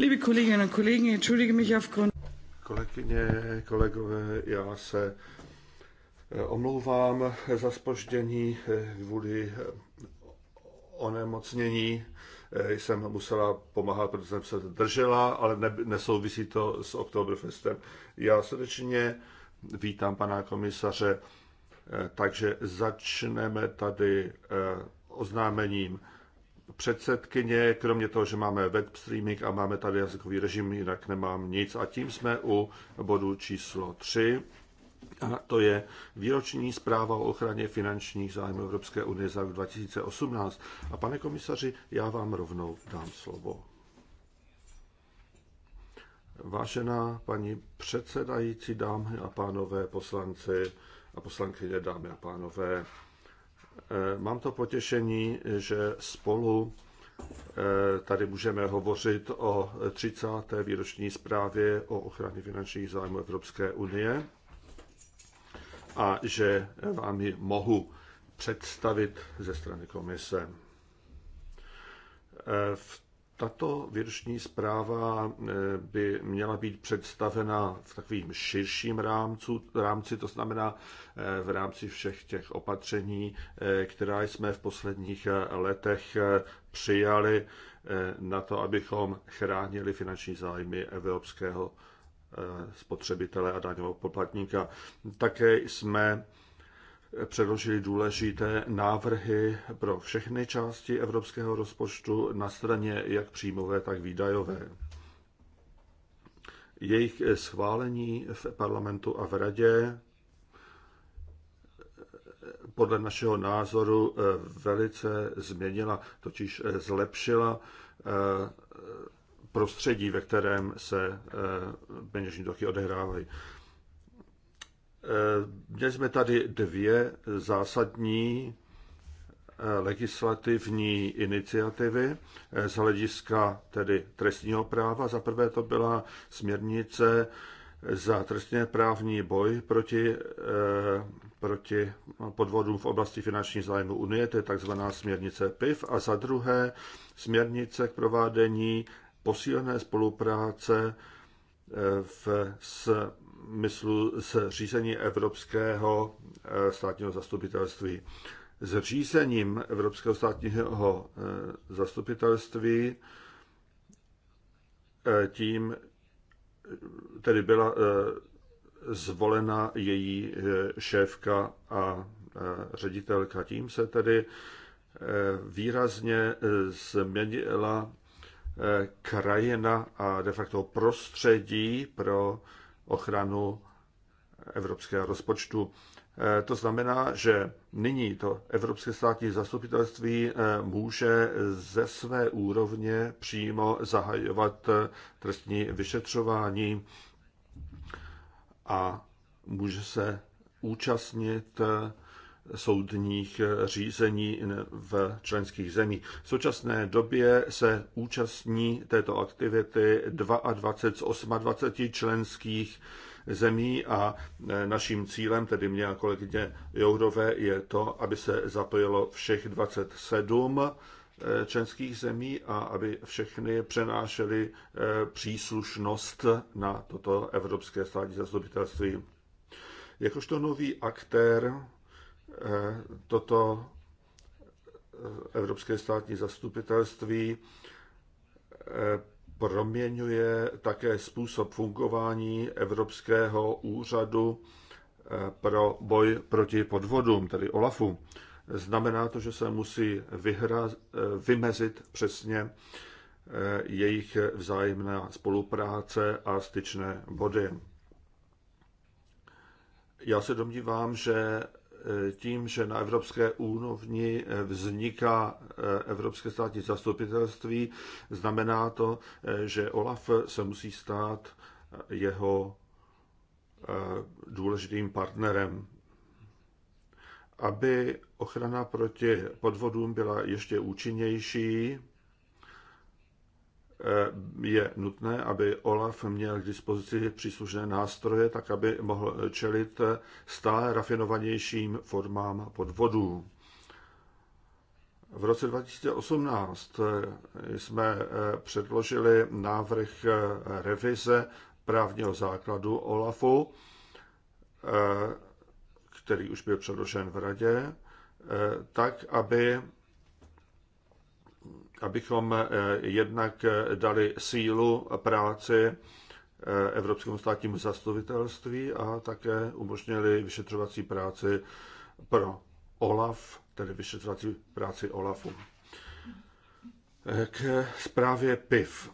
Liebe Kolleginnen und Kollegen, entschuldige mich aufgrund... Kolegyně, kolegové, já se eh, omlouvám za spoždění eh, kvůli eh, onemocnění. Jsem musela pomáhat, protože jsem se držela, ale ne, nesouvisí to s Oktoberfestem. Já srdečně vítám pana komisaře, takže začneme tady oznámením předsedkyně, kromě toho, že máme web streaming a máme tady jazykový režim, jinak nemám nic. A tím jsme u bodu číslo 3. A to je výroční zpráva o ochraně finančních zájmů Evropské unie za rok 2018. A pane komisaři, já vám rovnou dám slovo. Vážená paní předsedající, dámy a pánové, poslanci a poslankyně, dámy a pánové, Eh, mám to potěšení, že spolu eh, tady můžeme hovořit o 30. výroční zprávě o ochraně finančních zájmů Evropské unie a že vám ji mohu představit ze strany komise. Eh, v tato výroční zpráva eh, by měla být představena v takovým širším rámcu, rámci, to znamená eh, v rámci všech těch opatření, eh, která jsme v posledních letech přijali na to, abychom chránili finanční zájmy evropského spotřebitele a daňového poplatníka. Také jsme předložili důležité návrhy pro všechny části evropského rozpočtu na straně jak příjmové, tak výdajové. Jejich schválení v parlamentu a v radě podle našeho názoru velice změnila, totiž zlepšila eh, prostředí, ve kterém se eh, peněžní toky odehrávají. Eh, měli jsme tady dvě zásadní eh, legislativní iniciativy eh, z hlediska tedy trestního práva. Za prvé to byla směrnice za trestně právní boj proti, proti podvodům v oblasti finančních zájmu Unie, to je tzv. směrnice PIV, a za druhé směrnice k provádění posílené spolupráce v, s smyslu s řízení Evropského eh, státního zastupitelství. S řízením Evropského státního eh, zastupitelství eh, tím tedy byla zvolena její šéfka a ředitelka. Tím se tedy výrazně změnila krajina a de facto prostředí pro ochranu evropského rozpočtu. Eh, to znamená, že nyní to Evropské státní zastupitelství eh, může ze své úrovně přímo zahajovat eh, trestní vyšetřování a může se účastnit soudních eh, řízení v členských zemích. V současné době se účastní této aktivity 22 z 28 členských zemí a eh, naším cílem, tedy mě a kolegyně Jourové, je to, aby se zapojilo všech 27 eh, členských zemí a aby všechny přenášely příslušnost na toto Evropské státní zastupitelství. Jakožto nový aktér Eh, toto eh, Evropské státní zastupitelství eh, proměňuje také způsob fungování Evropského úřadu pro boj proti podvodům, tedy OLAFu. Znamená to, že se musí vyhra, vymezit přesně jejich vzájemná spolupráce a styčné body. Já se domnívám, že tím, že na evropské úrovni vzniká eh, Evropské státní zastupitelství, znamená to, eh, že OLAF se musí stát eh, jeho důležitým partnerem. Aby ochrana proti podvodům byla ještě účinnější, Eh, je nutné, aby OLAF měl k dispozici příslušné nástroje, tak aby mohl čelit stále rafinovanějším formám podvodů. V roce 2018 eh, jsme eh, předložili návrh revize právního základu OLAFu, který už byl předložen v radě, tak, aby abychom eh, jednak eh, dali sílu práci eh, Evropskému státnímu zastupitelství a také umožnili vyšetřovací práci pro OLAF, tedy vyšetřovací práci OLAFu. K zprávě PIV.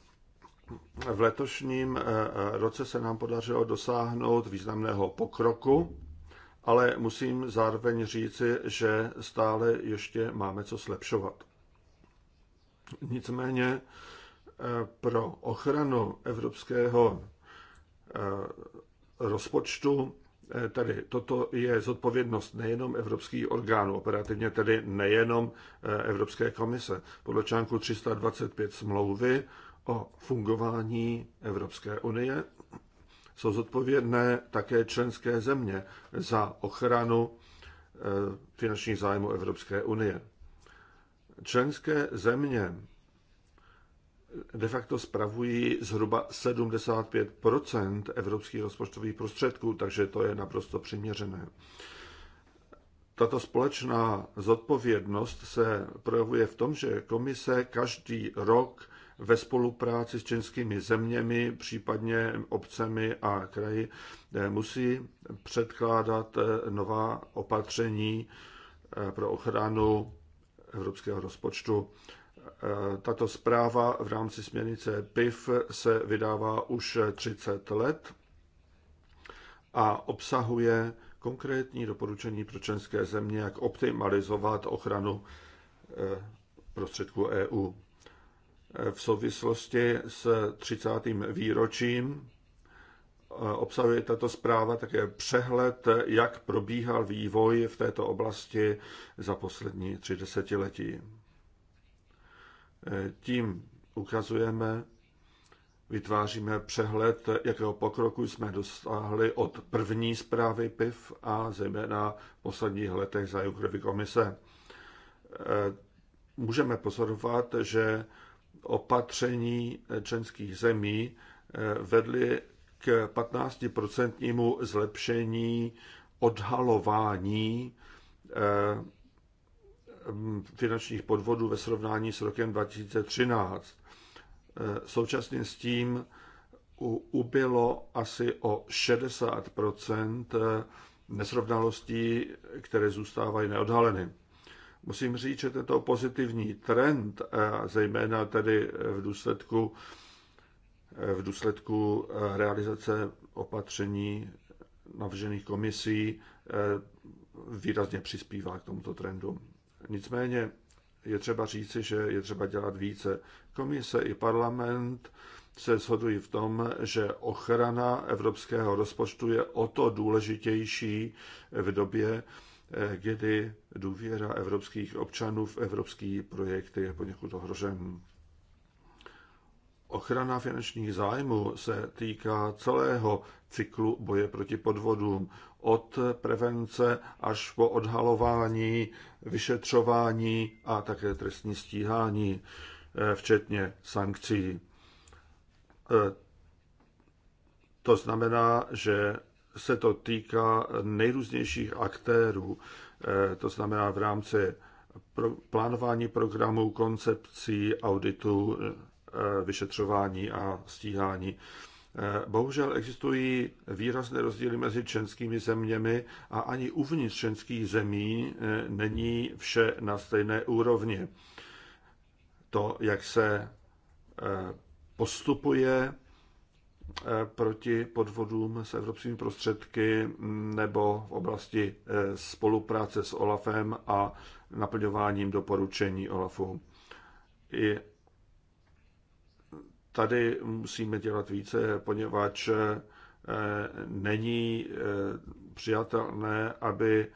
V letošním roce se nám podařilo dosáhnout významného pokroku, ale musím zároveň říci, že stále ještě máme co zlepšovat. Nicméně eh, pro ochranu evropského eh, rozpočtu eh, Tedy toto je zodpovědnost nejenom evropských orgánů, operativně tedy nejenom Evropské komise. Podle článku 325 smlouvy o fungování Evropské unie jsou zodpovědné také členské země za ochranu finančních zájmů Evropské unie. Členské země de facto spravují zhruba 75 evropských rozpočtových prostředků, takže to je naprosto přiměřené. Tato společná zodpovědnost se projevuje v tom, že komise každý rok ve spolupráci s českými zeměmi, případně obcemi a kraji, eh, musí předkládat eh, nová opatření eh, pro ochranu evropského rozpočtu. Eh, tato zpráva v rámci směrnice PIF se vydává už 30 let a obsahuje konkrétní doporučení pro členské země, jak optimalizovat ochranu eh, prostředků EU. Eh, v souvislosti s 30. výročím obsahuje tato zpráva také přehled, jak probíhal vývoj v této oblasti za poslední tři desetiletí. Tím ukazujeme, vytváříme přehled, jakého pokroku jsme dosáhli od první zprávy PIV a zejména v posledních letech za Junckerovy komise. Můžeme pozorovat, že opatření členských zemí vedly 15 15% zlepšení odhalování eh, finančních podvodů ve srovnání s rokem 2013. Eh, současně s tím ubylo asi o 60 eh, nesrovnalostí, které zůstávají neodhaleny. Musím říct, že tento pozitivní trend, zejména tedy v důsledku v důsledku eh, realizace opatření navržených komisí eh, výrazně přispívá k tomuto trendu. Nicméně je třeba říci, že je třeba dělat více. Komise i parlament se shodují v tom, že ochrana evropského rozpočtu je o to důležitější v době, eh, kdy důvěra evropských občanů v evropský projekt je poněkud ohrožen. Ochrana finančních zájmů se týká celého cyklu boje proti podvodům, od prevence až po odhalování, vyšetřování a také trestní stíhání, eh, včetně sankcí. Eh, to znamená, že se to týká nejrůznějších aktérů, eh, to znamená v rámci plánování programů, koncepcí, auditů Eh, vyšetřování a stíhání. Eh, bohužel existují výrazné rozdíly mezi členskými zeměmi a ani uvnitř členských zemí eh, není vše na stejné úrovni. To, jak se postupuje proti podvodům s evropskými prostředky mm, nebo v oblasti spolupráce s OLAFem a naplňováním doporučení OLAFu. I Tady musíme dělat více, poněvadž eh, není eh, přijatelné, aby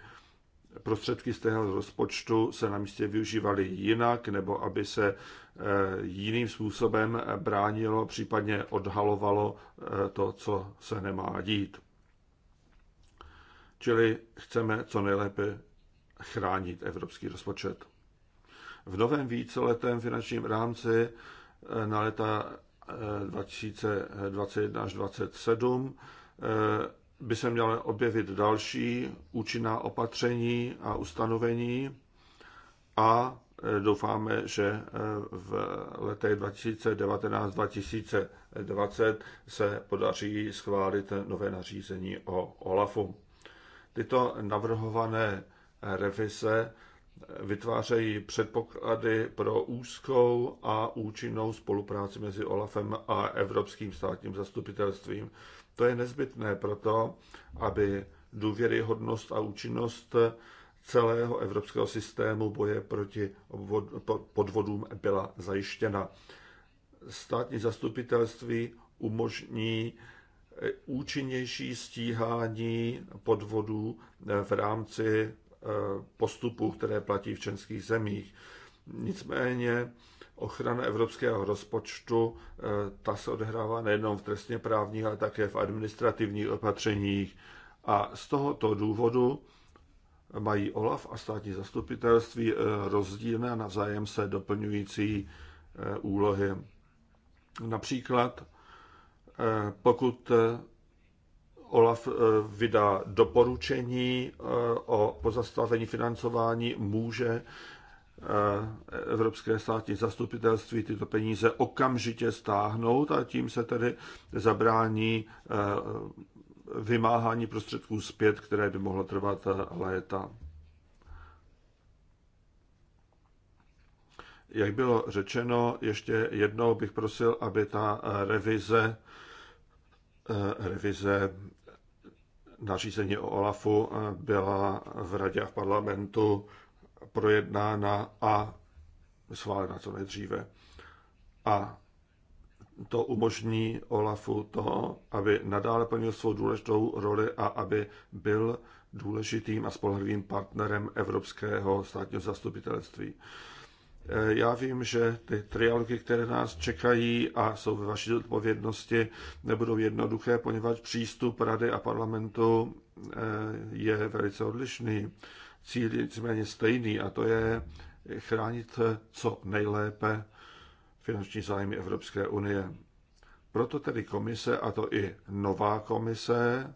prostředky z tého rozpočtu se na místě využívaly jinak, nebo aby se eh, jiným způsobem bránilo, případně odhalovalo to, co se nemá dít. Čili chceme co nejlépe chránit evropský rozpočet. V novém víceletém finančním rámci na leta 2021 až 2027 eh, by se měla objevit další účinná opatření a ustanovení a eh, doufáme, že eh, v letech 2019-2020 se podaří schválit nové nařízení o OLAFu. Tyto navrhované revize vytvářejí předpoklady pro úzkou a účinnou spolupráci mezi OLAFem a Evropským státním zastupitelstvím. To je nezbytné proto, aby důvěryhodnost a účinnost celého evropského systému boje proti podvodům byla zajištěna. Státní zastupitelství umožní e, účinnější stíhání podvodů e, v rámci Eh, postupů, které platí v českých zemích. Nicméně ochrana evropského rozpočtu, eh, ta se odehrává nejenom v trestně právních, ale také v administrativních opatřeních. A z tohoto důvodu mají OLAF a státní zastupitelství eh, rozdílné a navzájem se doplňující úlohy. Například pokud OLAF eh, vydá doporučení eh, o pozastavení financování, může eh, Evropské státní zastupitelství tyto peníze okamžitě stáhnout a tím se tedy zabrání vymáhání prostředků zpět, které by mohlo trvat léta. Jak bylo řečeno, ještě jednou bych prosil, aby ta revize, revize nařízení o OLAFu eh, byla v radě a v parlamentu projednána a schválena co nejdříve. A to umožní Olafu to, aby nadále plnil svou důležitou roli a aby byl důležitým a spolehlivým partnerem Evropského státního zastupitelství. Eh, já vím, že ty trialogy, které nás čekají a jsou ve vaší odpovědnosti, nebudou jednoduché, poněvadž přístup Rady a parlamentu eh, je velice odlišný. Cíl je nicméně stejný a to je chránit co nejlépe finanční zájmy Evropské unie. Proto tedy komise, a to i nová komise,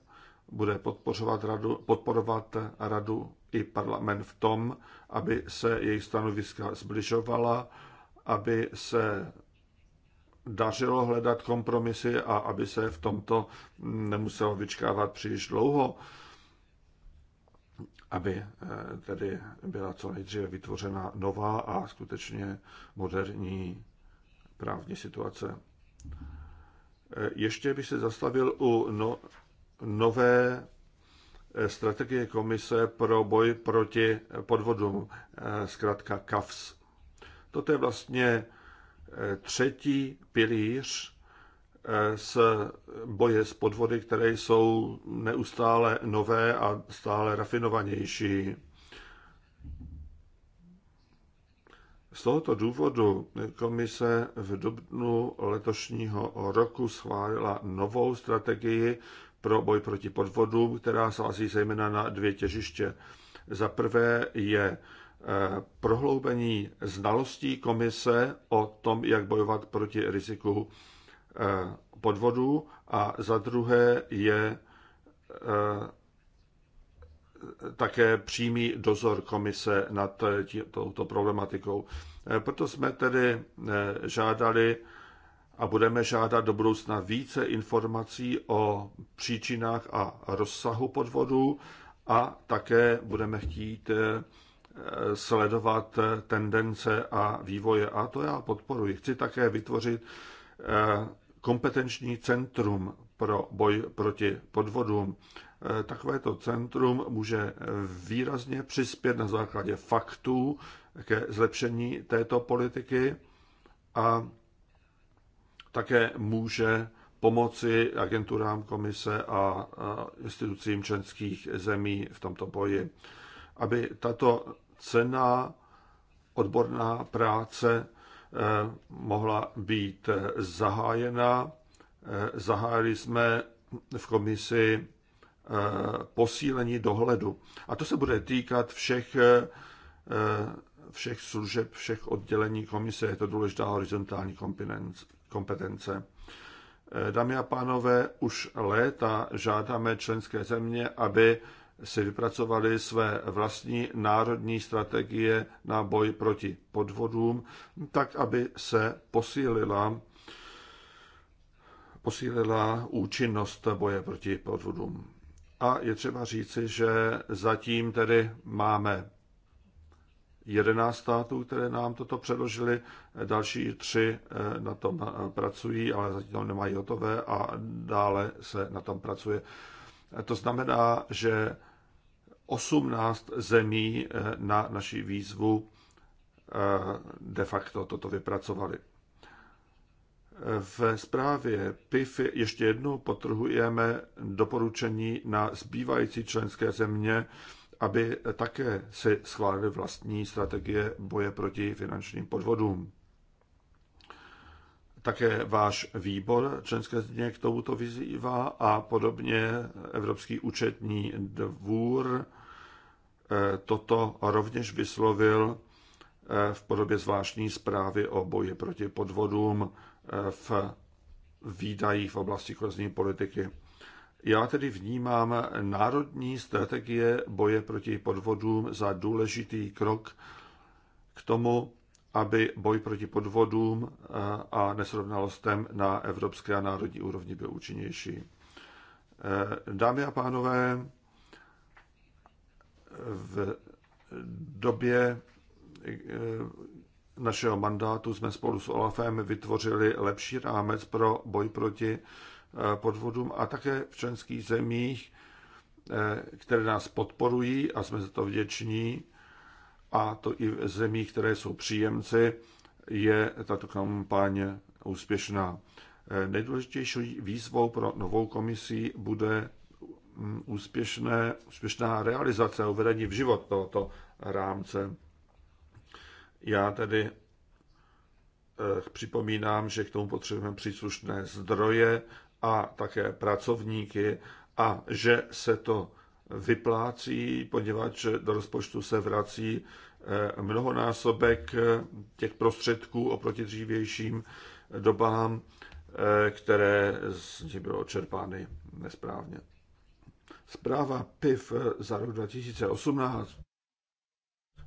bude podporovat radu, podporovat radu i parlament v tom, aby se jejich stanoviska zbližovala, aby se dařilo hledat kompromisy a aby se v tomto nemuselo vyčkávat příliš dlouho, aby eh, tedy byla co nejdříve vytvořena nová a skutečně moderní právní situace. Eh, ještě bych se zastavil u no, nové Eh, strategie komise pro boj proti podvodům, eh, zkrátka CAFS. Toto je vlastně eh, třetí pilíř z boje s podvody, které jsou neustále nové a stále rafinovanější. Z tohoto důvodu komise v dubnu letošního roku schválila novou strategii pro boj proti podvodům, která sází zejména na dvě těžiště. Za prvé je eh, prohloubení znalostí komise o tom, jak bojovat proti riziku eh, podvodů a za druhé je eh, také přímý dozor komise nad eh, touto problematikou. Eh, proto jsme tedy eh, žádali a budeme žádat do budoucna více informací o příčinách a rozsahu podvodů a také budeme chtít sledovat tendence a vývoje. A to já podporuji. Chci také vytvořit kompetenční centrum pro boj proti podvodům. Eh, takovéto centrum může eh, výrazně přispět na základě faktů ke zlepšení této politiky a také může pomoci agenturám komise a institucím členských zemí v tomto boji, aby tato cena odborná práce eh, mohla být zahájena. Zahájili jsme v komisi Eh, posílení dohledu. A to se bude týkat všech, eh, všech služeb, všech oddělení komise. Je to důležitá horizontální kompetence. Eh, dámy a pánové, už léta žádáme členské země, aby si vypracovali své vlastní národní strategie na boj proti podvodům, tak aby se posílila, posílila účinnost boje proti podvodům. A je třeba říci, že zatím tedy máme 11 států, které nám toto předložili, další tři eh, na tom eh, pracují, ale zatím to nemají hotové a dále se na tom pracuje. To znamená, že 18 zemí eh, na naší výzvu de facto toto vypracovali. V zprávě PIF ještě jednou potrhujeme doporučení na zbývající členské země, aby také si schválili vlastní strategie boje proti finančním podvodům. Také váš výbor členské země k tomuto vyzývá a podobně Evropský účetní dvůr eh, toto rovněž vyslovil eh, v podobě zvláštní zprávy o boji proti podvodům v výdajích v oblasti kohezní politiky. Já tedy vnímám národní strategie boje proti podvodům za důležitý krok k tomu, aby boj proti podvodům eh, a nesrovnalostem na evropské a národní úrovni byl účinnější. Eh, dámy a pánové, v době eh, našeho mandátu jsme spolu s OLAFem vytvořili lepší rámec pro boj proti eh, podvodům a také v členských zemích, eh, které nás podporují a jsme za to vděční, a to i v zemích, které jsou příjemci, je tato kampaň úspěšná. Eh, nejdůležitější výzvou pro novou komisí bude mm, úspěšné, úspěšná realizace a uvedení v život tohoto rámce. Já tedy eh, připomínám, že k tomu potřebujeme příslušné zdroje a také pracovníky a že se to vyplácí, poněvadž do rozpočtu se vrací eh, mnohonásobek eh, těch prostředků oproti dřívějším dobám, které z nich bylo čerpány nesprávně. Zpráva PIF za rok 2018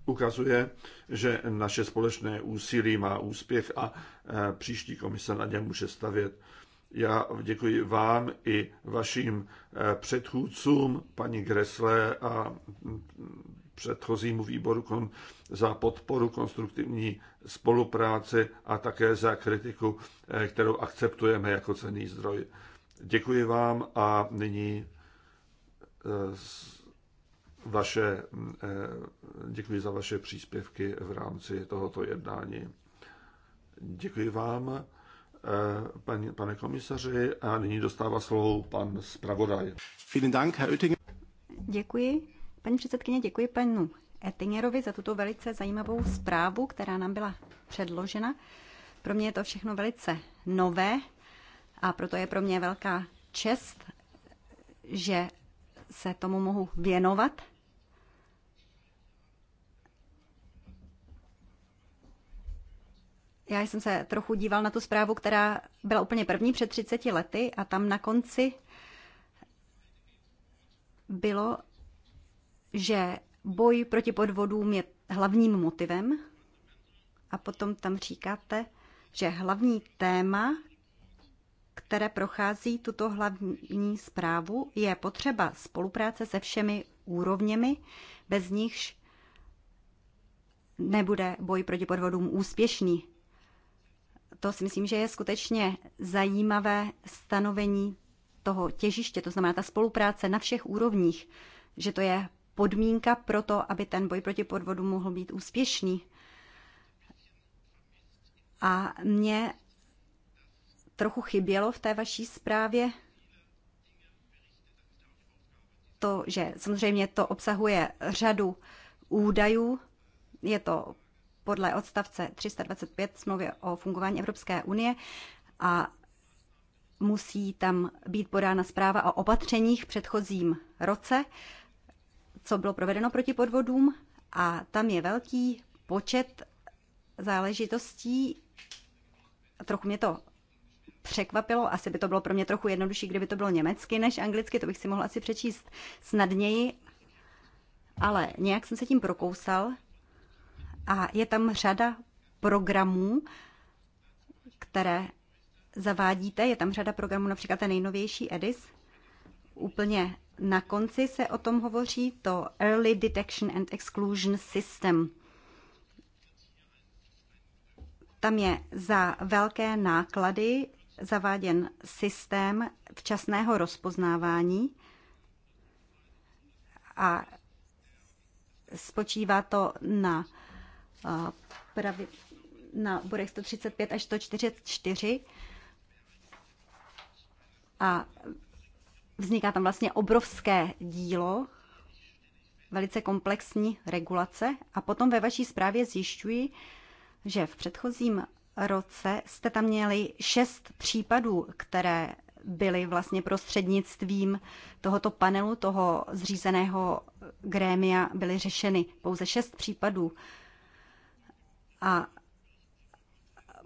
ukazuje, že naše společné úsilí má úspěch a eh, příští komise na něm může stavět. Já děkuji vám i vašim eh, předchůdcům, paní Gresle a hm, předchozímu výboru za podporu konstruktivní spolupráce a také za kritiku, eh, kterou akceptujeme jako cený zdroj. Děkuji vám a nyní vaše, eh, děkuji za vaše příspěvky v rámci tohoto jednání. Děkuji vám, eh, pane komisaři, a nyní dostává slovo pan zpravodaj. Děkuji. Paní předsedkyně, děkuji panu Ettingerovi za tuto velice zajímavou zprávu, která nám byla předložena. Pro mě je to všechno velice nové a proto je pro mě velká čest, že se tomu mohu věnovat Já jsem se trochu díval na tu zprávu, která byla úplně první před 30 lety a tam na konci bylo, že boj proti podvodům je hlavním motivem a potom tam říkáte, že hlavní téma, které prochází tuto hlavní zprávu, je potřeba spolupráce se všemi úrovněmi, bez nichž nebude boj proti podvodům úspěšný to si myslím, že je skutečně zajímavé stanovení toho těžiště, to znamená ta spolupráce na všech úrovních, že to je podmínka pro to, aby ten boj proti podvodu mohl být úspěšný. A mě trochu chybělo v té vaší zprávě to, že samozřejmě to obsahuje řadu údajů, je to podle odstavce 325 smlouvy o fungování Evropské unie a musí tam být podána zpráva o opatřeních v předchozím roce, co bylo provedeno proti podvodům a tam je velký počet záležitostí. Trochu mě to překvapilo, asi by to bylo pro mě trochu jednodušší, kdyby to bylo německy než anglicky, to bych si mohla asi přečíst snadněji, ale nějak jsem se tím prokousal a je tam řada programů, které zavádíte. Je tam řada programů, například ten nejnovější EDIS. Úplně na konci se o tom hovoří, to Early Detection and Exclusion System. Tam je za velké náklady zaváděn systém včasného rozpoznávání a spočívá to na pravi, na bodech 135 až 144 a vzniká tam vlastně obrovské dílo, velice komplexní regulace a potom ve vaší zprávě zjišťuji, že v předchozím roce jste tam měli šest případů, které byly vlastně prostřednictvím tohoto panelu, toho zřízeného grémia, byly řešeny pouze šest případů. A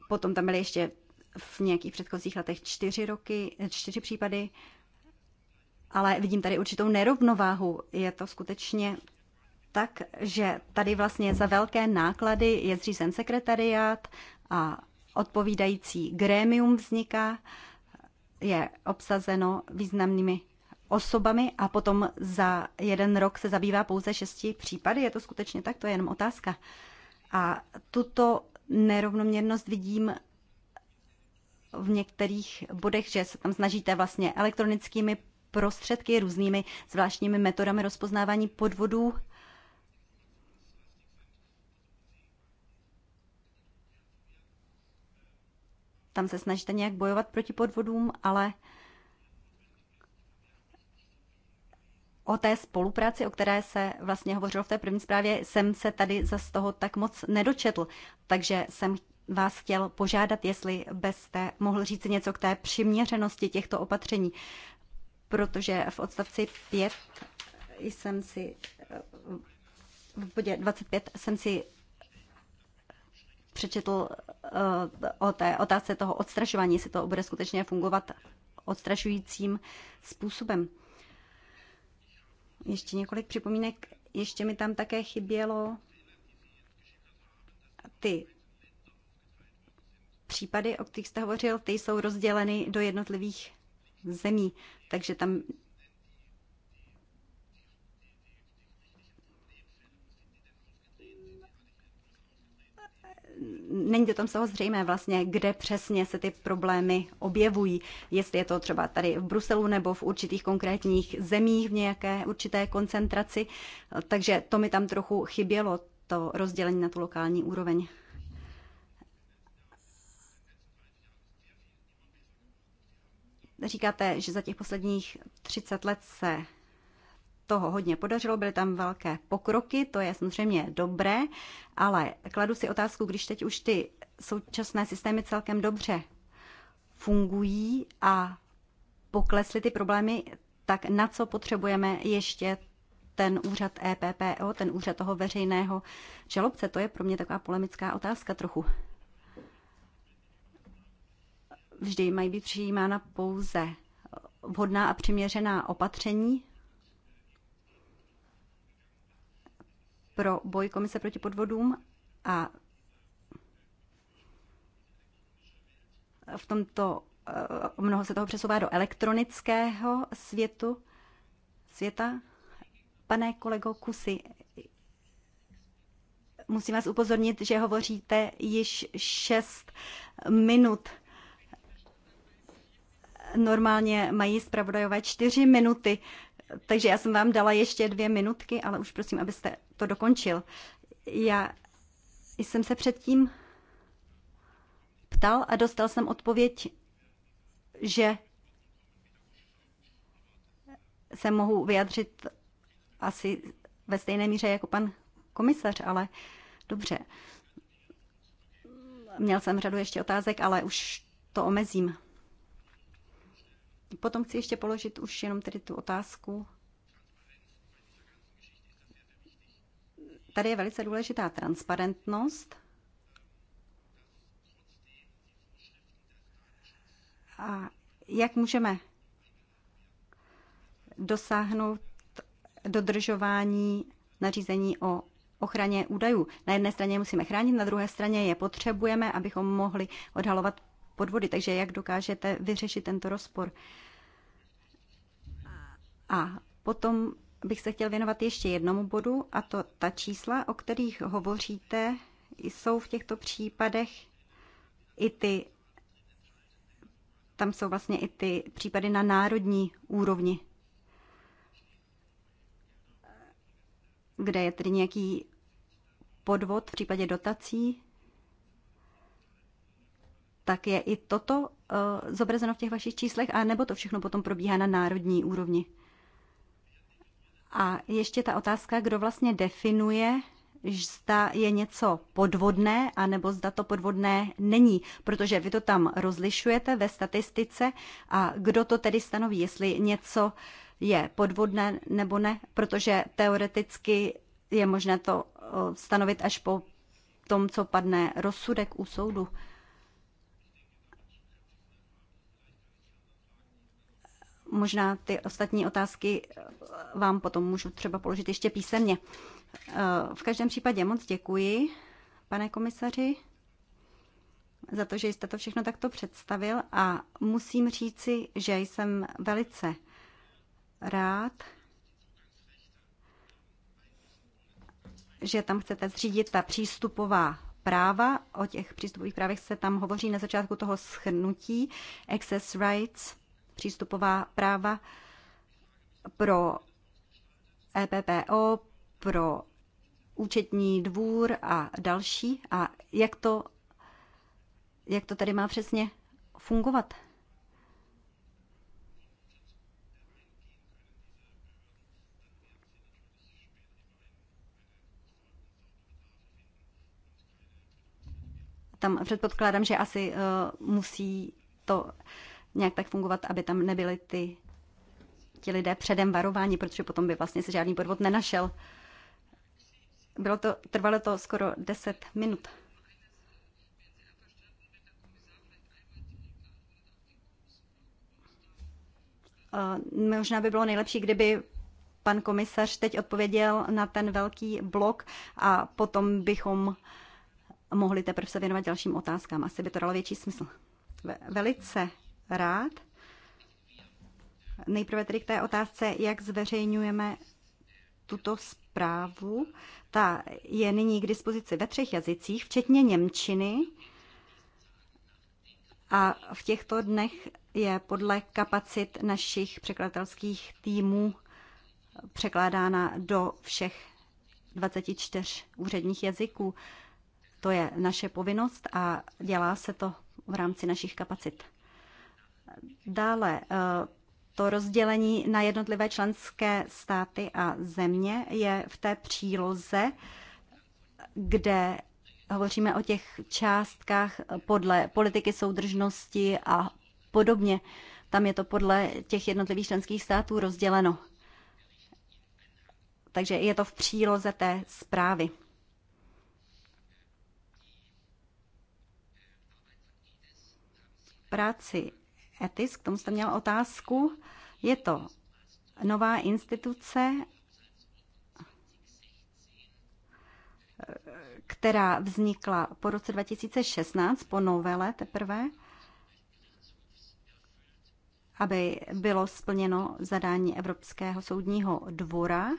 potom tam byly ještě v nějakých předchozích letech čtyři roky, čtyři případy, ale vidím tady určitou nerovnováhu. Je to skutečně tak, že tady vlastně za velké náklady je zřízen sekretariát a odpovídající grémium vzniká, je obsazeno významnými osobami a potom za jeden rok se zabývá pouze šesti případy. Je to skutečně tak? To je jenom otázka. A tuto nerovnoměrnost vidím v některých bodech, že se tam snažíte vlastně elektronickými prostředky, různými zvláštními metodami rozpoznávání podvodů tam se snažíte nějak bojovat proti podvodům, ale o té spolupráci, o které se vlastně hovořilo v té první zprávě, jsem se tady za z toho tak moc nedočetl. Takže jsem vás chtěl požádat, jestli byste mohl říct něco k té přiměřenosti těchto opatření, protože v odstavci 5 jsem si v bodě 25 jsem si přečetl eh, o té otázce toho odstrašování, jestli to bude skutečně fungovat odstrašujícím způsobem. Ještě několik připomínek. Ještě mi tam také chybělo ty případy, o kterých jste hovořil, ty jsou rozděleny do jednotlivých zemí, takže tam není to tam samozřejmé vlastně, kde přesně se ty problémy objevují, jestli je to třeba tady v Bruselu nebo v určitých konkrétních zemích v nějaké určité koncentraci. Takže to mi tam trochu chybělo, to rozdělení na tu lokální úroveň. Říkáte, že za těch posledních 30 let se toho hodně podařilo, byly tam velké pokroky, to je samozřejmě dobré, ale kladu si otázku, když teď už ty současné systémy celkem dobře fungují a poklesly ty problémy, tak na co potřebujeme ještě ten úřad EPPO, ten úřad toho veřejného žalobce? To je pro mě taková polemická otázka trochu. Vždy mají být přijímána pouze vhodná a přiměřená opatření pro boj Komise proti podvodům a v tomto eh, mnoho se toho přesouvá do elektronického světu, světa. Pane kolego Kusy, musím vás upozornit, že hovoříte již 6 minut. Normálně mají zpravodajové 4 minuty. Takže já jsem vám dala ještě dvě minutky, ale už prosím, abyste to dokončil. Já jsem se předtím ptal a dostal jsem odpověď, že se mohu vyjadřit asi ve stejné míře jako pan komisař, ale dobře. Měl jsem řadu ještě otázek, ale už to omezím. Potom chci ještě položit už jenom tedy tu otázku. Tady je velice důležitá transparentnost. A jak můžeme dosáhnout dodržování nařízení o ochraně údajů. Na jedné straně musíme chránit, na druhé straně je potřebujeme, abychom mohli odhalovat podvody. Takže jak dokážete vyřešit tento rozpor? A potom bych se chtěl věnovat ještě jednomu bodu, a to ta čísla, o kterých hovoříte, jsou v těchto případech i ty, tam jsou vlastně i ty případy na národní úrovni, kde je tedy nějaký podvod v případě dotací tak je i toto eh, zobrazeno v těch vašich číslech, a nebo to všechno potom probíhá na národní úrovni? A ještě ta otázka, kdo vlastně definuje, zda je něco podvodné, anebo zda to podvodné není, protože vy to tam rozlišujete ve statistice a kdo to tedy stanoví, jestli něco je podvodné nebo ne, protože teoreticky je možné to eh, stanovit až po tom, co padne rozsudek u soudu. Možná ty ostatní otázky eh, vám potom můžu třeba položit ještě písemně. Eh, v každém případě moc děkuji, pane komisaři, za to, že jste to všechno takto představil a musím říci, že jsem velice rád, že tam chcete zřídit ta přístupová práva. O těch přístupových právech se tam hovoří na začátku toho schrnutí. Access rights přístupová práva pro EPPO, pro účetní dvůr a další. A jak to, jak to tady má přesně fungovat? Tam předpokládám, že asi uh, musí to nějak tak fungovat, aby tam nebyly ty ti lidé předem varováni, protože potom by vlastně se žádný podvod nenašel. Bylo to, trvalo to skoro 10 minut. Možná by bylo nejlepší, kdyby pan komisař teď odpověděl na ten velký blok a potom bychom mohli teprve se věnovat dalším otázkám. Asi by to dalo větší smysl. Velice rád. Nejprve tedy k té otázce, jak zveřejňujeme tuto zprávu. Ta je nyní k dispozici ve třech jazycích, včetně Němčiny. A v těchto dnech je podle kapacit našich překladatelských týmů překládána do všech 24 úředních jazyků. To je naše povinnost a dělá se to v rámci našich kapacit. Dále eh, to rozdělení na jednotlivé členské státy a země je v té příloze, kde hovoříme o těch částkách podle politiky soudržnosti a podobně. Tam je to podle těch jednotlivých členských států rozděleno. Takže je to v příloze té zprávy. Práci ETIS, k tomu jste měl otázku. Je to nová instituce, která vznikla po roce 2016, po novele teprve, aby bylo splněno zadání Evropského soudního dvora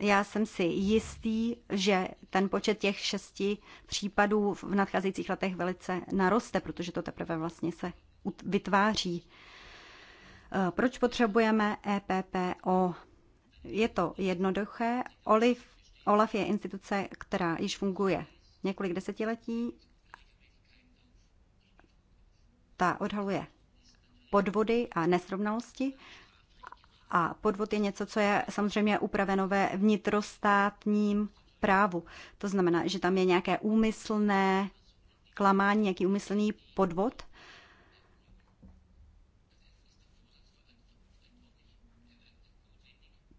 já jsem si jistý, že ten počet těch šesti případů v nadcházejících letech velice naroste, protože to teprve vlastně se vytváří. Eh, proč potřebujeme EPPO? Je to jednoduché. OLIF, OLAF je instituce, která již funguje několik desetiletí. Ta odhaluje podvody a nesrovnalosti a podvod je něco, co je samozřejmě upraveno ve vnitrostátním právu. To znamená, že tam je nějaké úmyslné klamání, nějaký úmyslný podvod.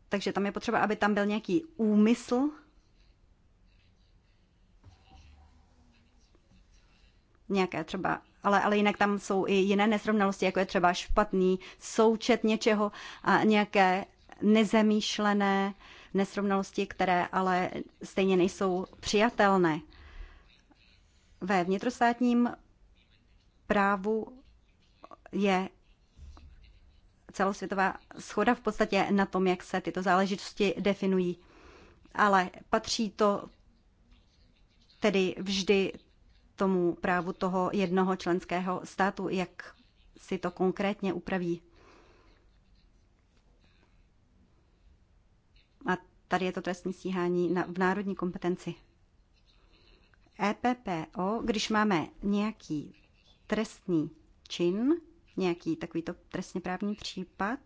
Takže tam je potřeba, aby tam byl nějaký úmysl, nějaké třeba ale, ale jinak tam jsou i jiné nesrovnalosti, jako je třeba špatný součet něčeho a nějaké nezamýšlené nesrovnalosti, které ale stejně nejsou přijatelné. Ve vnitrostátním právu je celosvětová schoda v podstatě na tom, jak se tyto záležitosti definují. Ale patří to tedy vždy tomu právu toho jednoho členského státu, jak si to konkrétně upraví. A tady je to trestní stíhání na, v národní kompetenci. EPPO, když máme nějaký trestný čin, nějaký takovýto trestně právní případ,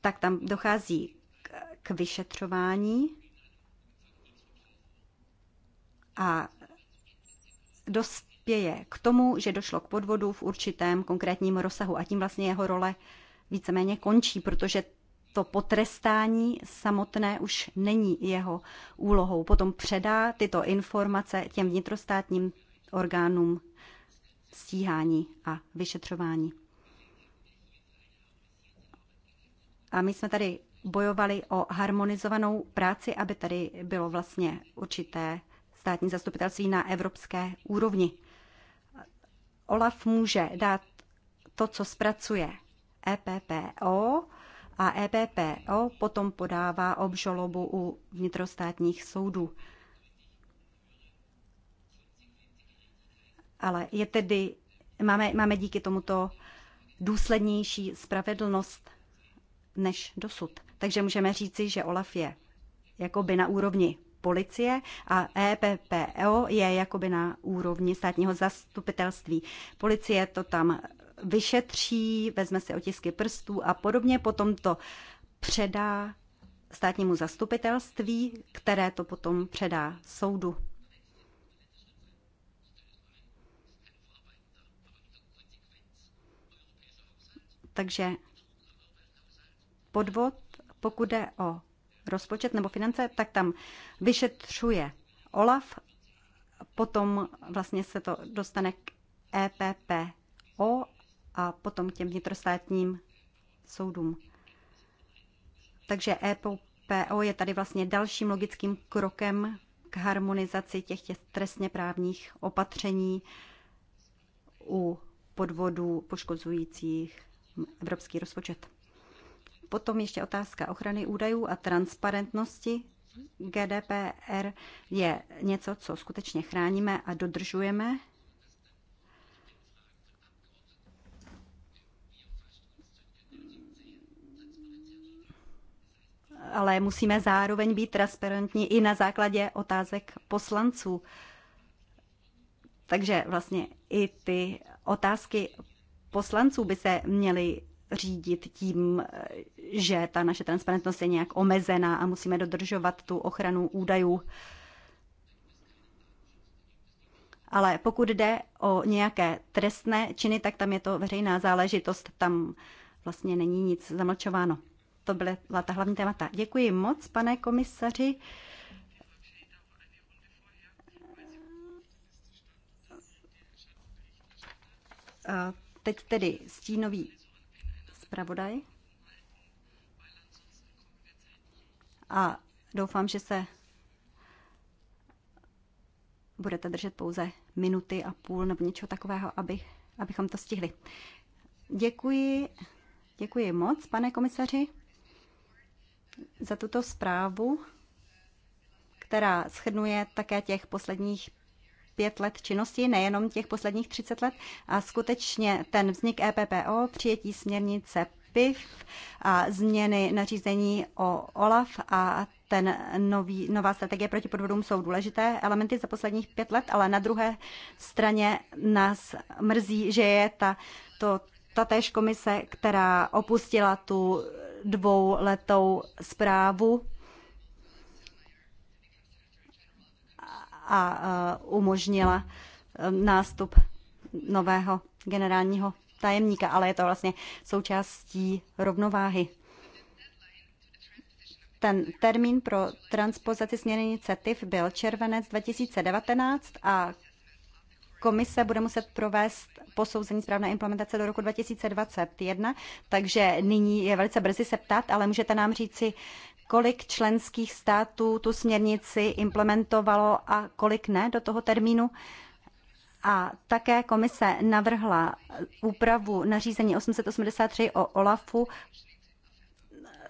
tak tam dochází k, k vyšetřování a dospěje k tomu, že došlo k podvodu v určitém konkrétním rozsahu a tím vlastně jeho role víceméně končí, protože to potrestání samotné už není jeho úlohou. Potom předá tyto informace těm vnitrostátním orgánům stíhání a vyšetřování. A my jsme tady bojovali o harmonizovanou práci, aby tady bylo vlastně určité státní zastupitelství na evropské úrovni. OLAF může dát to, co zpracuje EPPO, a EPPO potom podává obžalobu u vnitrostátních soudů. Ale je tedy, máme, máme díky tomuto důslednější spravedlnost než dosud. Takže můžeme říci, že OLAF je jakoby na úrovni policie a EPPO e je jakoby na úrovni státního zastupitelství. Policie to tam vyšetří, vezme si otisky prstů a podobně, potom to předá státnímu zastupitelství, které to potom předá soudu. Takže podvod, pokud jde o rozpočet nebo finance, tak tam vyšetřuje OLAF, potom vlastně se to dostane k EPPO a potom k těm vnitrostátním soudům. Takže EPPO je tady vlastně dalším logickým krokem k harmonizaci těch, těch trestně právních opatření u podvodů poškozujících evropský rozpočet. Potom ještě otázka ochrany údajů a transparentnosti. GDPR je něco, co skutečně chráníme a dodržujeme. ale musíme zároveň být transparentní i na základě otázek poslanců. Takže vlastně i ty otázky poslanců by se měly řídit tím, že ta naše transparentnost je nějak omezená a musíme dodržovat tu ochranu údajů. Ale pokud jde o nějaké trestné činy, tak tam je to veřejná záležitost, tam vlastně není nic zamlčováno. To byla ta hlavní témata. Děkuji moc, pane komisaři. A teď tedy stínový zpravodaj. A doufám, že se budete držet pouze minuty a půl nebo něčeho takového, aby, abychom to stihli. Děkuji, děkuji moc, pane komisaři, za tuto zprávu, která schrnuje také těch posledních Pět let činnosti, nejenom těch posledních 30 let. A skutečně ten vznik EPPO, přijetí směrnice PIV a změny nařízení o OLAF a ten nový, nová strategie proti podvodům jsou důležité elementy za posledních pět let, ale na druhé straně nás mrzí, že je ta, to, ta též komise, která opustila tu dvouletou zprávu a umožnila e, nástup nového generálního tajemníka, ale je to vlastně součástí rovnováhy. Ten termín pro transpozici směrnice TIF byl červenec 2019 a komise bude muset provést posouzení správné implementace do roku 2021, takže nyní je velice brzy se ptát, ale můžete nám říci, kolik členských států tu směrnici implementovalo a kolik ne do toho termínu. A také komise navrhla úpravu nařízení 883 o OLAFu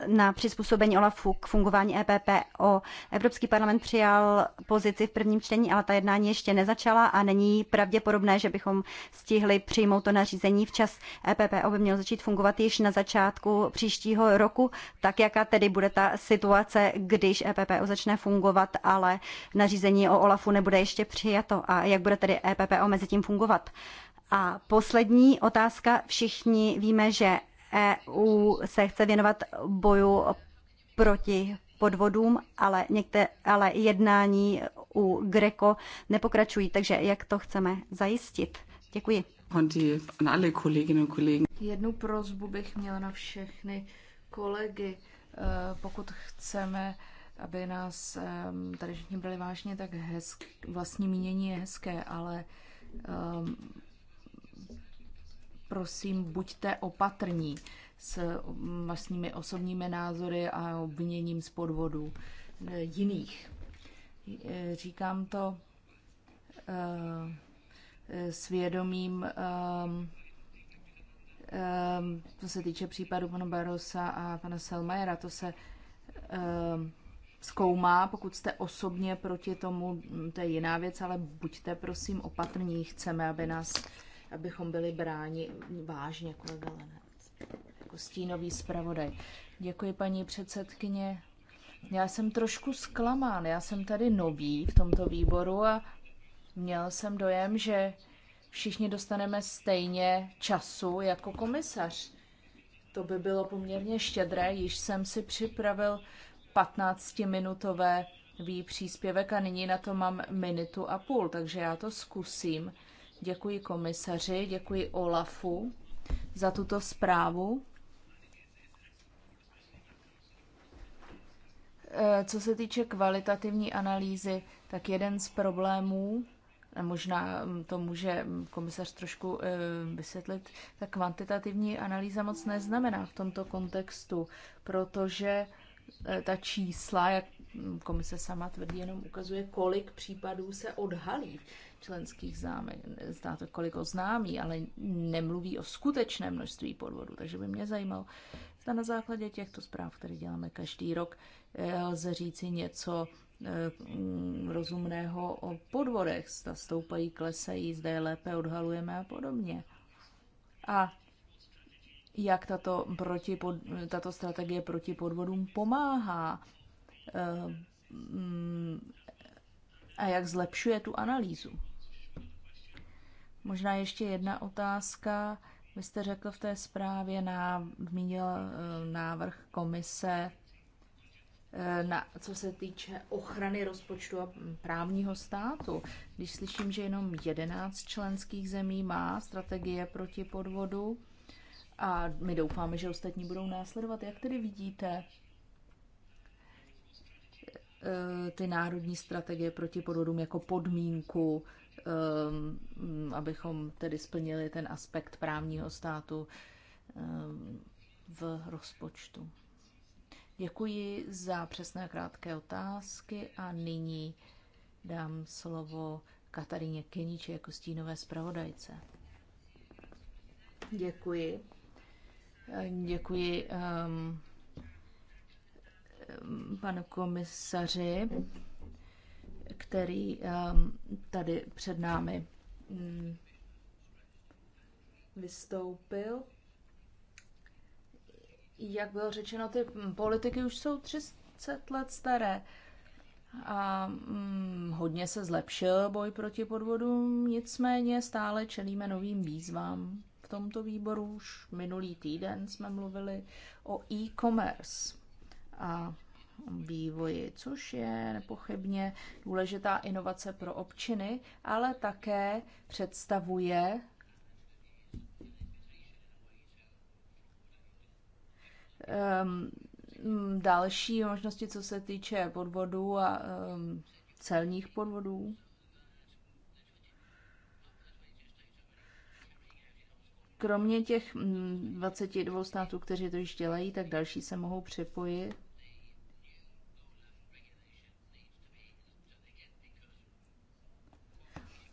na přizpůsobení OLAFu k fungování EPP o Evropský parlament přijal pozici v prvním čtení, ale ta jednání ještě nezačala a není pravděpodobné, že bychom stihli přijmout to nařízení včas. EPPO by mělo začít fungovat již na začátku příštího roku, tak jaká tedy bude ta situace, když EPPO začne fungovat, ale nařízení o OLAFu nebude ještě přijato. A jak bude tedy EPPO mezi tím fungovat? A poslední otázka. Všichni víme, že EU se chce věnovat boju proti podvodům, ale, někde, ale jednání u Greco nepokračují. Takže jak to chceme zajistit? Děkuji. Jednu prozbu bych měla na všechny kolegy. E, pokud chceme, aby nás e, tady všichni brali vážně, tak hezk, vlastní mínění je hezké, ale e, prosím, buďte opatrní s mm, vlastními osobními názory a obviněním z podvodu e, jiných. E, říkám to e, svědomím, co se týče případu pana Barosa a pana Selmayera, to se zkoumá, pokud jste osobně proti tomu, to je jiná věc, ale buďte prosím opatrní, chceme, aby nás abychom byli bráni vážně, kolega Lenec, jako stínový zpravodaj. Děkuji, paní předsedkyně. Já jsem trošku zklamán. Já jsem tady nový v tomto výboru a měl jsem dojem, že všichni dostaneme stejně času jako komisař. To by bylo poměrně štědré, již jsem si připravil 15-minutové výpříspěvek a nyní na to mám minutu a půl, takže já to zkusím Děkuji komisaři, děkuji Olafu za tuto zprávu. E, co se týče kvalitativní analýzy, tak jeden z problémů, e, možná mm, to může komisař trošku e, vysvětlit, ta kvantitativní analýza moc neznamená v tomto kontextu, protože ta čísla, jak komise sama tvrdí, jenom ukazuje, kolik případů se odhalí členských států, kolik oznámí, ale nemluví o skutečné množství podvodů. Takže by mě zajímalo, zda na základě těchto zpráv, které děláme každý rok, eh, lze říci něco eh, mm, rozumného o podvodech, zda stoupají, klesají, zda je lépe odhalujeme a podobně. A jak tato, proti pod, tato strategie proti podvodům pomáhá eh, mm, a jak zlepšuje tu analýzu. Možná ještě jedna otázka. Vy jste řekl v té zprávě, na, zmínil eh, návrh komise, eh, na, co se týče ochrany rozpočtu a právního státu. Když slyším, že jenom 11 členských zemí má strategie proti podvodu a my doufáme, že ostatní budou následovat, jak tedy vidíte eh, ty národní strategie proti podvodům jako podmínku Um, abychom tedy splnili ten aspekt právního státu um, v rozpočtu. Děkuji za přesné krátké otázky a nyní dám slovo Katarině Keniče jako stínové zpravodajce. Děkuji. Děkuji um, um panu komisaři který ehm, tady před námi mm, vystoupil. Jak bylo řečeno, ty politiky už jsou 30 let staré. A um, hodně se zlepšil boj proti podvodům, nicméně stále čelíme novým výzvám. V tomto výboru už minulý týden jsme mluvili o e-commerce. A vývoji, což je nepochybně důležitá inovace pro občiny, ale také představuje um, další možnosti, co se týče podvodů a um, celních podvodů. Kromě těch 22 mm, států, kteří to již dělají, tak další se mohou připojit.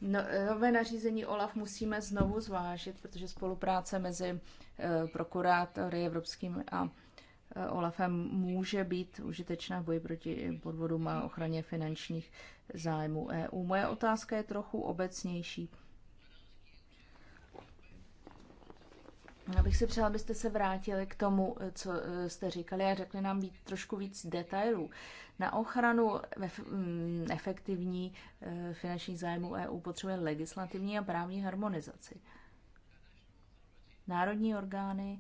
No, eh, nové nařízení OLAF musíme znovu zvážit, protože spolupráce mezi eh, prokurátory evropským a eh, OLAFem může být užitečná v boji proti podvodům a ochraně finančních zájmů EU. Moje otázka je trochu obecnější. Já bych si přála, abyste se vrátili k tomu, co eh, jste říkali a řekli nám být trošku víc detailů. Na ochranu mm, efektivní eh, finanční zájmu e EU potřebuje legislativní a právní harmonizaci. Národní orgány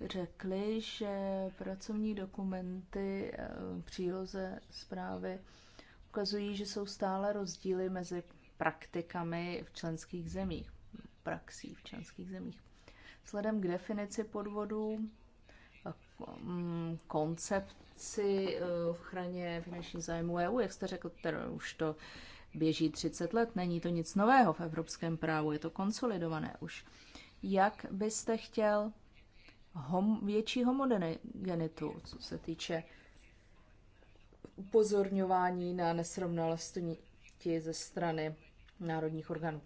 řekli, že pracovní dokumenty eh, příloze zprávy ukazují, že jsou stále rozdíly mezi praktikami v členských zemích praxí v členských zemích. Sledem k definici podvodu, mm, koncepci eh, ochraně finančních zájmů EU, jak jste řekl, už to běží 30 let, není to nic nového v evropském právu, je to konsolidované už. Jak byste chtěl hom, větší homogenitu, co se týče upozorňování na nesrovnalosti ze strany národních orgánů?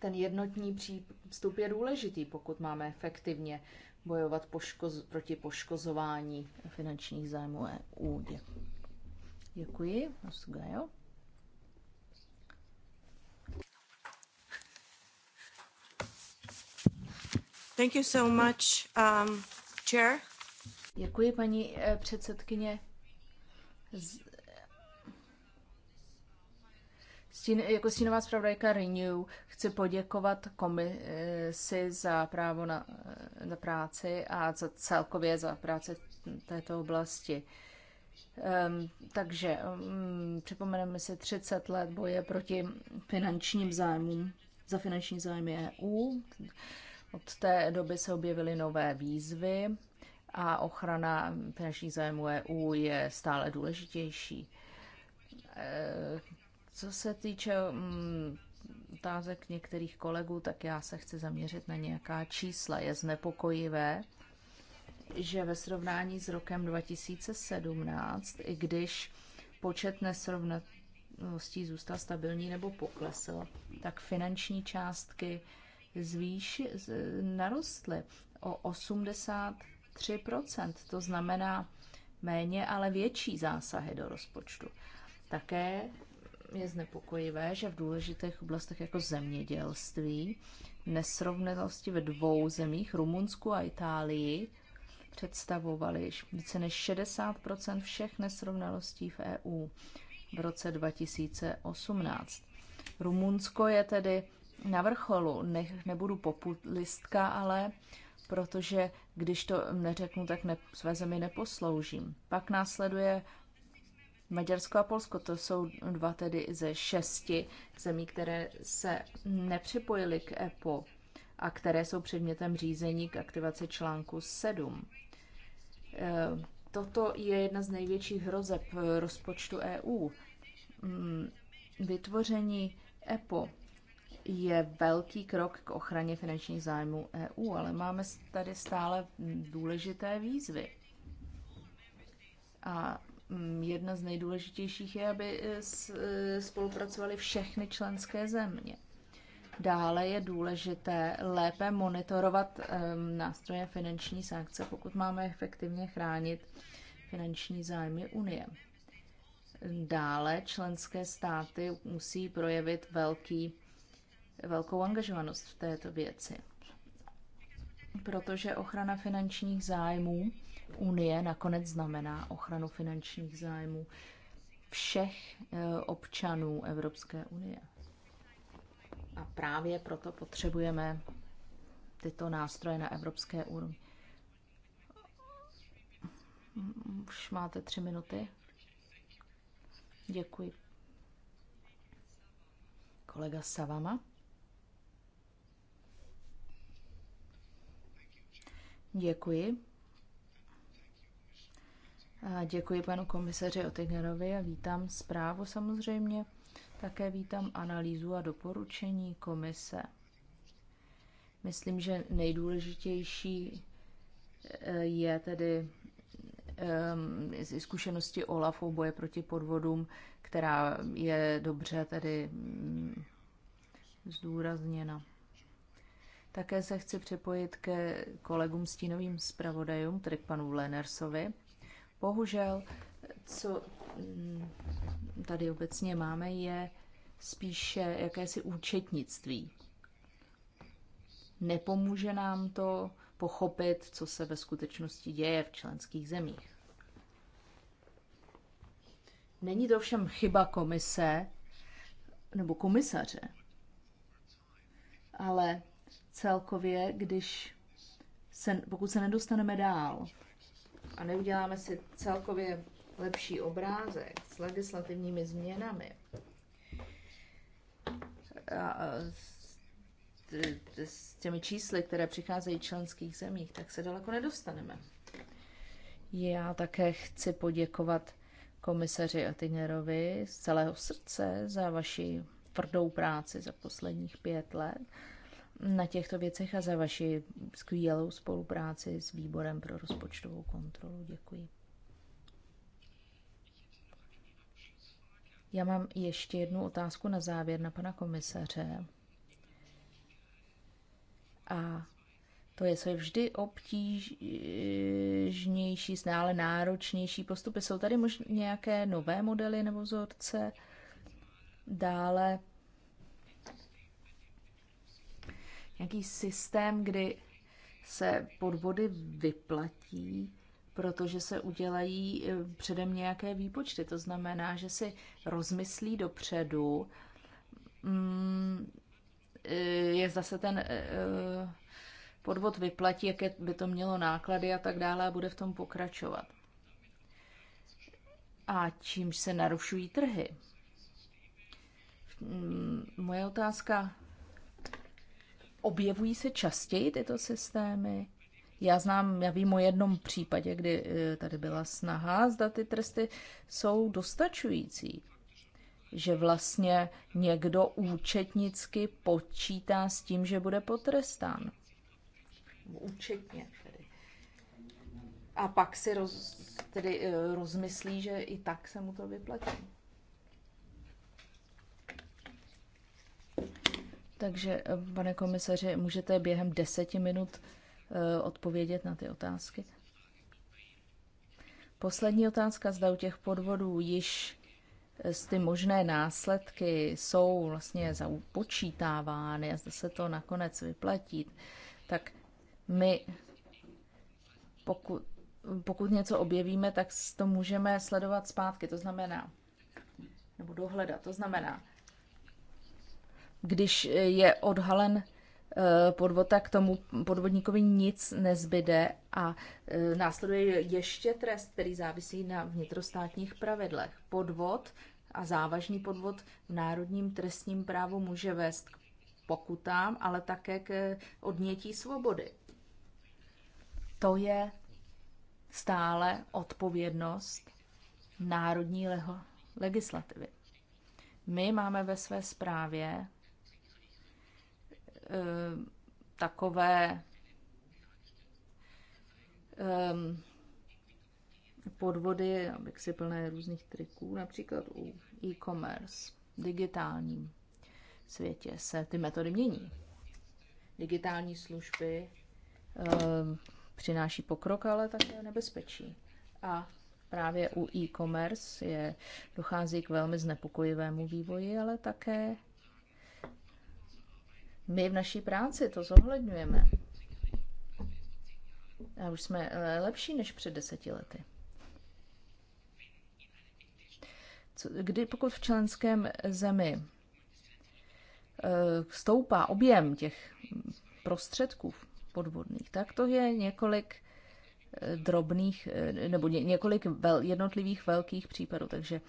Ten jednotný přístup je důležitý, pokud máme efektivně bojovat poškoz, proti poškozování finančních zájmů EU. Děkuji. Děkuji. Thank you so much, um, chair. Děkuji, paní eh, předsedkyně. Z Stín, jako stínová zpravodajka Renew chci poděkovat komisi za právo na, na práci a za celkově za práci této oblasti. Um, takže um, připomeneme si 30 let boje proti finančním zájmům, za finanční zájmy EU. Od té doby se objevily nové výzvy a ochrana finančních zájmů EU je stále důležitější. Ehm, co se týče mm, otázek některých kolegů, tak já se chci zaměřit na nějaká čísla. Je znepokojivé, že ve srovnání s rokem 2017, i když počet nesrovnatelností zůstal stabilní nebo poklesl, tak finanční částky zvýš, narostly o 83%. To znamená méně, ale větší zásahy do rozpočtu. Také je znepokojivé, že v důležitých oblastech jako zemědělství nesrovnalosti ve dvou zemích, Rumunsku a Itálii, představovaly více než 60 všech nesrovnalostí v EU v roce 2018. Rumunsko je tedy na vrcholu, ne, nebudu populistka, ale protože když to neřeknu, tak ne, své zemi neposloužím. Pak následuje Maďarsko a Polsko, to jsou dva tedy ze šesti zemí, které se nepřipojily k EPO a které jsou předmětem řízení k aktivaci článku 7. E, toto je jedna z největších hrozeb rozpočtu EU. Mm, vytvoření EPO je velký krok k ochraně finančních zájmů EU, ale máme tady stále důležité výzvy. A Mm, jedna z nejdůležitějších je, aby eh, eh, spolupracovaly všechny členské země. Dále je důležité lépe monitorovat ehm, nástroje finanční sankce, pokud máme efektivně chránit finanční zájmy Unie. Dále členské státy musí projevit velký, velkou angažovanost v této věci, protože ochrana finančních zájmů unie nakonec znamená ochranu finančních zájmů všech eh, občanů Evropské unie. A právě proto potřebujeme tyto nástroje na evropské úrovni. Už máte tři minuty. Děkuji. Kolega Savama. Děkuji děkuji panu komisaři Otegnerovi a vítám zprávu samozřejmě. Také vítám analýzu a doporučení komise. Myslím, že nejdůležitější eh, je tedy um, zkušenosti OLAFu boje proti podvodům, která je dobře tedy mm, zdůrazněna. Také se chci připojit ke kolegům stínovým zpravodajům, tedy k panu Lenersovi, Bohužel, co mm, tady obecně máme, je spíše jakési účetnictví. Nepomůže nám to pochopit, co se ve skutečnosti děje v členských zemích. Není to všem chyba komise nebo komisaře, ale celkově, když se, pokud se nedostaneme dál, a neuděláme si celkově lepší obrázek s legislativními změnami, a s těmi čísly, které přicházejí členských zemích, tak se daleko nedostaneme. Já také chci poděkovat komisaři Atinerovi z celého srdce za vaši tvrdou práci za posledních pět let na těchto věcech a za vaši skvělou spolupráci s Výborem pro rozpočtovou kontrolu. Děkuji. Já mám ještě jednu otázku na závěr na pana komisaře. A to je, co je vždy obtížnější, stále náročnější postupy. Jsou tady možná nějaké nové modely nebo vzorce? Dále nějaký systém, kdy se podvody vyplatí, protože se udělají eh, předem nějaké výpočty. To znamená, že si rozmyslí dopředu, mm, eh, je zase ten eh, podvod vyplatí, jaké by to mělo náklady a tak dále a bude v tom pokračovat. A čímž se narušují trhy. Mm, moje otázka Objevují se častěji tyto systémy? Já znám, já vím o jednom případě, kdy eh, tady byla snaha, zda ty tresty jsou dostačující. Že vlastně někdo účetnicky počítá s tím, že bude potrestán. Účetně tedy. A pak si roz, tedy eh, rozmyslí, že i tak se mu to vyplatí. Takže, eh, pane komisaři, můžete během deseti minut eh, odpovědět na ty otázky? Poslední otázka, zda u těch podvodů již eh, ty možné následky jsou vlastně započítávány a zda se to nakonec vyplatí, tak my, pokud, pokud něco objevíme, tak to můžeme sledovat zpátky, to znamená, nebo dohledat, to znamená, když eh, je odhalen eh, podvod, tak tomu podvodníkovi nic nezbyde a eh, následuje ještě trest, který závisí na vnitrostátních pravidlech. Podvod a závažný podvod v národním trestním právu může vést k pokutám, ale také k odnětí svobody. To je stále odpovědnost národní legislativy. My máme ve své zprávě Eh, takové um, podvody, abych si plné různých triků, například u e-commerce, digitálním světě se ty metody mění. Digitální služby um, přináší pokrok, ale také nebezpečí. A právě u e-commerce je, dochází k velmi znepokojivému vývoji, ale také my v naší práci to zohledňujeme. A už jsme eh, lepší než před deseti lety. Co, kdy pokud v členském zemi eh, stoupá objem těch prostředků podvodných, tak to je několik eh, drobných nebo ně, několik vel, jednotlivých velkých případů. Takže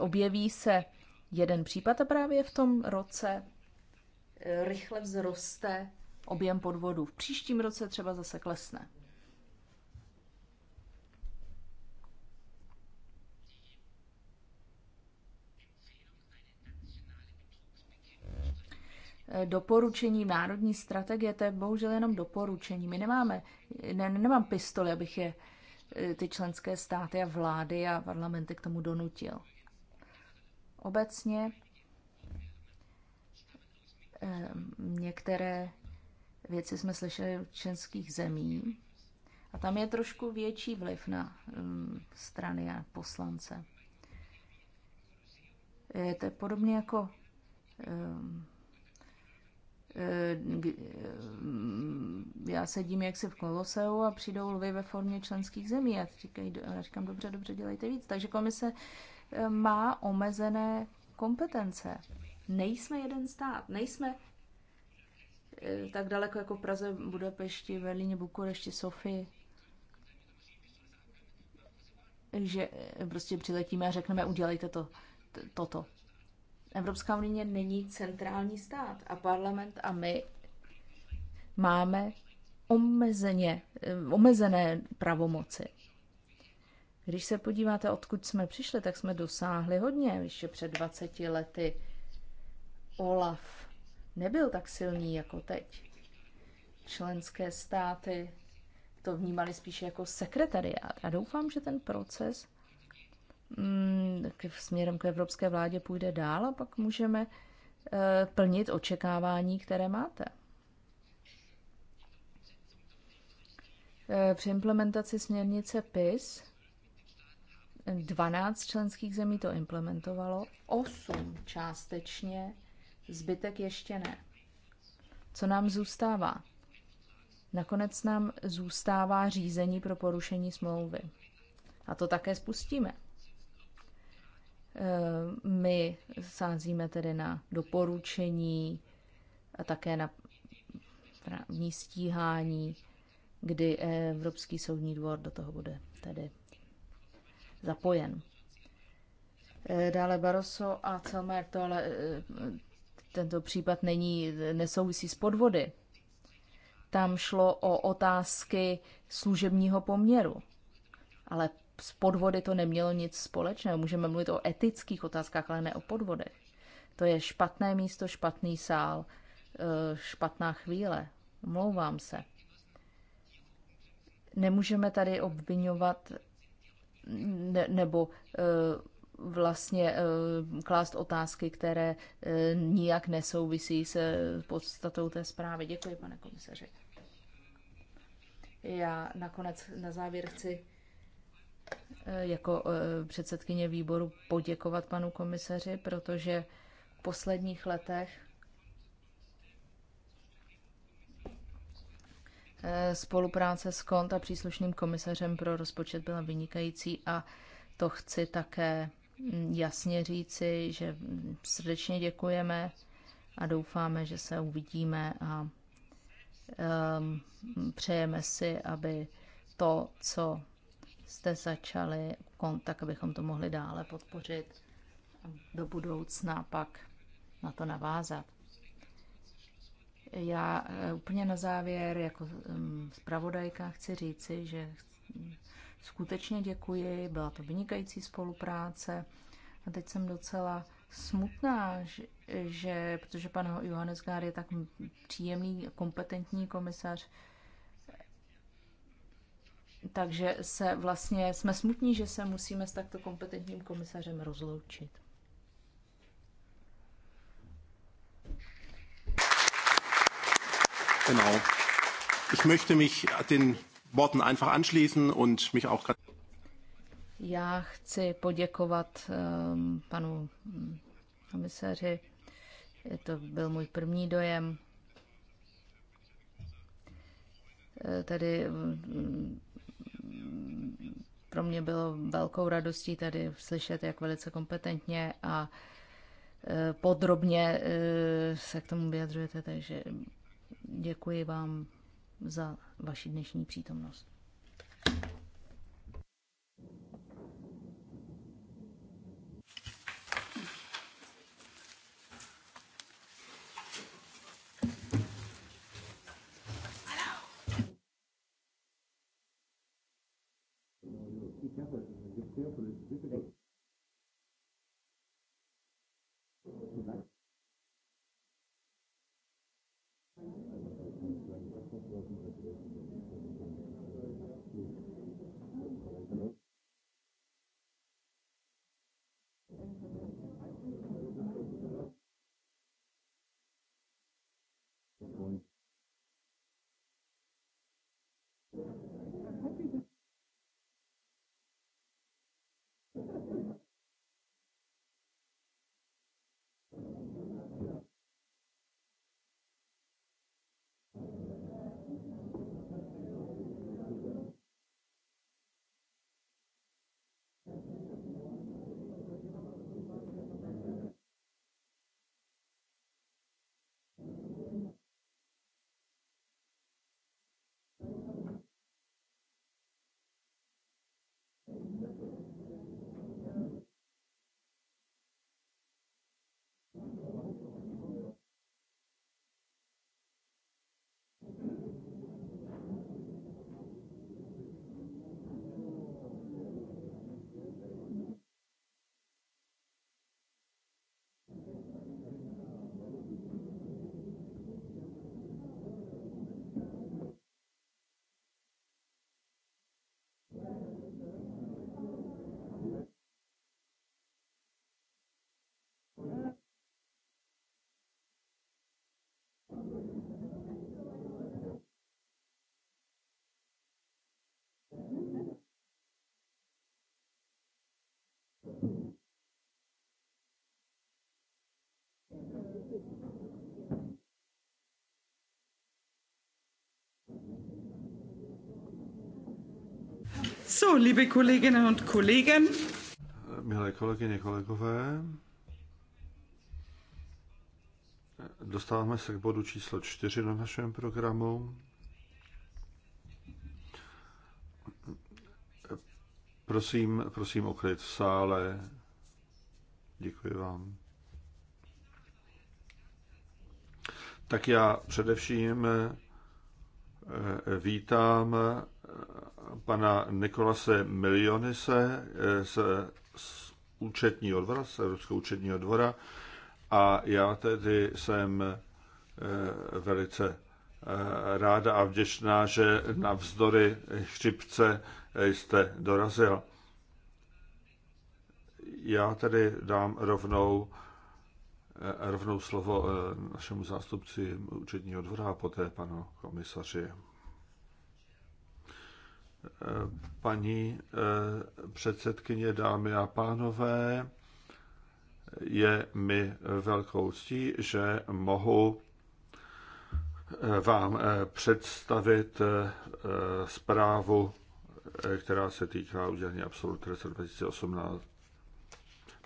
objeví se jeden případ a právě v tom roce Eh, rychle vzroste objem podvodů. V příštím roce třeba zase klesne. Eh, doporučení národní strategie, to je bohužel jenom doporučení. My nemáme, ne, nemám pistoli, abych je eh, ty členské státy a vlády a parlamenty k tomu donutil. Obecně Ehm, některé věci jsme slyšeli od členských zemí a tam je trošku větší vliv na ehm, strany a poslance. Je to podobně jako ehm, eh, já sedím jaksi v Koloseu a přijdou lvy ve formě členských zemí. a říkají, já říkám, dobře, dobře, dělejte víc. Takže komise eh, má omezené kompetence. Nejsme jeden stát, nejsme eh, tak daleko jako Praze, Budapešti, Berlíně, Bukurešti, Sofii. Že eh, prostě přiletíme a řekneme, udělejte to, toto. Evropská unie není centrální stát a parlament a my máme omezeně, eh, omezené pravomoci. Když se podíváte, odkud jsme přišli, tak jsme dosáhli hodně. Ještě před 20 lety OLAF nebyl tak silný jako teď. Členské státy to vnímali spíše jako sekretariát. A doufám, že ten proces mm, směrem k evropské vládě půjde dál a pak můžeme e, plnit očekávání, které máte. E, při implementaci směrnice PIS 12 členských zemí to implementovalo, 8 částečně zbytek ještě ne. Co nám zůstává? Nakonec nám zůstává řízení pro porušení smlouvy. A to také spustíme. Ehm, my sázíme tedy na doporučení a také na právní stíhání, kdy Evropský soudní dvor do toho bude tedy zapojen. Ehm, dále Barroso a Celmer ale. Ehm, tento případ není, nesouvisí s podvody. Tam šlo o otázky služebního poměru. Ale s podvody to nemělo nic společného. Můžeme mluvit o etických otázkách, ale ne o podvodech. To je špatné místo, špatný sál, eh, špatná chvíle. Mlouvám se. Nemůžeme tady obvinovat ne, nebo eh, vlastně eh, klást otázky, které eh, nijak nesouvisí s eh, podstatou té zprávy. Děkuji, pane komisaři. Já nakonec na závěr chci jako předsedkyně výboru poděkovat panu komisaři, protože v posledních letech spolupráce s KONT a příslušným komisařem pro rozpočet byla vynikající a to chci také jasně říci, že srdečně děkujeme a doufáme, že se uvidíme a um, přejeme si, aby to, co jste začali, tak abychom to mohli dále podpořit a do budoucna pak na to navázat. Já e, úplně na závěr jako zpravodajka chci říci, že skutečně děkuji, byla to vynikající spolupráce. A teď jsem docela smutná, že, protože pan Johannes Gár je tak příjemný, kompetentní komisař, takže se vlastně jsme smutní, že se musíme s takto kompetentním komisařem rozloučit. Genau. Ich möchte mich den Worten einfach anschließen und mich auch Já chci poděkovat um, panu mm, komisaři. To byl můj první dojem. Eh, tady mm, pro mě bylo velkou radostí tady slyšet, jak velice kompetentně a eh, podrobně eh, se k tomu vyjadřujete, takže děkuji vám za vaši dnešní přítomnost. So, liebe Kolleginnen und Kollegen. Milé kolegyně, kolegové, dostáváme se k bodu číslo 4 na našem programu. Prosím, prosím o klid v sále. Děkuji vám. Tak já především eh, vítám pana Nikolase Milionise eh, z, z účetního dvora, z Evropského účetního dvora a já tedy jsem eh, velice eh, ráda a vděčná, že na vzdory chřipce jste dorazil. Já tedy dám rovnou, rovnou slovo našemu zástupci účetního dvora a poté panu komisaři paní eh, předsedkyně, dámy a pánové. Je mi velkou ctí, že mohu eh, vám eh, představit zprávu, která se týká udělení Absolut 2018.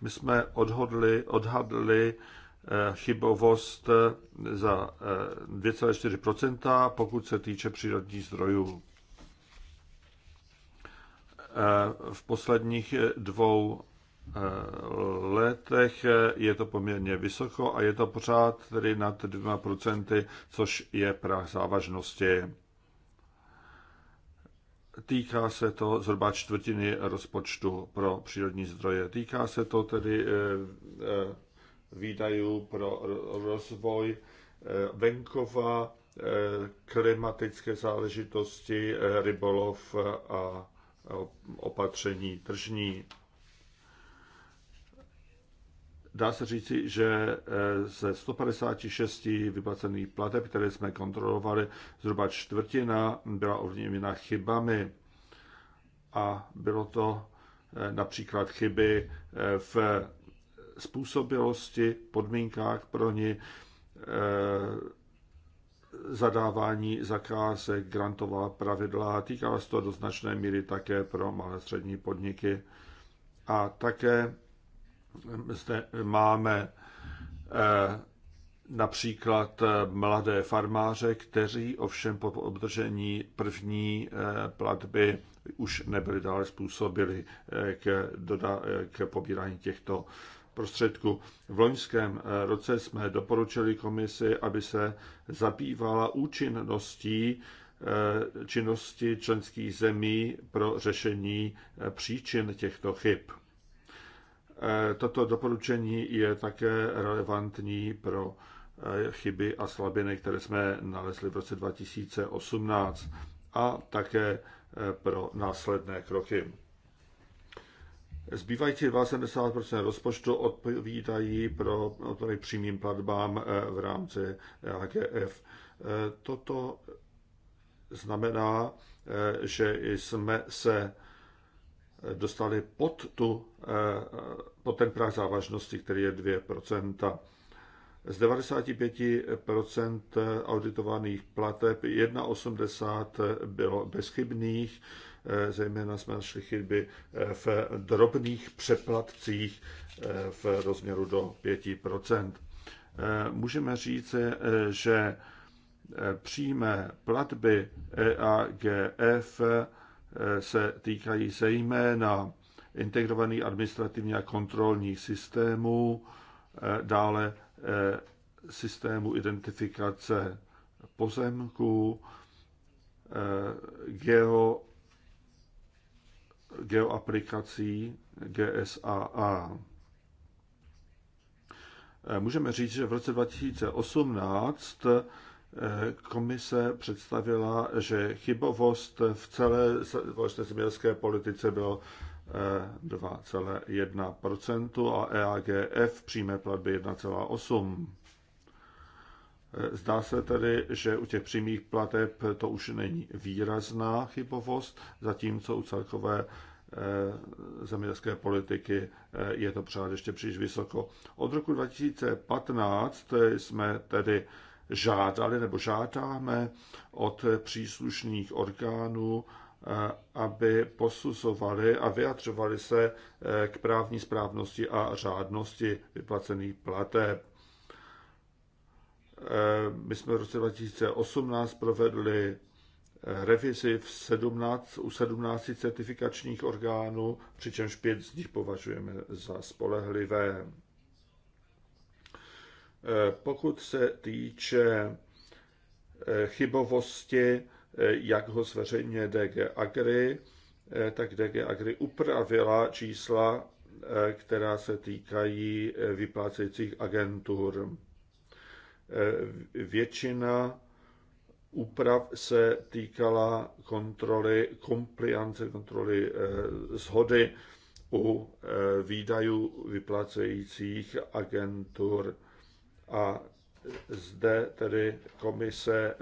My jsme odhodli, odhadli chybovost za 2,4%, pokud se týče přírodních zdrojů. Eh, v posledních eh, dvou eh, letech je to poměrně vysoko a je to pořád tedy nad 2%, což je prach závažnosti. Týká se to zhruba čtvrtiny rozpočtu pro přírodní zdroje. Týká se to tedy výdajů pro rozvoj venkova, klimatické záležitosti, rybolov a opatření tržní. Dá se říci, že eh, ze 156 vyplacených plateb, které jsme kontrolovali, zhruba čtvrtina byla ovlivněna chybami. A bylo to eh, například chyby eh, v způsobilosti, podmínkách pro ní, zadávání zakázek, grantová pravidla. Týká se to do značné míry také pro malé střední podniky. A také zde máme eh, například eh, mladé farmáře, kteří ovšem po obdržení první eh, platby už nebyli dále způsobili k, doda- k pobírání těchto prostředků. V loňském eh, roce jsme doporučili komisi, aby se zabývala účinností eh, činnosti členských zemí pro řešení eh, příčin těchto chyb. Toto doporučení je také relevantní pro chyby a slabiny, které jsme nalezli v roce 2018 a také pro následné kroky. Zbývající 72% rozpočtu odpovídají pro odpovídají no, přímým platbám eh, v rámci eh, AGF. Eh, toto znamená, že jsme se dostali pod, tu, pod ten práh závažnosti, který je 2%. Z 95% auditovaných plateb 1,80 bylo bezchybných, Eh, zejména jsme našli chyby eh, v drobných přeplatcích eh, v rozměru do 5%. Můžeme říct, že přímé platby EAGF se týkají zejména integrovaných administrativní a kontrolních systémů, dále systému identifikace pozemků, geo geoaplikací GSAA. Můžeme říct, že v roce 2018 eh, komise představila, že chybovost v celé společné zemědělské politice bylo 2,1% eh, a EAGF přímé platby 1,8%. Zdá se tedy, že u těch přímých plateb to už není výrazná chybovost, zatímco u celkové eh, zemědělské politiky eh, je to pořád ještě příliš vysoko. Od roku 2015 jsme tedy žádali nebo žádáme od příslušných orgánů, eh, aby posuzovali a vyjadřovali se k právní správnosti a řádnosti vyplacených plateb. Eh, my jsme v roce 2018 provedli eh, revizi v 17, u 17 certifikačních orgánů, přičemž pět z nich považujeme za spolehlivé. Eh, pokud se týče chybovosti, jak ho zveřejně DG Agri, tak DG Agri upravila čísla, která se týkají vyplácejících agentur. Eh, většina úprav se týkala kontroly kompliance kontroly zhody eh, u eh, výdajů vyplácejících agentur. A zde tedy komise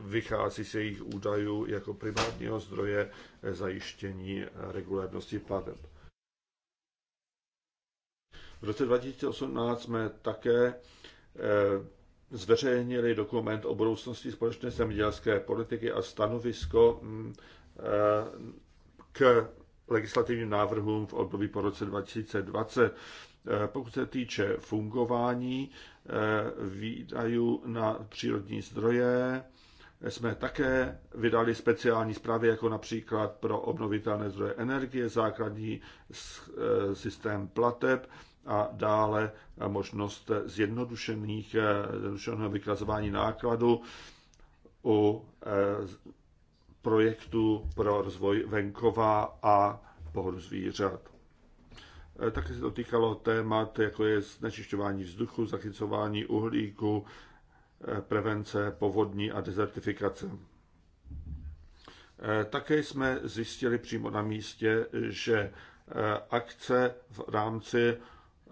vychází z jejich údajů jako primárního zdroje zajištění regulárnosti plateb. V roce 2018 jsme také zveřejnili dokument o budoucnosti společné zemědělské politiky a stanovisko mm, eh, k legislativním návrhům v období po roce 2020. Eh, pokud se týče fungování eh, výdajů na přírodní zdroje, jsme také vydali speciální zprávy, jako například pro obnovitelné zdroje energie, základní systém plateb a dále možnost zjednodušených, zjednodušeného vykazování nákladu u eh, projektu pro rozvoj venkova a pohodu zvířat. Eh, také se to týkalo témat, jako je znečišťování vzduchu, zachycování uhlíku, eh, prevence povodní a dezertifikace. Také jsme zjistili přímo na místě, že akce v rámci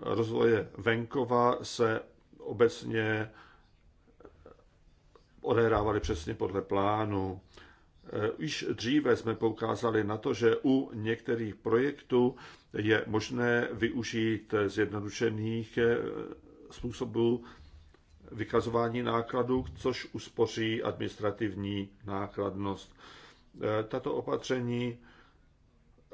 rozvoje venkova se obecně odehrávaly přesně podle plánu. Eh, již dříve jsme poukázali na to, že u některých projektů je možné využít zjednodušených eh, způsobů vykazování nákladů, což uspoří administrativní nákladnost. Eh, tato opatření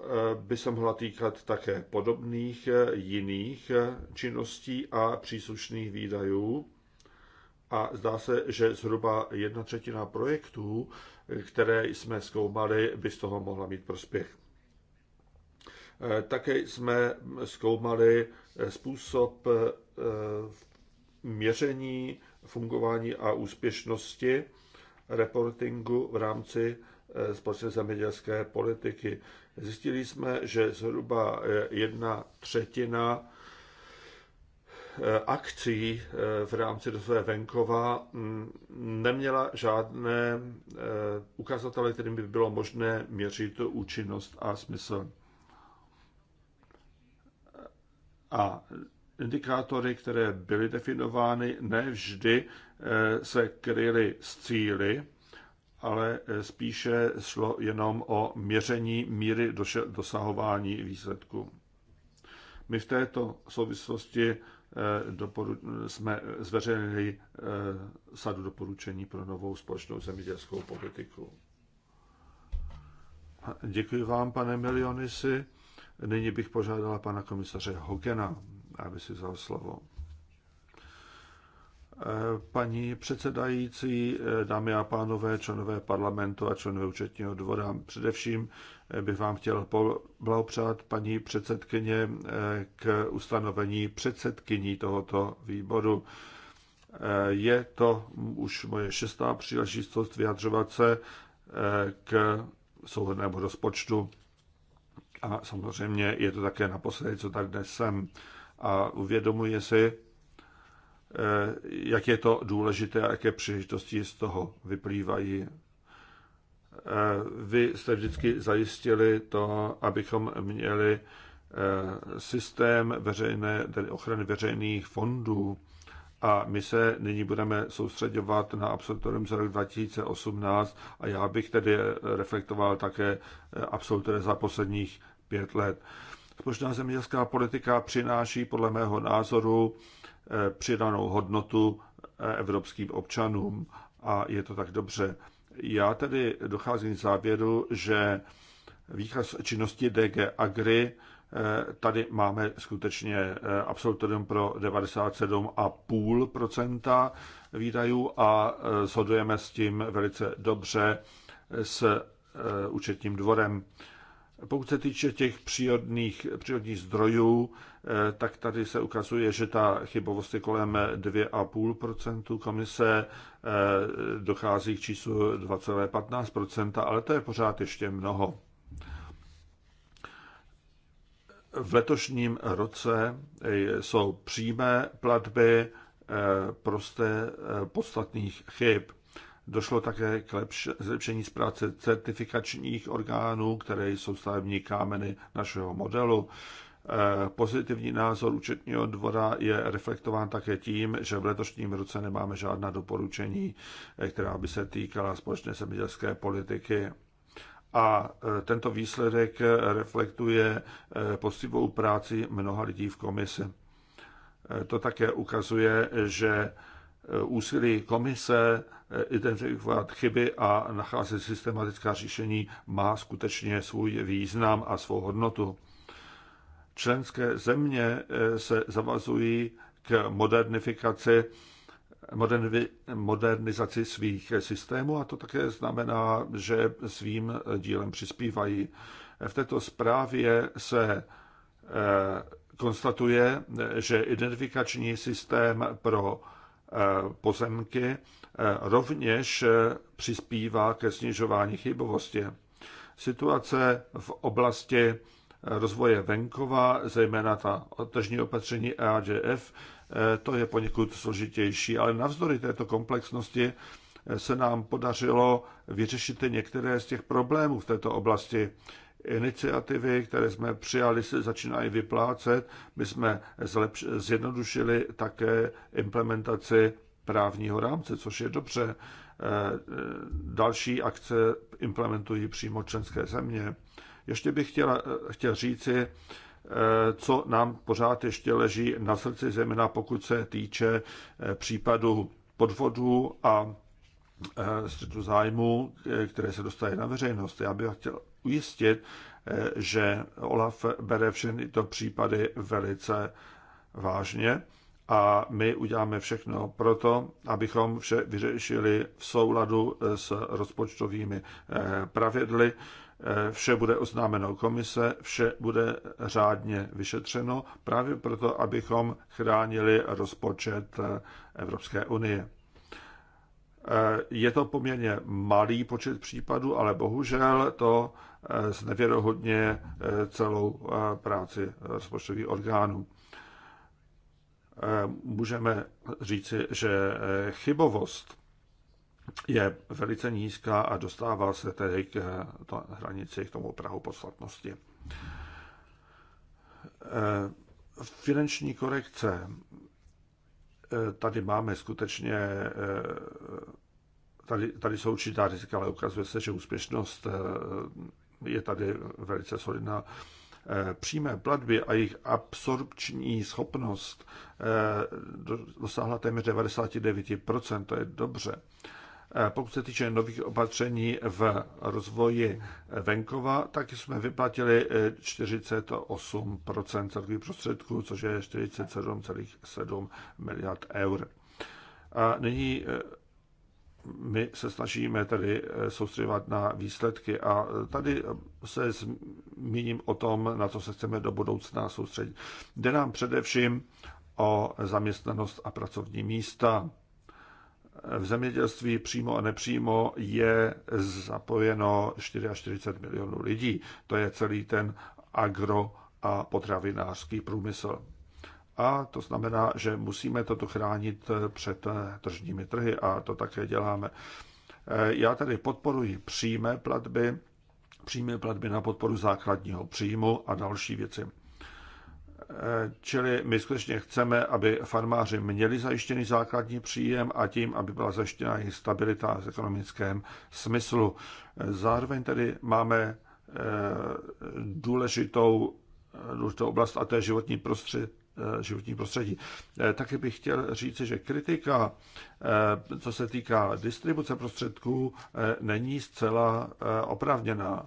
Eh, by se mohla týkat také podobných eh, jiných eh, činností a příslušných výdajů. A zdá se, že zhruba jedna třetina projektů, které jsme zkoumali, by z toho mohla mít prospěch. Také jsme zkoumali způsob měření fungování a úspěšnosti reportingu v rámci společné zemědělské politiky. Zjistili jsme, že zhruba eh, jedna třetina eh, akcí eh, v rámci rozvoje venkova mm, neměla žádné ukazatele, kterým by bylo možné měřit účinnost a smysl. A indikátory, které byly definovány, nevždy se kryly s cíly, ale eh, spíše šlo jenom o měření míry dosahování výsledku. My v této souvislosti eh, jsme zveřejnili eh, sadu doporučení pro novou společnou zemědělskou politiku. Děkuji vám, pane Milionisi. Nyní bych požádala pana komisaře Hogena, aby si vzal slovo. Paní předsedající, dámy a pánové, členové parlamentu a členové účetního dvora, především bych vám chtěl blahopřát paní předsedkyně k ustanovení předsedkyní tohoto výboru. Je to už moje šestá příležitost vyjadřovat se eh, k souhrnému rozpočtu a samozřejmě je to také naposledy, co tak dnes jsem a uvědomuje si, Eh, jak je to důležité a jaké příležitosti z toho vyplývají. Eh, vy jste vždycky zajistili to, abychom měli eh, systém veřejné, tedy ochrany veřejných fondů. A my se nyní budeme soustředovat na absolutorium za rok 2018 a já bych tedy reflektoval také absolutorium za posledních pět let. Společná zemědělská politika přináší podle mého názoru přidanou hodnotu eh, evropským občanům a je to tak dobře. Já tedy docházím k závěru, že výkaz činnosti DG Agri eh, tady máme skutečně eh, absolutorium pro 97,5 výdajů a shodujeme s tím velice dobře s účetním dvorem. Pokud se týče těch přírodních, přírodních zdrojů, Eh, tak tady se ukazuje, že ta chybovost je kolem 2,5 komise, eh, dochází k číslu 2,15 ale to je pořád ještě mnoho. V letošním roce eh, jsou přímé platby prosté podstatných chyb. Došlo také k zlepšení práce certifikačních orgánů, které jsou stavební kámeny našeho modelu. Eh, pozitivní názor účetního dvora je reflektován také tím, že v letošním roce nemáme žádná doporučení, eh, která by se týkala společné zemědělské politiky. A eh, tento výsledek reflektuje poctivou práci mnoha lidí v komisi. To také ukazuje, že úsilí komise identifikovat chyby a nacházet systematická řešení má skutečně svůj význam a svou hodnotu. Členské země eh, se zavazují k modernifikaci modernizaci svých systémů a to také znamená, že svým dílem přispívají. V této zprávě se eh, konstatuje, že identifikační systém pro eh, pozemky rovněž přispívá ke snižování chybovosti. Situace v oblasti rozvoje venkova, zejména ta tržní opatření EAGF, eh, to je poněkud složitější, ale navzdory této komplexnosti eh, se nám podařilo vyřešit některé z těch problémů v této oblasti. Iniciativy, které jsme přijali, se začínají vyplácet. My jsme zlepš- zjednodušili také implementaci právního rámce, což je dobře. Eh, další akce implementují přímo členské země. Ještě bych chtěl, eh, chtěl říci, eh, co nám pořád ještě leží na srdci, zeměna, pokud se týče eh, případu podvodů a střetu zájmu, které se dostaly na veřejnost. Já bych chtěl ujistit, že Olaf bere všechny to případy velice vážně a my uděláme všechno proto, abychom vše vyřešili v souladu s rozpočtovými pravidly Eh, vše bude oznámeno komise, vše bude řádně vyšetřeno právě proto, abychom chránili rozpočet eh, Evropské unie. Eh, je to poměrně malý počet případů, ale bohužel to znevěrohodně celou práci rozpočtových orgánů. Můžeme říci, že chybovost je velice nízká a dostává se tedy k hranici, k tomu Prahu podstatnosti. Eh, finanční korekce. Eh, tady máme skutečně, eh, tady, tady jsou určitá rizika, ale ukazuje se, že úspěšnost je tady velice solidná. Přímé platby a jejich absorpční schopnost dosáhla téměř 99%, to je dobře Eh, pokud se týče nových opatření v rozvoji venkova, tak jsme vyplatili 48 eh, celkových prostředků, což je 47,7 miliard eur. A nyní eh, my se snažíme tady soustředovat na výsledky a tady se zmíním o tom, na co se chceme do budoucna soustředit. Jde nám především o zaměstnanost a pracovní místa v zemědělství přímo a nepřímo je zapojeno 44 milionů lidí. To je celý ten agro a potravinářský průmysl. A to znamená, že musíme toto chránit před tržními trhy a to také děláme. Já tady podporuji přímé platby, přímé platby na podporu základního příjmu a další věci. Čili my skutečně chceme, aby farmáři měli zajištěný základní příjem a tím, aby byla zajištěna jejich stabilita v ekonomickém smyslu. Zároveň tedy máme eh, důležitou, důležitou oblast a to je životní prostředí eh, životní prostředí. Eh, taky bych chtěl říct, že kritika, co se týká distribuce prostředků, není zcela oprávněná.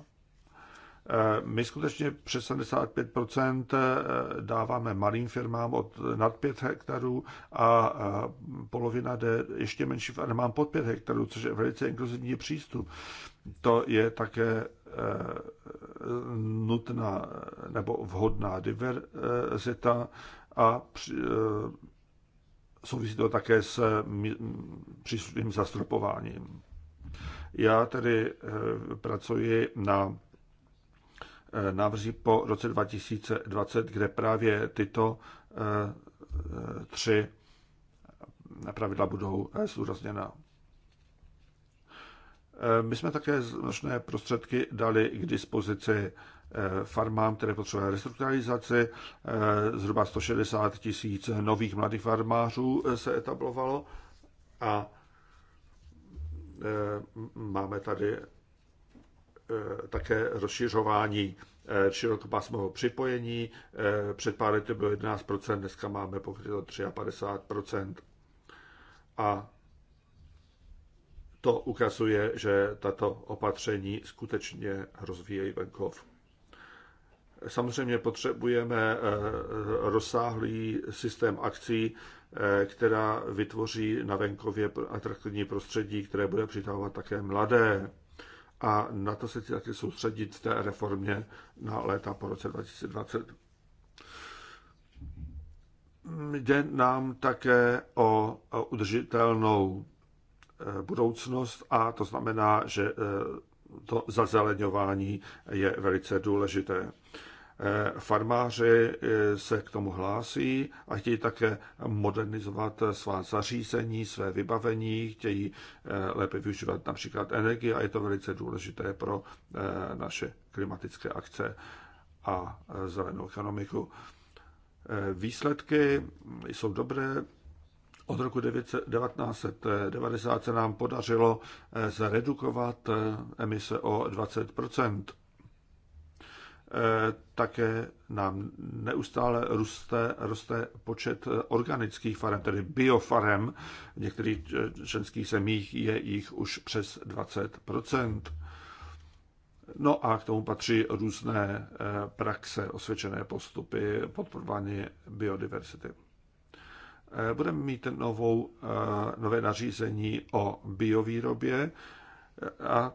Eh, my skutečně přes 75 eh, dáváme malým firmám od nad 5 hektarů a eh, polovina jde ještě menší firmám pod 5 hektarů, což je velice inkluzivní přístup. To je také nutná nebo vhodná diverzita a souvisí to také s mm, příslušným zastropováním. Já tedy pracuji na Eh, návrzí po roce 2020, kde právě tyto eh, tři pravidla budou eh, zdůrazněna. My jsme také značné prostředky dali k dispozici farmám, které potřebují restrukturalizaci. Zhruba 160 tisíc nových mladých farmářů se etablovalo a máme tady Eh, také rozšiřování eh, širokopásmového připojení. Eh, před pár lety bylo 11%, dneska máme pokryto 53%. A to ukazuje, že tato opatření skutečně rozvíjejí venkov. Samozřejmě potřebujeme rozsáhlý systém akcí, která vytvoří na venkově atraktivní prostředí, které bude přitahovat také mladé a na to se chci taky soustředit v té reformě na léta po roce 2020. Jde nám také o udržitelnou eh, budoucnost a to znamená, že eh, to zazeleňování je velice důležité. Eh, farmáři eh, se k tomu hlásí a chtějí také modernizovat svá zařízení, své vybavení, chtějí eh, lépe využívat například energii a je to velice důležité pro naše klimatické akce a zelenou ekonomiku. Výsledky jsou dobré. Od roku 1990 se nám podařilo zredukovat emise o 20 Eh, také nám neustále roste, roste počet organických farem, tedy biofarem. V některých eh, členských zemích je jich už přes 20 No a k tomu patří různé eh, praxe, osvědčené postupy, podporování biodiverzity. Budeme mít novou, nové nařízení o biovýrobě a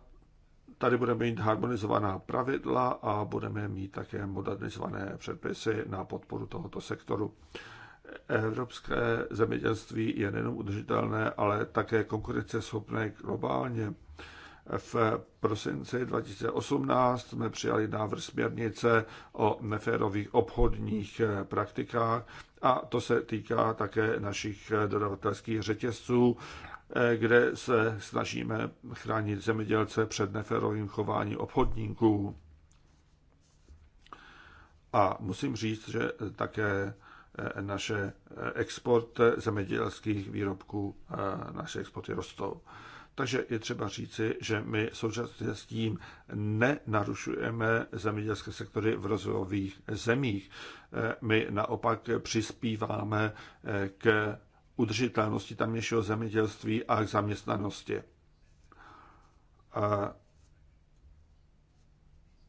tady budeme mít harmonizovaná pravidla a budeme mít také modernizované předpisy na podporu tohoto sektoru. Evropské zemědělství je nejenom udržitelné, ale také konkurenceschopné globálně. V prosinci 2018 jsme přijali návrh směrnice o neférových obchodních praktikách a to se týká také našich dodavatelských řetězců, Eh, kde se snažíme chránit zemědělce před neferovým chování obchodníků. A musím říct, že také eh, naše eh, export zemědělských výrobků, naše exporty rostou. Takže je třeba říci, že my současně s tím nenarušujeme zemědělské sektory v rozvojových zemích. My naopak přispíváme k udržitelnosti tamnějšího zemědělství a k zaměstnanosti. A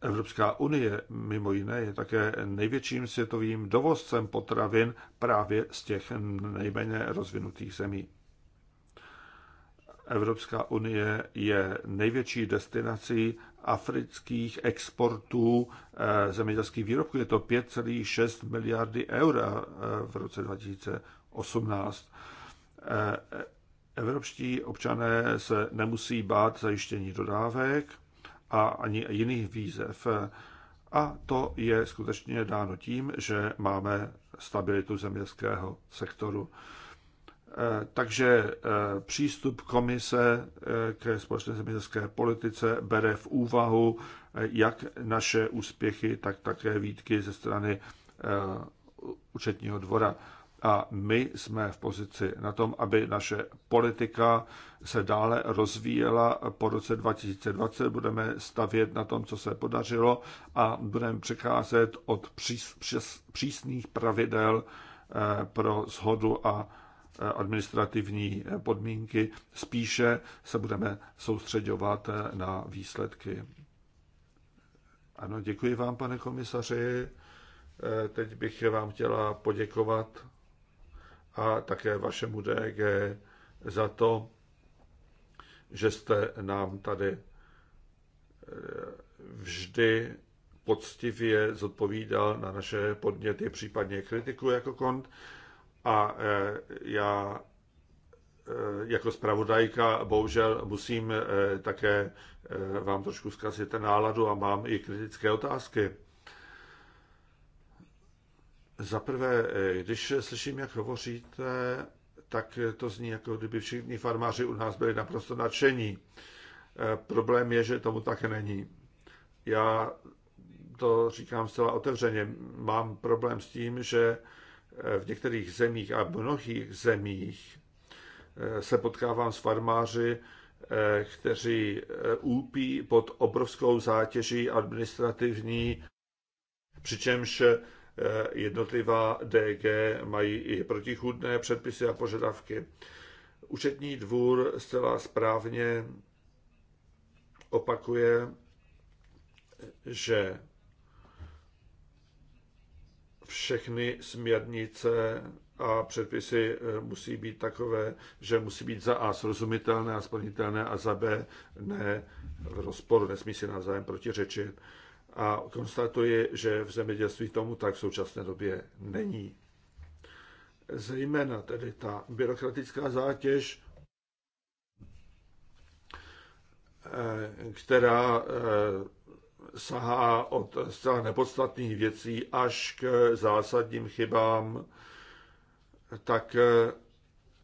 Evropská unie mimo jiné je také největším světovým dovozcem potravin právě z těch nejméně rozvinutých zemí. Evropská unie je největší destinací afrických exportů eh, zemědělských výrobků. Je to 5,6 miliardy eur eh, v roce 2000 18. E, e, evropští občané se nemusí bát zajištění dodávek a ani jiných výzev. A to je skutečně dáno tím, že máme stabilitu zemědělského sektoru. E, takže přístup komise ke společné zemědělské politice bere v úvahu jak naše úspěchy, tak také výtky ze strany účetního dvora. A my jsme v pozici na tom, aby naše politika se dále rozvíjela. Po roce 2020 budeme stavět na tom, co se podařilo a budeme přecházet od přísných pravidel eh, pro shodu a eh, administrativní eh, podmínky. Spíše se budeme soustředovat na výsledky. Ano, děkuji vám, pane komisaři. Teď bych vám chtěla poděkovat a také vašemu DG za to, že jste nám tady eh, vždy poctivě zodpovídal na naše podněty, případně kritiku jako kont. A eh, já eh, jako zpravodajka bohužel musím také vám trošku zkazit náladu a mám i kritické otázky. Za prvé, eh, když slyším, jak hovoříte, tak to zní, jako kdyby všichni farmáři u nás byli naprosto nadšení. Eh, problém je, že tomu tak není. Já to říkám zcela otevřeně. Mám problém s tím, že eh, v některých zemích a mnohých zemích se potkávám s farmáři, kteří úpí pod obrovskou zátěží administrativní, přičemž Eh, jednotlivá DG mají i protichůdné předpisy a požadavky. Účetní dvůr zcela správně opakuje, že všechny směrnice a předpisy eh, musí být takové, že musí být za A srozumitelné a splnitelné a za B ne v rozporu, nesmí si navzájem protiřečit a konstatuji, že v zemědělství tomu tak v současné době není. Zejména tedy ta byrokratická zátěž, eh, která eh, sahá od zcela nepodstatných věcí až k zásadním chybám, tak eh,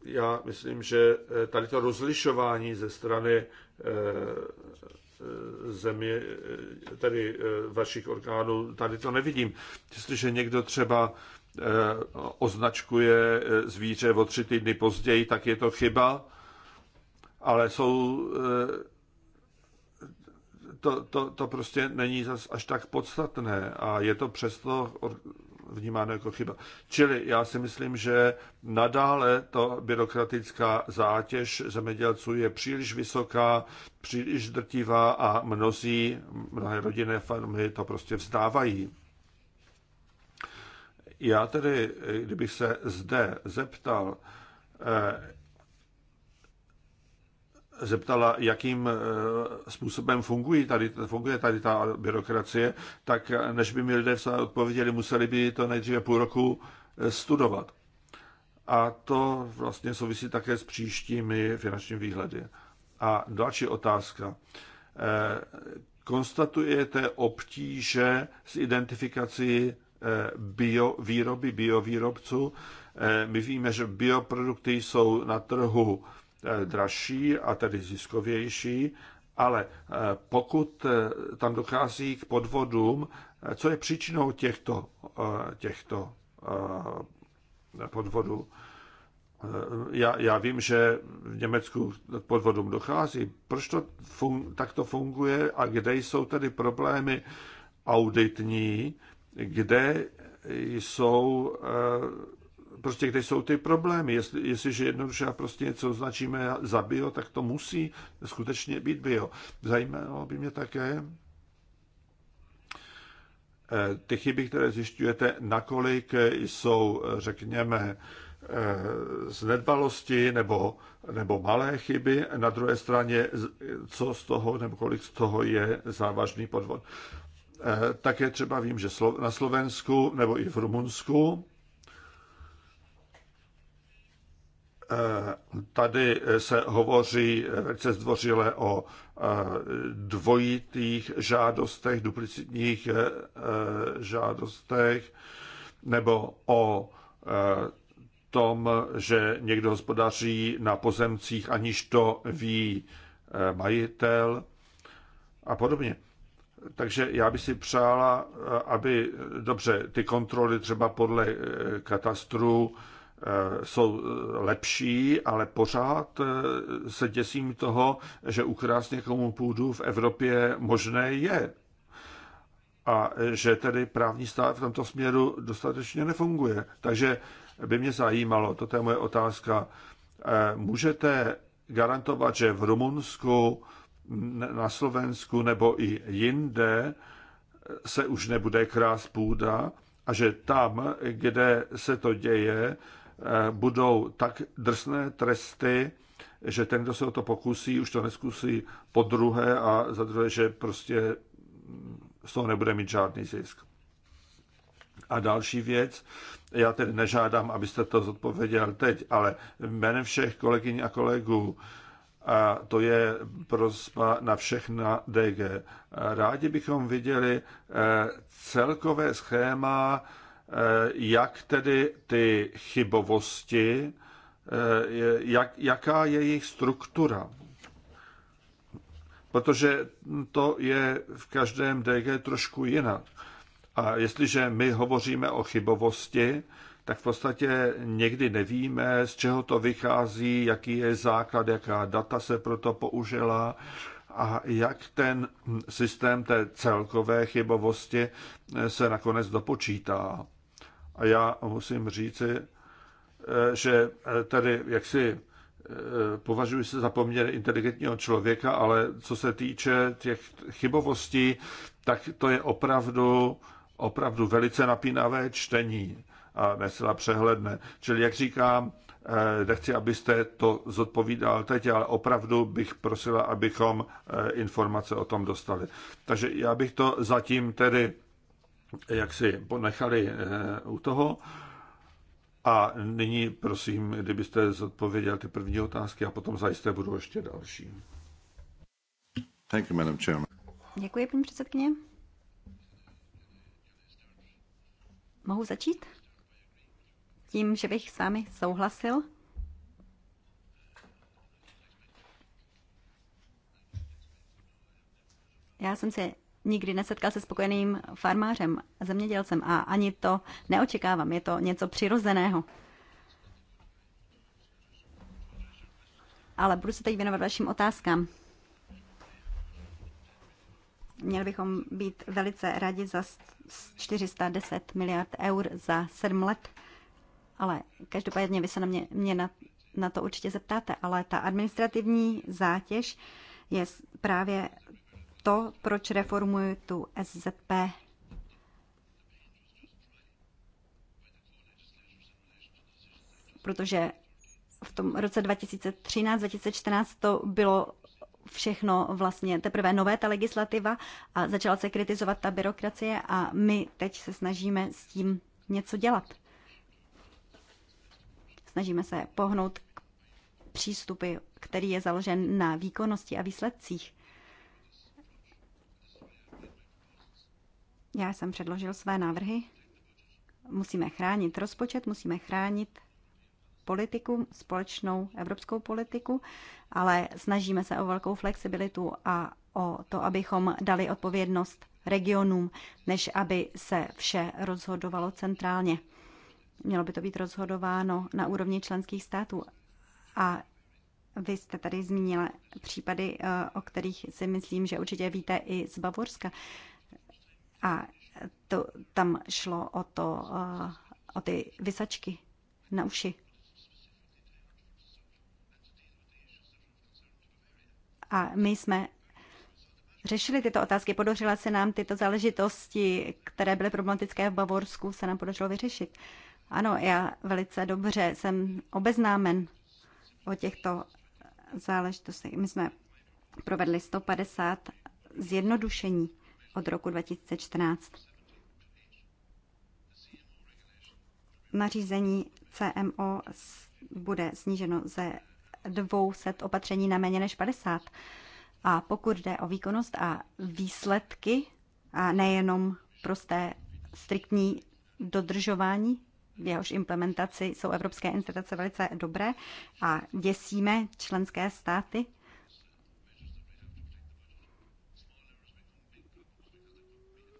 já myslím, že tady to rozlišování ze strany země, tedy eh, vašich orgánů, tady to nevidím. Jestliže někdo třeba eh, označkuje eh, zvíře o tři týdny později, tak je to chyba, ale jsou to, to, to prostě není zas až tak podstatné a je to přesto vnímáno jako chyba. Čili já si myslím, že nadále to byrokratická zátěž zemědělců je příliš vysoká, příliš drtivá a mnozí, mnohé rodinné farmy to prostě vzdávají. Já tedy, kdybych se zde zeptal, eh, zeptala, jakým eh, způsobem funguje tady, funguje tady ta byrokracie, tak eh, než by mi lidé odpověděli, museli by to nejdříve půl roku eh, studovat. A to vlastně souvisí také s příštími finančními výhledy. A další otázka. Konstatujete obtíže s identifikací bio, výroby biovýrobců? My víme, že bioprodukty jsou na trhu Eh, dražší a tedy ziskovější, ale eh, pokud eh, tam dochází k podvodům, co je příčinou těchto, těchto podvodů? Já, já vím, že v Německu podvodům dochází. Proč to fun, tak to funguje a kde jsou tedy problémy auditní, kde jsou prostě kde jsou ty problémy. Jestli, jestliže jednoduše prostě něco označíme za bio, tak to musí skutečně být bio. Zajímalo by mě také eh, ty chyby, které zjišťujete, nakolik jsou, eh, řekněme, eh, z nedbalosti nebo, nebo malé chyby, na druhé straně, co z toho nebo kolik z toho je závažný podvod. Také třeba vím, že na Slovensku nebo i v Rumunsku Tady se hovoří velice zdvořile o eh, dvojitých žádostech, duplicitních eh, eh, žádostech, nebo o tom, že někdo hospodaří na pozemcích, aniž to ví majitel a podobně. Takže já bych si přála, aby, dobře, ty kontroly třeba podle katastru Eh, jsou eh, lepší, ale pořád eh, se děsím toho, že ukrást někomu půdu v Evropě možné je. A že tedy právní stát v tomto směru dostatečně nefunguje. Takže by mě zajímalo, to je moje otázka, můžete garantovat, že v Rumunsku, na Slovensku nebo i jinde se už nebude krást půda a že tam, kde se to děje, Eh, budou tak drsné tresty, že ten, kdo se o to pokusí, už to neskusí po druhé a za druhé, že prostě z toho nebude mít žádný zisk. A další věc, já tedy nežádám, abyste to zodpověděl teď, ale jménem všech kolegyň a kolegů, a to je prosba na všechna DG. Rádi bychom viděli eh, celkové schéma Eh, jak tedy ty chybovosti, eh, jak, jaká je jejich struktura. Protože to je v každém DG trošku jinak. A jestliže my hovoříme o chybovosti, tak v podstatě někdy nevíme, z čeho to vychází, jaký je základ, jaká data se proto použila, a jak ten systém té celkové chybovosti eh, se nakonec dopočítá. A já musím říci, eh, že eh, tady jaksi považuji se za poměr inteligentního člověka, ale co se týče těch chybovostí, tak to je opravdu, opravdu velice napínavé čtení a nesla přehledné. Čili jak říkám, Eh, nechci, abyste to zodpovídal teď, ale opravdu bych prosila, abychom eh, informace o tom dostali. Takže já bych to zatím tedy eh, jak si ponechali u toho. A nyní prosím, kdybyste zodpověděl ty první otázky a potom zajisté budou ještě další. Thank you, Madam Chairman. Děkuji, paní předsedkyně. Mohu začít? tím, že bych s vámi souhlasil? Já jsem se nikdy nesetkal se spokojeným farmářem a zemědělcem a ani to neočekávám. Je to něco přirozeného. Ale budu se teď věnovat vašim otázkám. Měli bychom být velice rádi za 410 miliard eur za 7 let. Ale každopádně vy se na mě, mě na, na to určitě zeptáte, ale ta administrativní zátěž je právě to, proč reformuji tu SZP. Protože v tom roce 2013-2014 to bylo všechno vlastně teprve nové ta legislativa a začala se kritizovat ta byrokracie a my teď se snažíme s tím něco dělat. Snažíme se pohnout k přístupy, který je založen na výkonnosti a výsledcích. Já jsem předložil své návrhy. Musíme chránit rozpočet, musíme chránit politiku, společnou evropskou politiku, ale snažíme se o velkou flexibilitu a o to, abychom dali odpovědnost regionům, než aby se vše rozhodovalo centrálně. Mělo by to být rozhodováno na úrovni členských států. A vy jste tady zmínila případy, eh, o kterých si myslím, že určitě víte i z Bavorska. A to, tam šlo o, to, eh, o ty vysačky na uši. A my jsme řešili tyto otázky, podařila se nám tyto záležitosti, které byly problematické v Bavorsku, se nám podařilo vyřešit. Uh, ano, já velice dobře jsem obeznámen o těchto záležitostech. My jsme provedli 150 zjednodušení od roku 2014. Nařízení CMO bude sníženo ze 200 opatření na méně než 50. A pokud jde o výkonnost a výsledky, a nejenom prosté striktní dodržování v jehož implementaci jsou evropské instituce velice dobré a děsíme členské státy.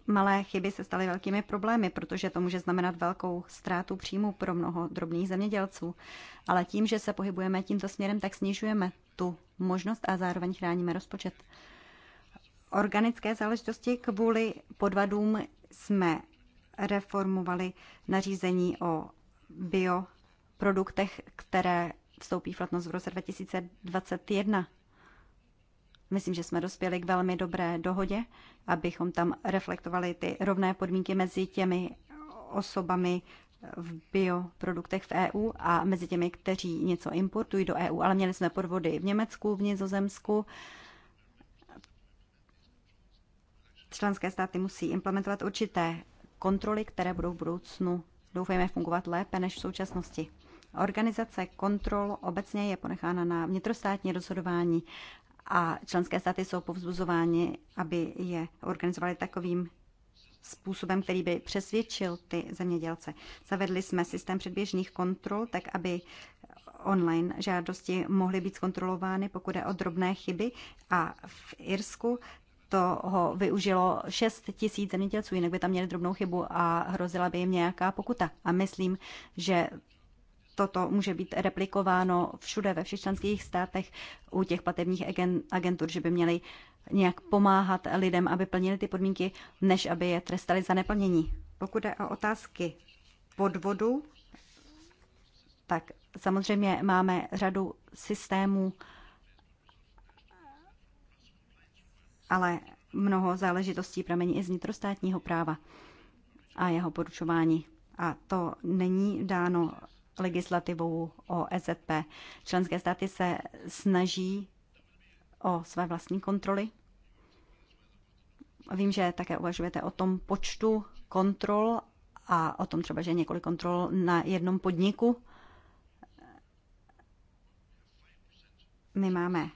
Malé chyby se staly velkými problémy, protože to může znamenat velkou ztrátu příjmu pro mnoho drobných zemědělců. Ale tím, že se pohybujeme tímto směrem, tak snižujeme tu možnost a zároveň chráníme rozpočet. Organické záležitosti kvůli podvadům jsme reformovali nařízení o bioproduktech, které vstoupí v platnost v roce 2021. Myslím, že jsme dospěli k velmi dobré dohodě, abychom tam reflektovali ty rovné podmínky mezi těmi osobami v bioproduktech v EU a mezi těmi, kteří něco importují do EU. Ale měli jsme podvody v Německu, v Nizozemsku. Členské státy musí implementovat určité kontroly, které budou v budoucnu, doufejme, fungovat lépe než v současnosti. Organizace kontrol obecně je ponechána na vnitrostátní rozhodování a členské státy jsou povzbuzovány, aby je organizovali takovým způsobem, který by přesvědčil ty zemědělce. Zavedli jsme systém předběžných kontrol, tak aby online žádosti mohly být zkontrolovány, pokud je o drobné chyby. A v Irsku toho využilo 6 tisíc zemědělců, jinak by tam měli drobnou chybu a hrozila by jim nějaká pokuta. A myslím, že toto může být replikováno všude ve všech členských státech u těch platebních agentur, že by měli nějak pomáhat lidem, aby plnili ty podmínky, než aby je trestali za neplnění. Pokud jde o otázky podvodu, tak samozřejmě máme řadu systémů, ale mnoho záležitostí pramení i z vnitrostátního práva a jeho poručování. A to není dáno legislativou o EZP. Členské státy se snaží o své vlastní kontroly. Vím, že také uvažujete o tom počtu kontrol a o tom třeba, že několik kontrol na jednom podniku. My máme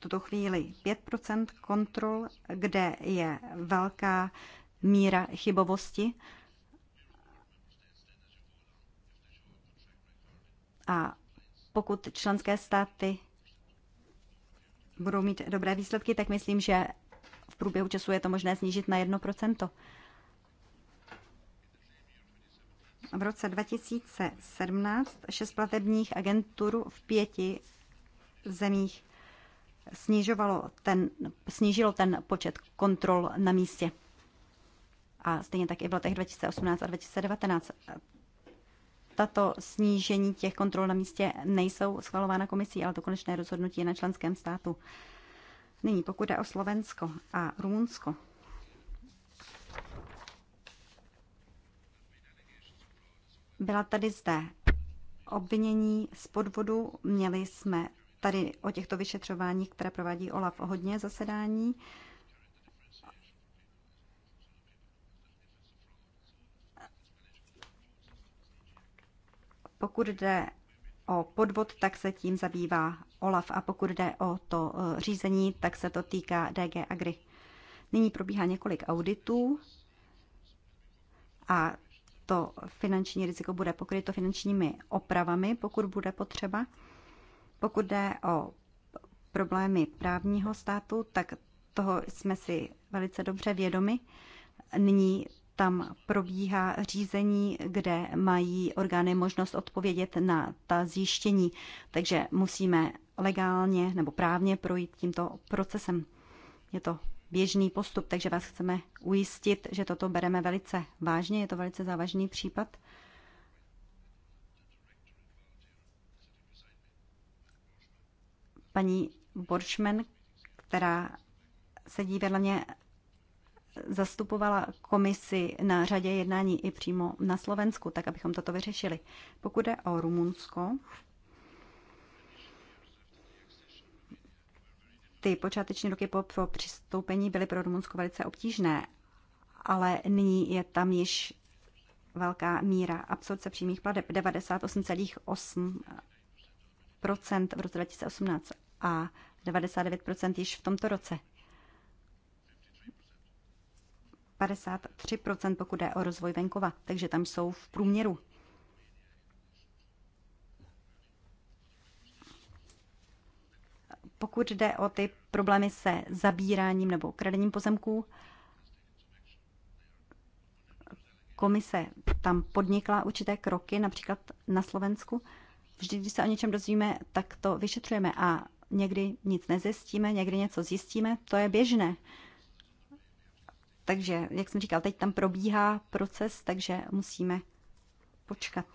tuto chvíli 5 kontrol, kde je velká míra chybovosti. A pokud členské státy budou mít dobré výsledky, tak myslím, že v průběhu času je to možné snížit na 1%. V roce 2017 šest platebních agentur v pěti zemích snižovalo ten, snížilo ten počet kontrol na místě. A stejně tak i v letech 2018 a 2019. Tato snížení těch kontrol na místě nejsou schvalována komisí, ale to konečné rozhodnutí je na členském státu. Nyní, pokud jde o Slovensko a Rumunsko, byla tady zde obvinění z podvodu. Měli jsme tady o těchto vyšetřováních, které provádí OLAF, hodně zasedání. Pokud jde o podvod, tak se tím zabývá OLAF a pokud jde o to e, řízení, tak se to týká DG Agri. Nyní probíhá několik auditů a to finanční riziko bude pokryto finančními opravami, pokud bude potřeba. Pokud jde o problémy právního státu, tak toho jsme si velice dobře vědomi. Nyní tam probíhá řízení, kde mají orgány možnost odpovědět na ta zjištění, takže musíme legálně nebo právně projít tímto procesem. Je to běžný postup, takže vás chceme ujistit, že toto bereme velice vážně, je to velice závažný případ Paní Borčmen, která sedí vedle mě, zastupovala komisi na řadě jednání i přímo na Slovensku, tak abychom toto vyřešili. Pokud jde o Rumunsko, ty počáteční roky po, přistoupení byly pro Rumunsko velice obtížné, ale nyní je tam již velká míra absorce přímých plateb 98,8 v roce 2018 a 99 již v tomto roce. 53 pokud jde o rozvoj venkova, takže tam jsou v průměru. Pokud jde o ty problémy se zabíráním nebo kradením pozemků, komise tam podnikla určité kroky, například na Slovensku. Vždy, když se o něčem dozvíme, tak to vyšetřujeme a někdy nic nezjistíme, někdy něco zjistíme, to je běžné. Takže, jak jsem říkal, teď tam probíhá proces, takže musíme počkat.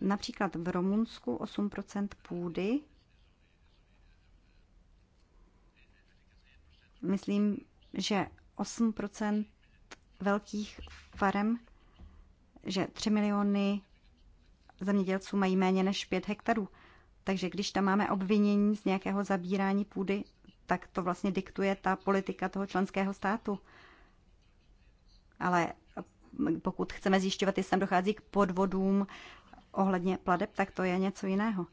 Například v Rumunsku 8% půdy. Myslím, že 8% velkých farem, že 3 miliony zemědělců mají méně než 5 hektarů. Takže když tam máme obvinění z nějakého zabírání půdy, tak to vlastně diktuje ta politika toho členského státu. Ale pokud chceme zjišťovat, jestli tam dochází k podvodům ohledně pladeb, tak to je něco jiného.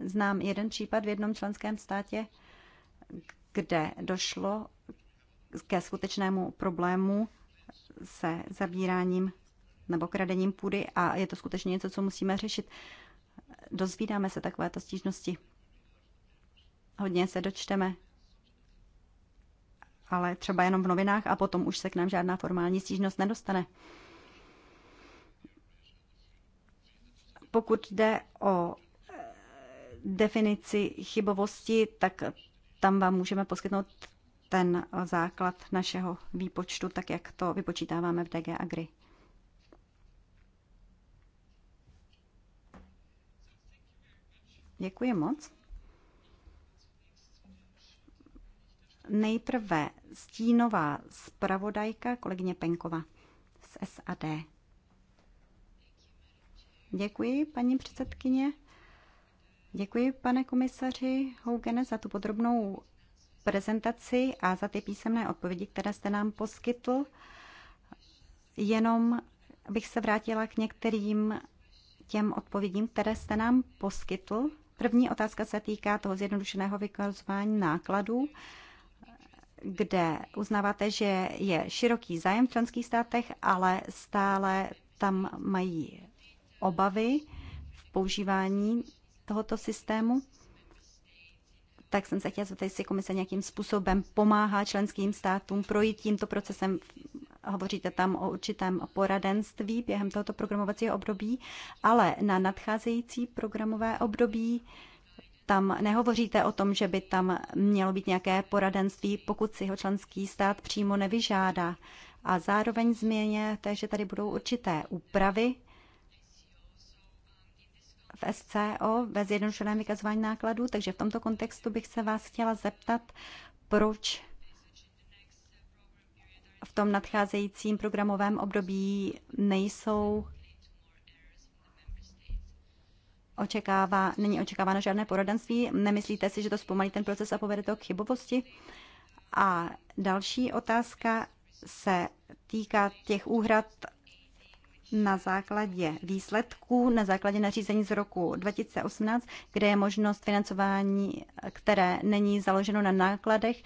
Znám jeden případ v jednom členském státě, kde došlo ke skutečnému problému se zabíráním nebo kradením půdy a je to skutečně něco, co musíme řešit. Dozvídáme se takovéto stížnosti. Hodně se dočteme, ale třeba jenom v novinách a potom už se k nám žádná formální stížnost nedostane. Pokud jde o eh, definici chybovosti, tak tam vám můžeme poskytnout ten základ našeho výpočtu, tak jak to vypočítáváme v DG Agri. Děkuji moc. Nejprve stínová zpravodajka kolegyně Penkova z SAD. Děkuji, paní předsedkyně. Děkuji, pane komisaři Hougene, za tu podrobnou prezentaci a za ty písemné odpovědi, které jste nám poskytl. Jenom bych se vrátila k některým těm odpovědím, které jste nám poskytl. První otázka se týká toho zjednodušeného vykazování nákladů kde uznáváte, že je široký zájem v členských státech, ale stále tam mají obavy v používání tohoto systému. Tak jsem se chtěla zeptat, jestli komise nějakým způsobem pomáhá členským státům projít tímto procesem hovoříte tam o určitém poradenství během tohoto programovacího období, ale na nadcházející programové období tam nehovoříte o tom, že by tam mělo být nějaké poradenství, pokud si ho členský stát přímo nevyžádá. A zároveň změně, že tady budou určité úpravy v SCO ve zjednodušeném vykazování nákladů, takže v tomto kontextu bych se vás chtěla zeptat, proč v tom nadcházejícím programovém období nejsou očekává, není očekáváno žádné poradenství. Nemyslíte si, že to zpomalí ten proces a povede to k chybovosti? A další otázka se týká těch úhrad na základě výsledků, na základě nařízení z roku 2018, kde je možnost financování, které není založeno na nákladech,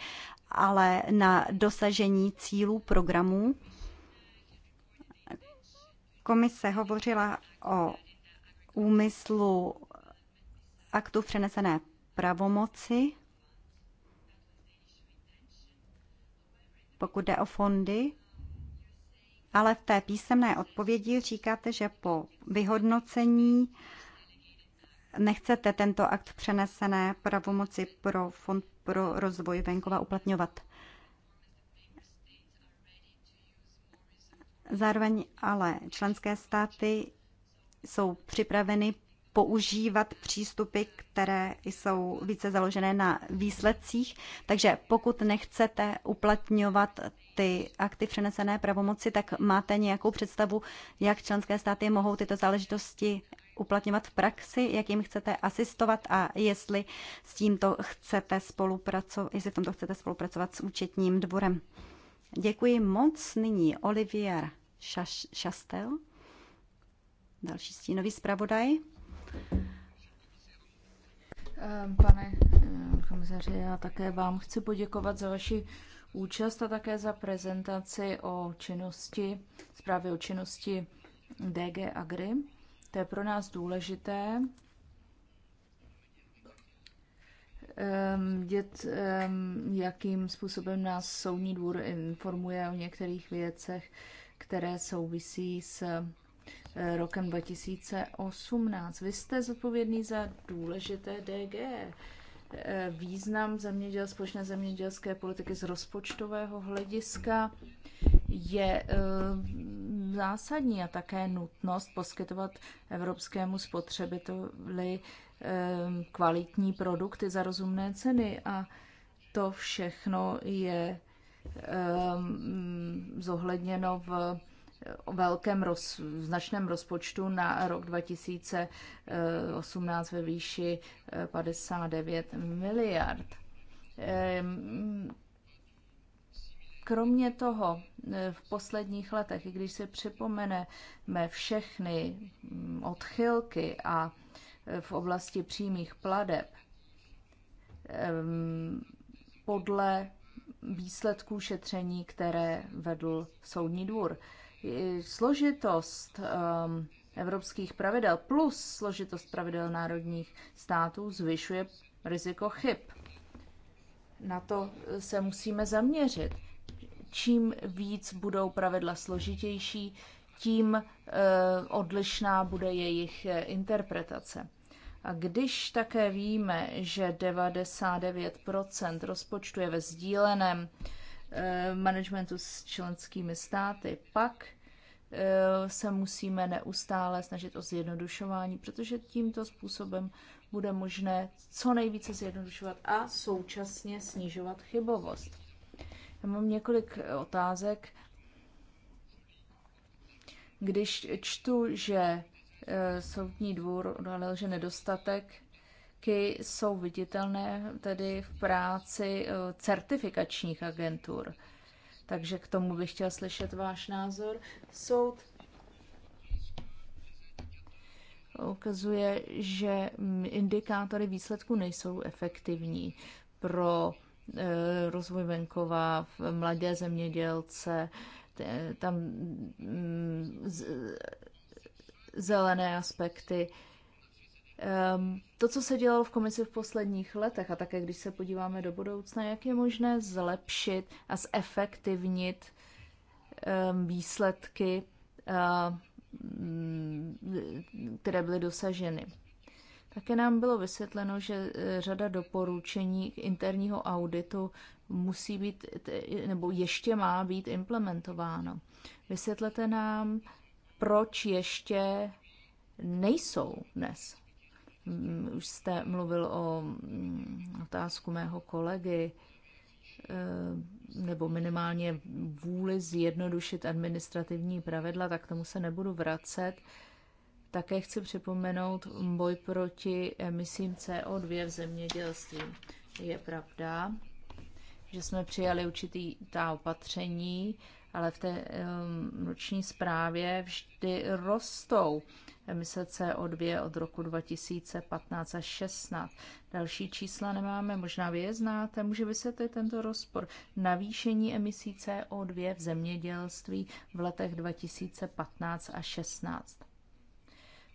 ale na dosažení cílů programů. Komise hovořila o úmyslu aktu přenesené pravomoci, pokud jde o fondy ale v té písemné odpovědi říkáte, že po vyhodnocení nechcete tento akt přenesené pravomoci pro Fond pro rozvoj venkova uplatňovat. Zároveň ale členské státy jsou připraveny používat přístupy, které jsou více založené na výsledcích. Takže pokud nechcete uplatňovat ty akty přenesené pravomoci, tak máte nějakou představu, jak členské státy mohou tyto záležitosti uplatňovat v praxi, jak jim chcete asistovat a jestli s tímto chcete spolupracovat, jestli v tomto chcete spolupracovat s účetním dvorem. Děkuji moc. Nyní Olivier Šastel, další stínový zpravodaj. Pane eh, komisaři, já také vám chci poděkovat za vaši účast a také za prezentaci o činnosti, zprávy o činnosti DG Agri. To je pro nás důležité. Ehm, Vidět, ehm, jakým způsobem nás soudní dvůr informuje o některých věcech, které souvisí s eh, rokem 2018. Vy jste zodpovědný za důležité DG Eh, význam zeměděl, společné zemědělské politiky z rozpočtového hlediska je eh, zásadní a také nutnost poskytovat evropskému spotřebiteli eh, kvalitní produkty za rozumné ceny a to všechno je zohledněno v o velkém roz, značném rozpočtu na rok 2018 ve výši 59 eh, miliard. Ehm, kromě toho, eh, v posledních letech, i když se připomeneme všechny mm, odchylky a eh, v oblasti přímých pladeb, ehm, podle výsledků šetření, které vedl Soudní dvůr, Složitost um, evropských pravidel plus složitost pravidel národních států zvyšuje riziko chyb. Na to se musíme zaměřit. Čím víc budou pravidla složitější, tím uh, odlišná bude jejich eh, interpretace. A když také víme, že 99 rozpočtu je ve sdíleném Eh, managementu s členskými státy. Pak eh, se musíme neustále snažit o zjednodušování, protože tímto způsobem bude možné co nejvíce zjednodušovat a současně snižovat chybovost. Já mám několik otázek. Když čtu, že eh, soudní dvůr odhalil, že nedostatek prvky jsou viditelné tedy v práci eh, certifikačních agentur. Takže k tomu bych chtěl slyšet váš názor. Soud ukazuje, že indikátory výsledku nejsou efektivní pro eh, rozvoj venkova, mladé zemědělce, tam mm, zelené aspekty Um, to, co se dělalo v komisi v posledních letech a také když se podíváme do budoucna, jak je možné zlepšit a zefektivnit um, výsledky, uh, které byly dosaženy. Také nám bylo vysvětleno, že e, řada doporučení interního auditu musí být, nebo ještě má být implementováno. Vysvětlete nám, proč ještě nejsou dnes Mm, už jste mluvil o mm, otázku mého kolegy, eh, nebo minimálně vůli zjednodušit administrativní pravidla, tak tomu se nebudu vracet. Také chci připomenout boj proti emisím CO2 v zemědělství. Je pravda, že jsme přijali určitý ta opatření, ale v té um, roční zprávě vždy rostou emise CO2 od roku 2015 až 16. Další čísla nemáme, možná vy je znáte, může vysvětlit tento rozpor. Navýšení emisí CO2 v zemědělství v letech 2015 a 16.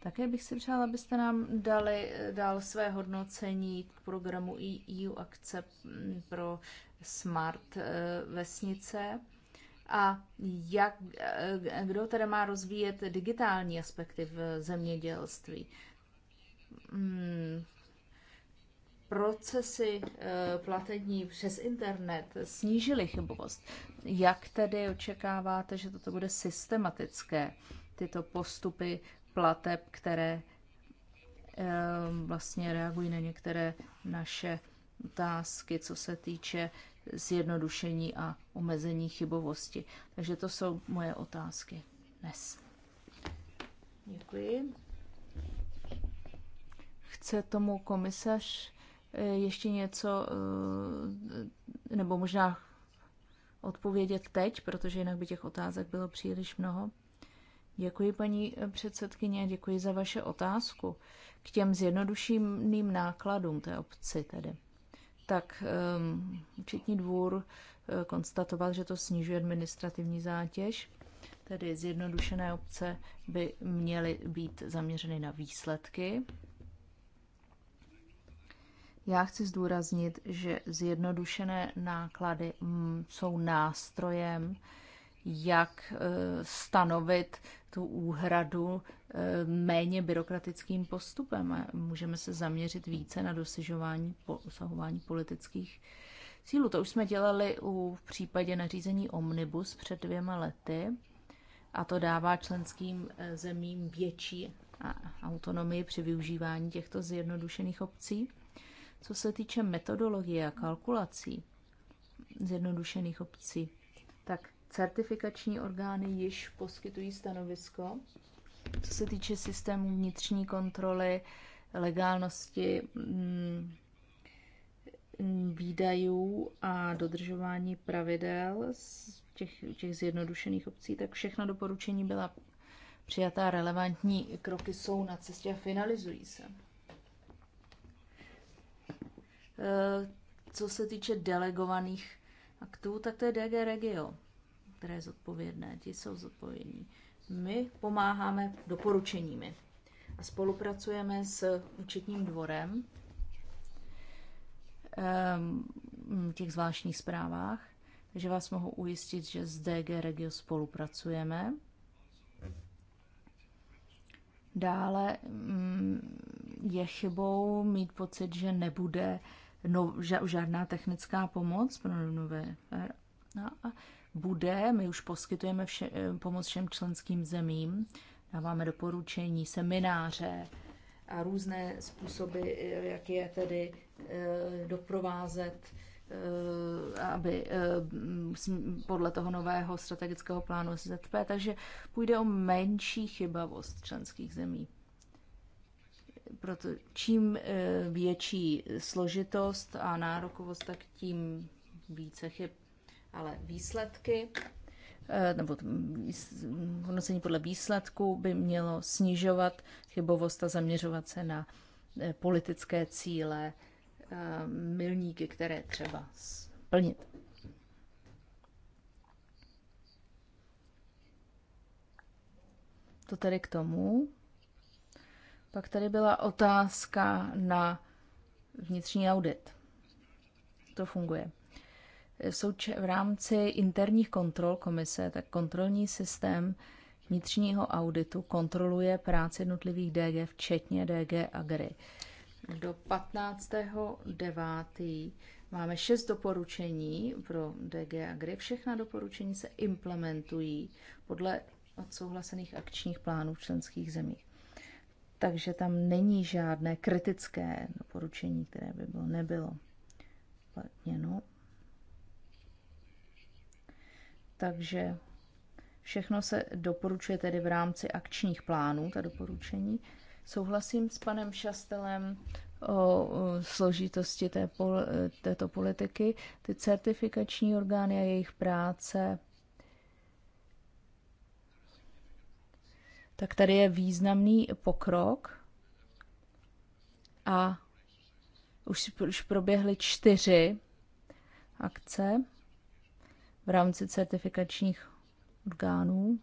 Také bych si přála, abyste nám dali eh, dal své hodnocení k programu EU akce mm, pro smart eh, vesnice a jak, eh, kdo tedy má rozvíjet digitální aspekty v zemědělství. Hmm. Procesy eh, platení přes internet snížily chybovost. Jak tedy očekáváte, že toto bude systematické, tyto postupy plateb, které eh, vlastně reagují na některé naše otázky, co se týče zjednodušení a omezení chybovosti. Takže to jsou moje otázky dnes. Děkuji. Chce tomu komisař eh, ještě něco, eh, nebo možná odpovědět teď, protože jinak by těch otázek bylo příliš mnoho. Děkuji, paní předsedkyně, děkuji za vaše otázku k těm zjednodušeným nákladům té obci tedy tak ehm, účetní dvůr eh, konstatoval, že to snižuje administrativní zátěž, tedy zjednodušené obce by měly být zaměřeny na výsledky. Já chci zdůraznit, že zjednodušené náklady mm, jsou nástrojem, jak eh, stanovit tu úhradu eh, méně byrokratickým postupem. A můžeme se zaměřit více na dosažování, dosahování politických cílů. To už jsme dělali u, v případě nařízení Omnibus před dvěma lety a to dává členským eh, zemím větší autonomii při využívání těchto zjednodušených obcí. Co se týče metodologie a kalkulací zjednodušených obcí, tak Certifikační orgány již poskytují stanovisko, co se týče systému vnitřní kontroly, legálnosti mm, výdajů a dodržování pravidel z těch, těch zjednodušených obcí, tak všechna doporučení byla přijatá, relevantní kroky jsou na cestě a finalizují se. E, co se týče delegovaných aktů, tak to je DG Regio které je zodpovědné, ti jsou zodpovědní. My pomáháme doporučeními a spolupracujeme s účetním dvorem v ehm, těch zvláštních zprávách, takže vás mohu ujistit, že s DG Regio spolupracujeme. Dále mm, je chybou mít pocit, že nebude no, žádná technická pomoc pro nové. A bude. My už poskytujeme vše, eh, pomoc všem členským zemím, dáváme doporučení, semináře a různé způsoby, eh, jak je tedy eh, doprovázet, aby podle toho nového strategického plánu SZP, takže půjde o menší chybavost členských zemí. Proto čím větší složitost a nárokovost, tak tím více chyb ale výsledky eh, nebo hodnocení podle výsledků by mělo snižovat chybovost a zaměřovat se na eh, politické cíle, eh, milníky, které třeba splnit. To tedy k tomu. Pak tady byla otázka na vnitřní audit. To funguje v rámci interních kontrol komise, tak kontrolní systém vnitřního auditu kontroluje práci jednotlivých DG, včetně DG Agri. Do 15.9. máme šest doporučení pro DG Agri. Všechna doporučení se implementují podle odsouhlasených akčních plánů v členských zemích. Takže tam není žádné kritické doporučení, které by bylo nebylo. Takže všechno se doporučuje tedy v rámci akčních plánů, ta doporučení. Souhlasím s panem Šastelem o složitosti té pol, této politiky. Ty certifikační orgány a jejich práce, tak tady je významný pokrok a už, už proběhly čtyři akce v rámci certifikačních orgánů.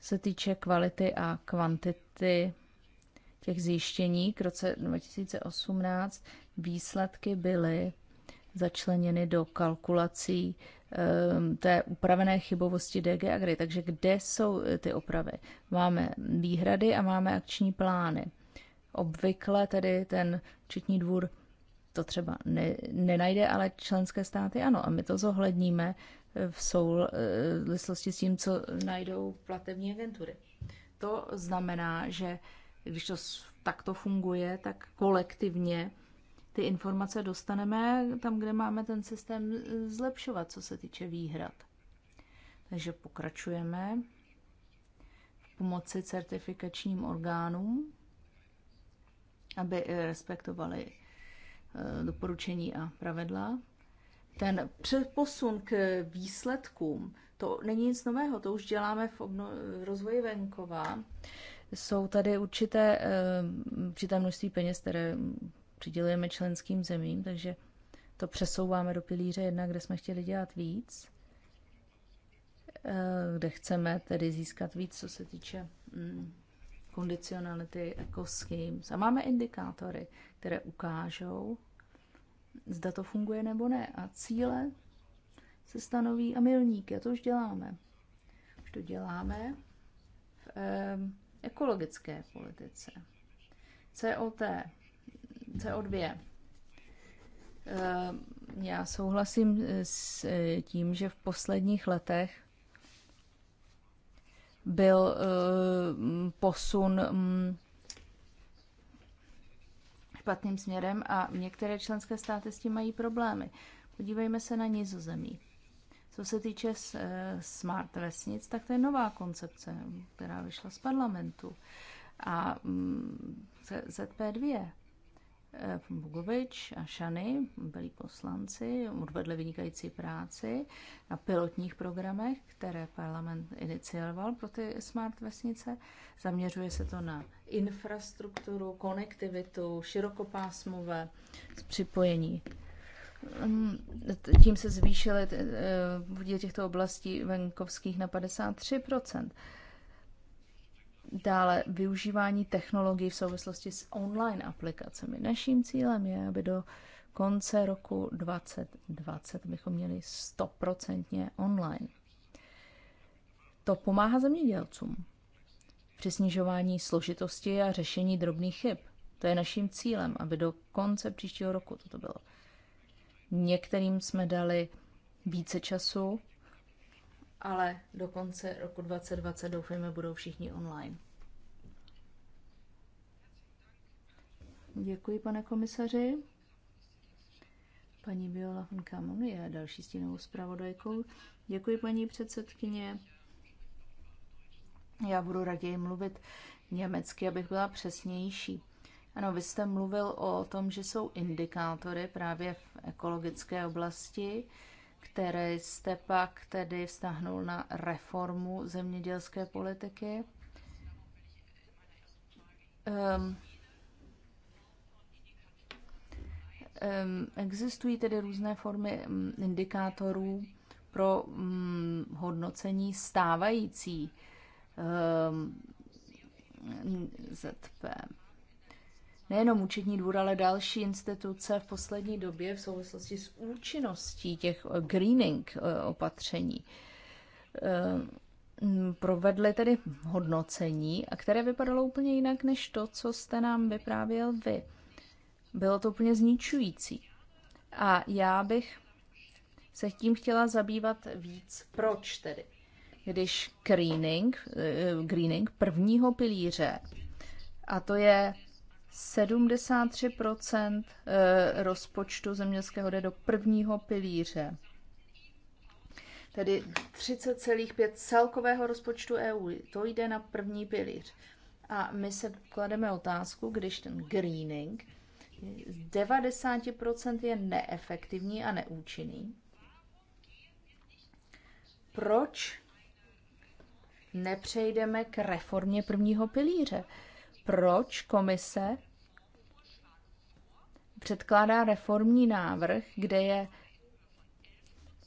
Se týče kvality a kvantity těch zjištění k roce 2018, výsledky byly začleněny do kalkulací ehm, té upravené chybovosti DG Agri. Takže kde jsou eh, ty opravy? Máme výhrady a máme akční plány. Obvykle tedy ten četní dvůr to třeba ne, nenajde, ale členské státy ano. A my to zohledníme v souvislosti eh, s tím, co najdou platební agentury. To znamená, že když to takto funguje, tak kolektivně ty informace dostaneme tam, kde máme ten systém zlepšovat, co se týče výhrad. Takže pokračujeme v pomoci certifikačním orgánům, aby respektovali Eh, doporučení a pravidla. Ten předposun k výsledkům, to není nic nového, to už děláme v obno- rozvoji venkova. Jsou tady určité, eh, určité množství peněz, které přidělujeme členským zemím, takže to přesouváme do pilíře jedna, kde jsme chtěli dělat víc, eh, kde chceme tedy získat víc, co se týče mm, kondicionality, eco schemes. A máme indikátory, které ukážou, zda to funguje nebo ne. A cíle se stanoví a milníky, a to už děláme. Už to děláme v eh, ekologické politice. COT, CO2. Já souhlasím eh, s eh, tím, že v posledních letech byl eh, posun špatným směrem a některé členské státy s tím mají problémy. Podívejme se na Nizozemí. Co se týče eh, smart vesnic, tak to je nová koncepce, která vyšla z parlamentu. A mm, ZP2 Eh, Bugovič a Šany, byli poslanci, odvedli vynikající práci na pilotních programech, které parlament inicioval pro ty smart vesnice. Zaměřuje se to na infrastrukturu, konektivitu, širokopásmové připojení. Mm, tím se zvýšily eh, v těchto oblastí venkovských na 53 Dále využívání technologií v souvislosti s online aplikacemi. Naším cílem je, aby do konce roku 2020 bychom měli 100% online. To pomáhá zemědělcům při snižování složitosti a řešení drobných chyb. To je naším cílem, aby do konce příštího roku toto bylo. Některým jsme dali více času, ale do konce roku 2020 doufejme budou všichni online. Děkuji, pane komisaři. Paní Viola Hunkamon je další stínovou zpravodajkou. Děkuji, paní předsedkyně. Já budu raději mluvit německy, abych byla přesnější. Ano, vy jste mluvil o tom, že jsou indikátory právě v ekologické oblasti, které jste pak tedy vztahnul na reformu zemědělské politiky. Um, um, existují tedy různé formy mm, indikátorů pro um, hodnocení stávající um, ehm, ZP nejenom účetní dvůr, ale další instituce v poslední době v souvislosti s účinností těch eh, greening eh, opatření eh, provedly tedy hodnocení, a které vypadalo úplně jinak než to, co jste nám vyprávěl vy. Bylo to úplně zničující. A já bych se tím chtěla zabývat víc. Proč tedy? Když greening, greening prvního pilíře, a to je 73 eh, rozpočtu zemědělského jde do prvního pilíře, tedy 30,5 celkového rozpočtu EU. To jde na první pilíř. A my se klademe otázku, když ten greening z 90% je neefektivní a neúčinný, proč nepřejdeme k reformě prvního pilíře? Proč komise předkládá reformní návrh, kde je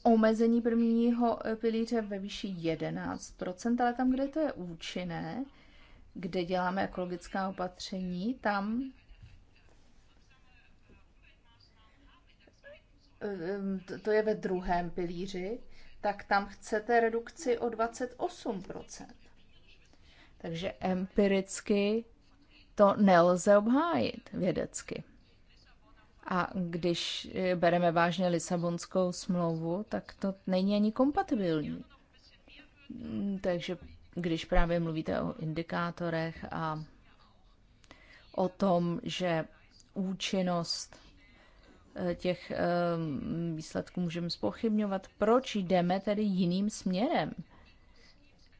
omezení prvního pilíře ve výši 11%, ale tam, kde to je účinné, kde děláme ekologická opatření, tam ehm, to je ve druhém pilíři, tak tam chcete redukci o 28%. Takže empiricky to nelze obhájit vědecky. A když eh, bereme vážně Lisabonskou smlouvu, tak to není ani kompatibilní. Mm, takže když právě mluvíte o indikátorech a o tom, že účinnost eh, těch ehm, výsledků můžeme spochybňovat, proč jdeme tedy jiným směrem,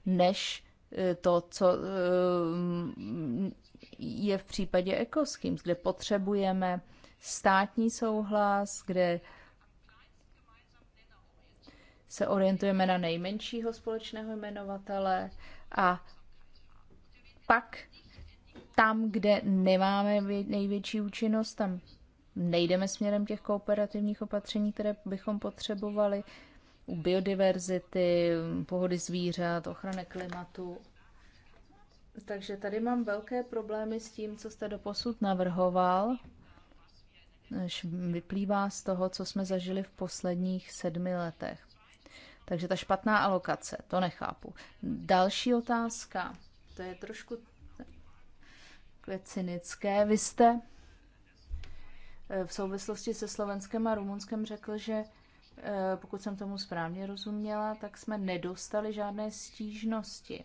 než eh, to, co ehm, je v případě ekoským, kde potřebujeme státní souhlas, kde se orientujeme na nejmenšího společného jmenovatele a pak tam, kde nemáme největší účinnost, tam nejdeme směrem těch kooperativních opatření, které bychom potřebovali u biodiverzity, pohody zvířat, ochrany klimatu. Takže tady mám velké problémy s tím, co jste doposud navrhoval vyplývá z toho, co jsme zažili v posledních sedmi letech. Takže ta špatná alokace, to nechápu. Další otázka, to je trošku takové cynické. Vy jste eh, v souvislosti se Slovenskem a Rumunskem řekl, že eh, pokud jsem tomu správně rozuměla, tak jsme nedostali žádné stížnosti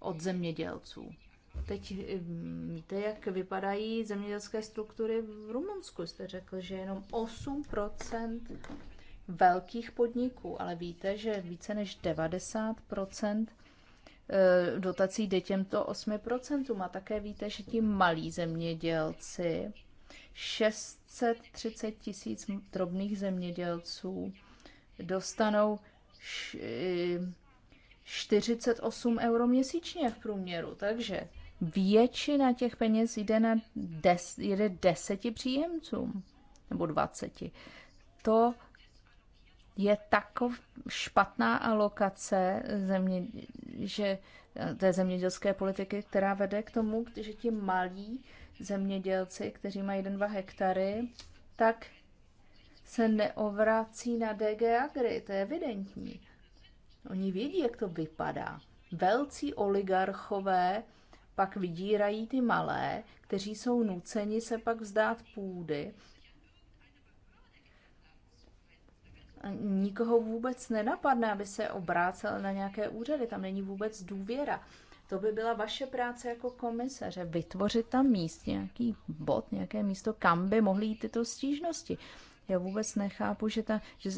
od zemědělců. Teď hm, víte, jak vypadají zemědělské struktury v Rumunsku. Jste řekl, že jenom 8% velkých podniků, ale víte, že více než 90% eh, dotací jde těmto 8%. A také víte, že ti malí zemědělci, 630 tisíc drobných zemědělců, dostanou 48 eh, euro měsíčně v průměru. Takže většina těch peněz jde, na des, jde deseti příjemcům nebo dvaceti. To je takov špatná alokace země, že té zemědělské politiky, která vede k tomu, že ti malí zemědělci, kteří mají jeden dva hektary, tak se neovrací na DG Agri, to je evidentní. Oni vědí, jak to vypadá. Velcí oligarchové pak vydírají ty malé, kteří jsou nuceni se pak vzdát půdy. Nikoho vůbec nenapadne, aby se obrácel na nějaké úřady, tam není vůbec důvěra. To by byla vaše práce jako komisaře, vytvořit tam míst, nějaký bod, nějaké místo, kam by mohly jít tyto stížnosti. Já vůbec nechápu, že, ta, že,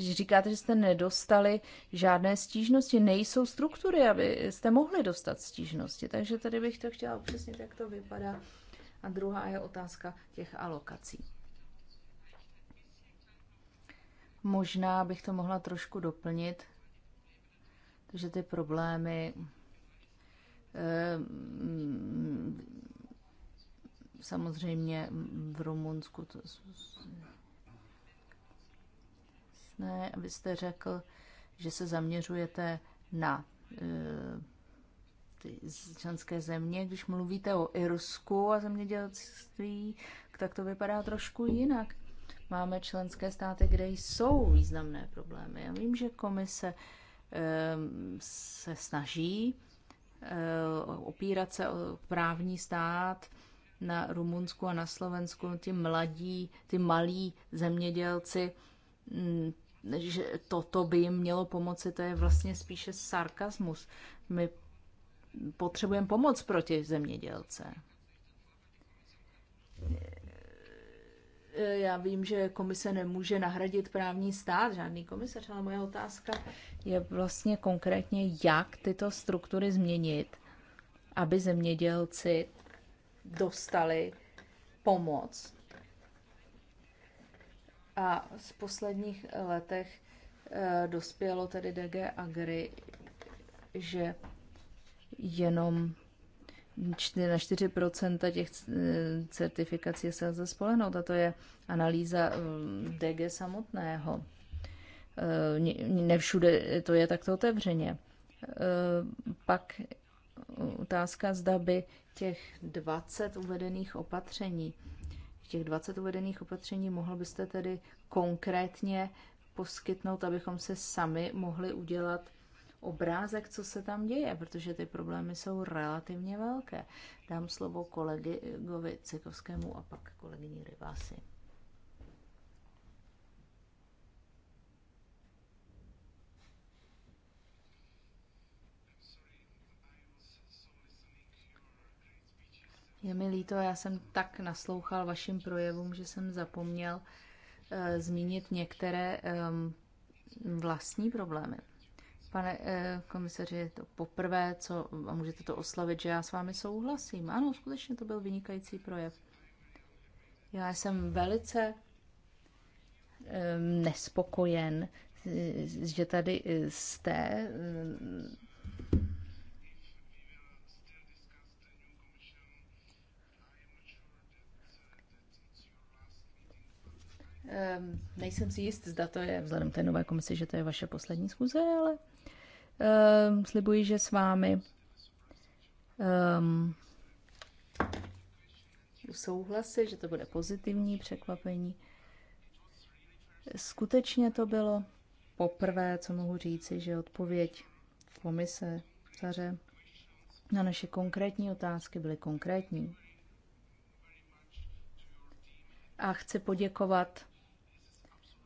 že říkáte, že jste nedostali žádné stížnosti. Nejsou struktury, aby jste mohli dostat stížnosti. Takže tady bych to chtěla upřesnit, jak to vypadá. A druhá je otázka těch alokací. Možná bych to mohla trošku doplnit, že ty problémy eh, samozřejmě v Rumunsku to jasné, abyste řekl, že se zaměřujete na eh, ty členské země. Když mluvíte o Irsku a zemědělství, tak to vypadá trošku jinak. Máme členské státy, kde jsou významné problémy. Já vím, že komise ehm, se snaží eh, opírat se o právní stát na Rumunsku a na Slovensku. Ti mladí, ty malí zemědělci mm, že toto by jim mělo pomoci, to je vlastně spíše sarkasmus. My potřebujeme pomoc proti zemědělce. Já vím, že komise nemůže nahradit právní stát, žádný komisař, ale moje otázka je vlastně konkrétně, jak tyto struktury změnit, aby zemědělci dostali pomoc a z posledních eh, letech eh, dospělo tedy DG Agri, že jenom na 4% těch eh, certifikací se lze spolehnout a to je analýza DG samotného. Nevšude to je takto otevřeně. Pak otázka, zda by těch 20 uvedených opatření těch 20 uvedených opatření mohl byste tedy konkrétně poskytnout, abychom se sami mohli udělat obrázek, co se tam děje, protože ty problémy jsou relativně velké. Dám slovo kolegovi Cikovskému a pak kolegyni Rivasi. Je mi líto, já jsem tak naslouchal vašim projevům, že jsem zapomněl e, zmínit některé e, vlastní problémy. Pane e, komisaři, je to poprvé, co, a můžete to oslavit, že já s vámi souhlasím. Ano, skutečně to byl vynikající projev. Já jsem velice ehm, nespokojen, eh, že tady jste ehm, Um, nejsem si jist, zda to je, vzhledem té nové komisi, že to je vaše poslední schůze, ale um, slibuji, že s vámi ehm, um, souhlasy, že to bude pozitivní překvapení. Skutečně to bylo poprvé, co mohu říci, že odpověď v komise zaře na naše konkrétní otázky byly konkrétní. A chci poděkovat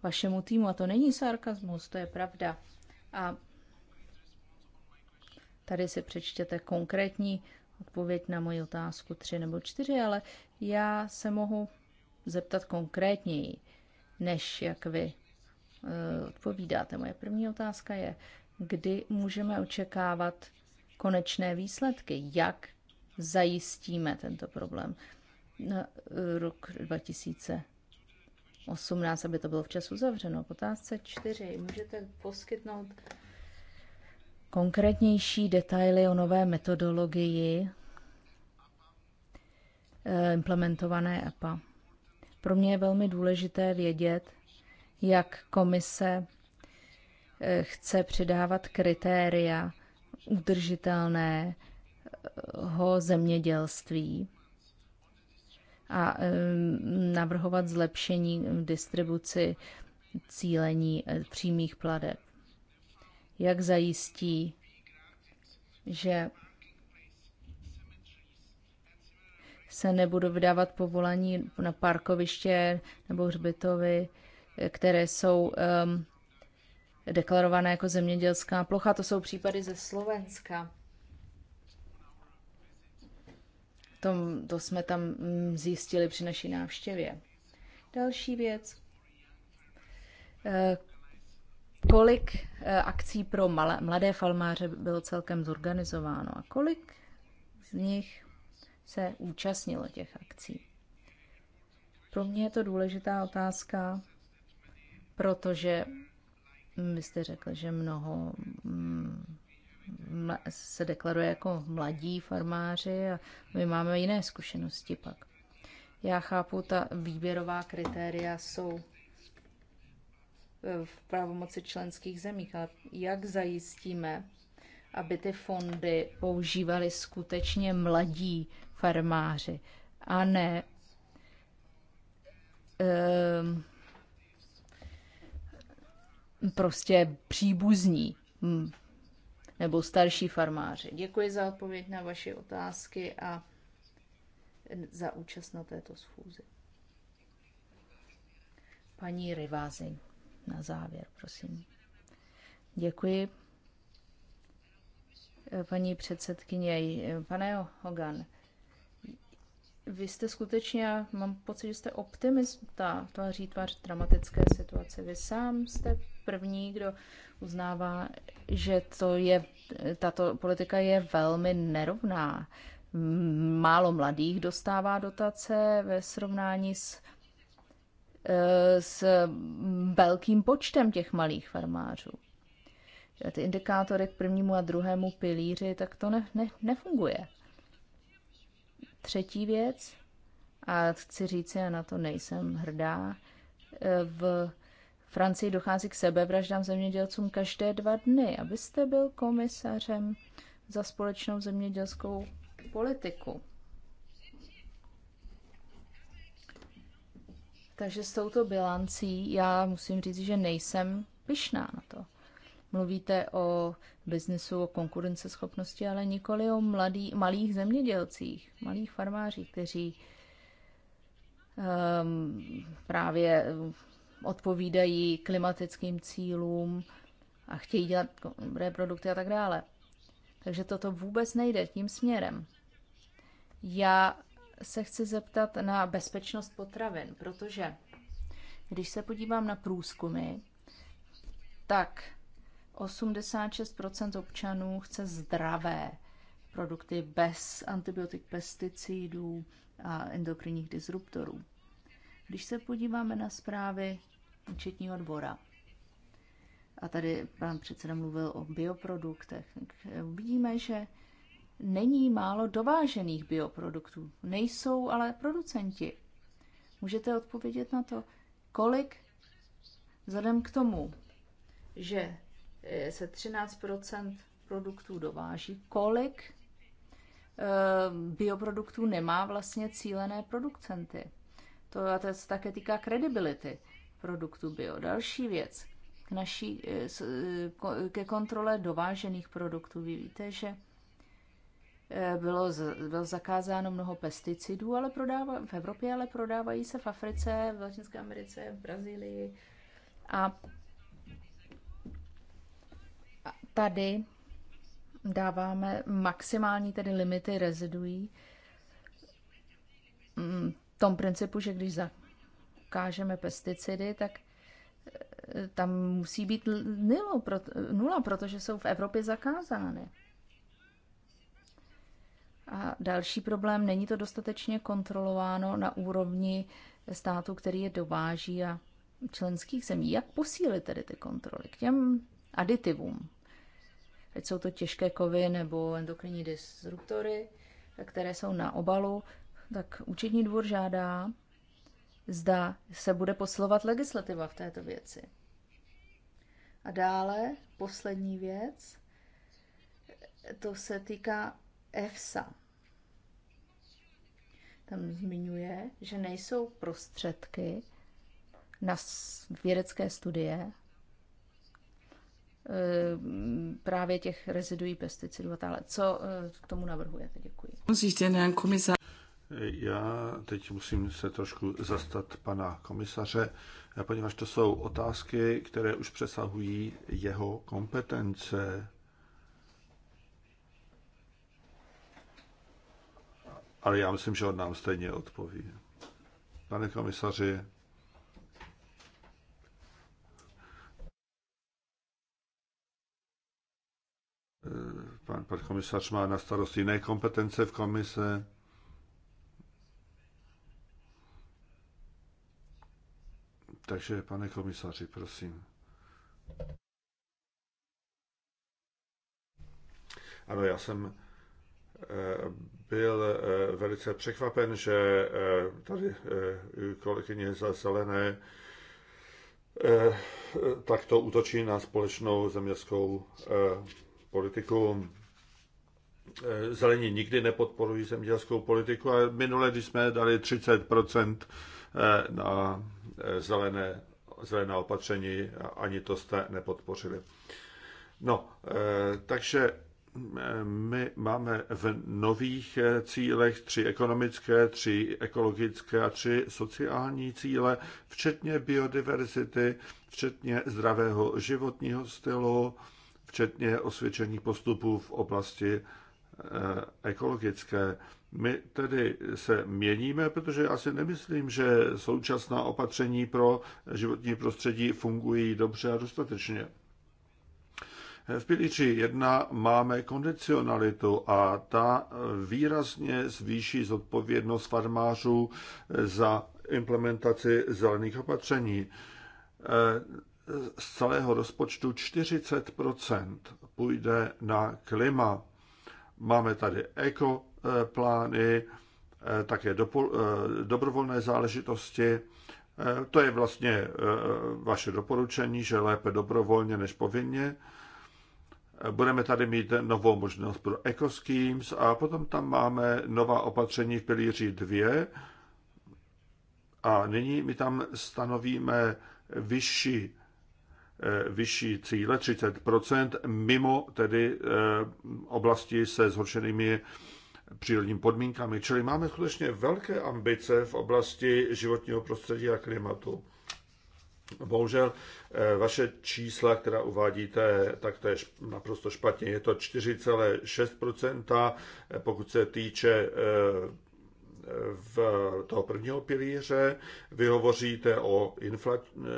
vašemu týmu. A to není sarkazmus, to je pravda. A tady si přečtěte konkrétní odpověď na moji otázku tři nebo čtyři, ale já se mohu zeptat konkrétněji, než jak vy eh, odpovídáte. Moje první otázka je, kdy můžeme očekávat konečné výsledky, jak zajistíme tento problém na eh, rok 2000. 18, aby to bylo včas uzavřeno. K otázce 4. Můžete poskytnout konkrétnější detaily o nové metodologii eh, implementované EPA. Pro mě je velmi důležité vědět, jak komise eh, chce přidávat kritéria udržitelného eh, zemědělství a navrhovat zlepšení distribuci cílení e, přímých pladeb. Jak zajistí, že se nebudou vydávat povolání na parkoviště nebo hřbitovy, které jsou um, deklarované jako zemědělská plocha. To jsou případy ze Slovenska. tom, to jsme tam mm, zjistili při naší návštěvě. Další věc. Eh, kolik eh, akcí pro mladé falmáře bylo celkem zorganizováno a kolik z nich se účastnilo těch akcí? Pro mě je to důležitá otázka, protože mm, vy jste řekl, že mnoho mm, se deklaruje jako mladí farmáři a my máme jiné zkušenosti pak. Já chápu, ta výběrová kritéria jsou e, v pravomoci členských zemích, ale jak zajistíme, aby ty fondy používali skutečně mladí farmáři a ne um, prostě příbuzní nebo starší farmáři. Děkuji za odpověď na vaše otázky a za účast na této schůzi. Paní Rivázy, na závěr, prosím. Děkuji. Paní předsedkyně, pane Hogan, vy jste skutečně, mám pocit, že jste optimista tváří tvář dramatické situace. Vy sám jste první, kdo uznává, že to je, tato politika je velmi nerovná. Málo mladých dostává dotace ve srovnání s eh, s velkým počtem těch malých farmářů. Ty indikátory k prvnímu a druhému pilíři, tak to ne, ne, nefunguje. Třetí věc, a chci říct, já na to nejsem hrdá, eh, v Francii dochází k sebevraždám zemědělcům každé dva dny. Abyste byl komisařem za společnou zemědělskou politiku. Takže s touto bilancí já musím říct, že nejsem pyšná na to. Mluvíte o biznesu, o konkurenceschopnosti, ale nikoli o mladý, malých zemědělcích, malých farmářích, kteří um, právě odpovídají klimatickým cílům a chtějí dělat dobré produkty a tak dále. Takže toto vůbec nejde tím směrem. Já se chci zeptat na bezpečnost potravin, protože když se podívám na průzkumy, tak 86% občanů chce zdravé produkty bez antibiotik, pesticidů a endokrinních disruptorů. Když se podíváme na zprávy účetního dvora. A tady pan předseda mluvil o bioproduktech. Vidíme, že není málo dovážených bioproduktů. Nejsou ale producenti. Můžete odpovědět na to, kolik vzhledem k tomu, že eh, se 13 produktů dováží, kolik eh, bioproduktů nemá vlastně cílené producenty. To, a to se také týká kredibility produktů bio. Další věc, k naší, eh, eh, ke kontrole dovážených produktů. Vy víte, že eh, bylo, bylo zakázáno mnoho pesticidů, ale prodává, v Evropě ale prodávají se v Africe, v Latinské Americe, v Brazílii. A tady dáváme maximální tedy limity reziduí mm, v tom principu, že když za, kážeme pesticidy, tak eh, tam musí být nilo, nula, protože jsou v Evropě zakázány. A další problém, není to dostatečně kontrolováno na úrovni státu, který je dováží a členských zemí. Jak posílit tedy ty kontroly k těm aditivům? Ať jsou to těžké kovy nebo endokrinní disruptory, které jsou na obalu, tak účetní dvůr žádá zda se bude posilovat legislativa v této věci. A dále poslední věc, to se týká EFSA. Tam zmiňuje, že nejsou prostředky na vědecké studie e, právě těch rezidují pesticidů a dále. Co e, k tomu navrhujete? Děkuji. Já teď musím se trošku zastat pana komisaře, poněvadž to jsou otázky, které už přesahují jeho kompetence. Ale já myslím, že on nám stejně odpoví. Pane komisaři, pan, pan komisař má na starosti jiné kompetence v komise. Takže, pane komisaři, prosím. Ano, já jsem eh, byl eh, velice překvapen, že eh, tady kolegyně za zelené takto útočí na společnou zemědělskou politiku. Zelení nikdy nepodporují zemědělskou politiku a minule, když jsme dali 30 Eh, na eh, zelené, zelené opatření, ani to jste nepodpořili. No, eh, takže my máme v nových cílech tři ekonomické, tři ekologické a tři sociální cíle, včetně biodiverzity, včetně zdravého životního stylu, včetně osvědčených postupů v oblasti Eh, ekologické. My tedy se měníme, protože já si nemyslím, že současná opatření pro životní prostředí fungují dobře a dostatečně. V pilíři 1 máme kondicionalitu a ta výrazně zvýší zodpovědnost farmářů za implementaci zelených opatření. Eh, z celého rozpočtu 40 půjde na klima Máme tady ekoplány, eh, eh, také eh, dobrovolné záležitosti. To je vlastně vaše doporučení, že lépe dobrovolně než povinně. Budeme tady mít novou možnost pro EcoSchemes a potom tam máme nová opatření v pilíři 2. A nyní my tam stanovíme vyšší Eh, vyšší cíle, 30%, mimo tedy eh, oblasti se zhoršenými přírodními podmínkami. Čili máme skutečně velké ambice v oblasti životního prostředí a klimatu. Bohužel eh, vaše čísla, která uvádíte, tak to je naprosto špatně. Je to 4,6%, pokud se týče v toho prvního pilíře, vy hovoříte o infla, eh,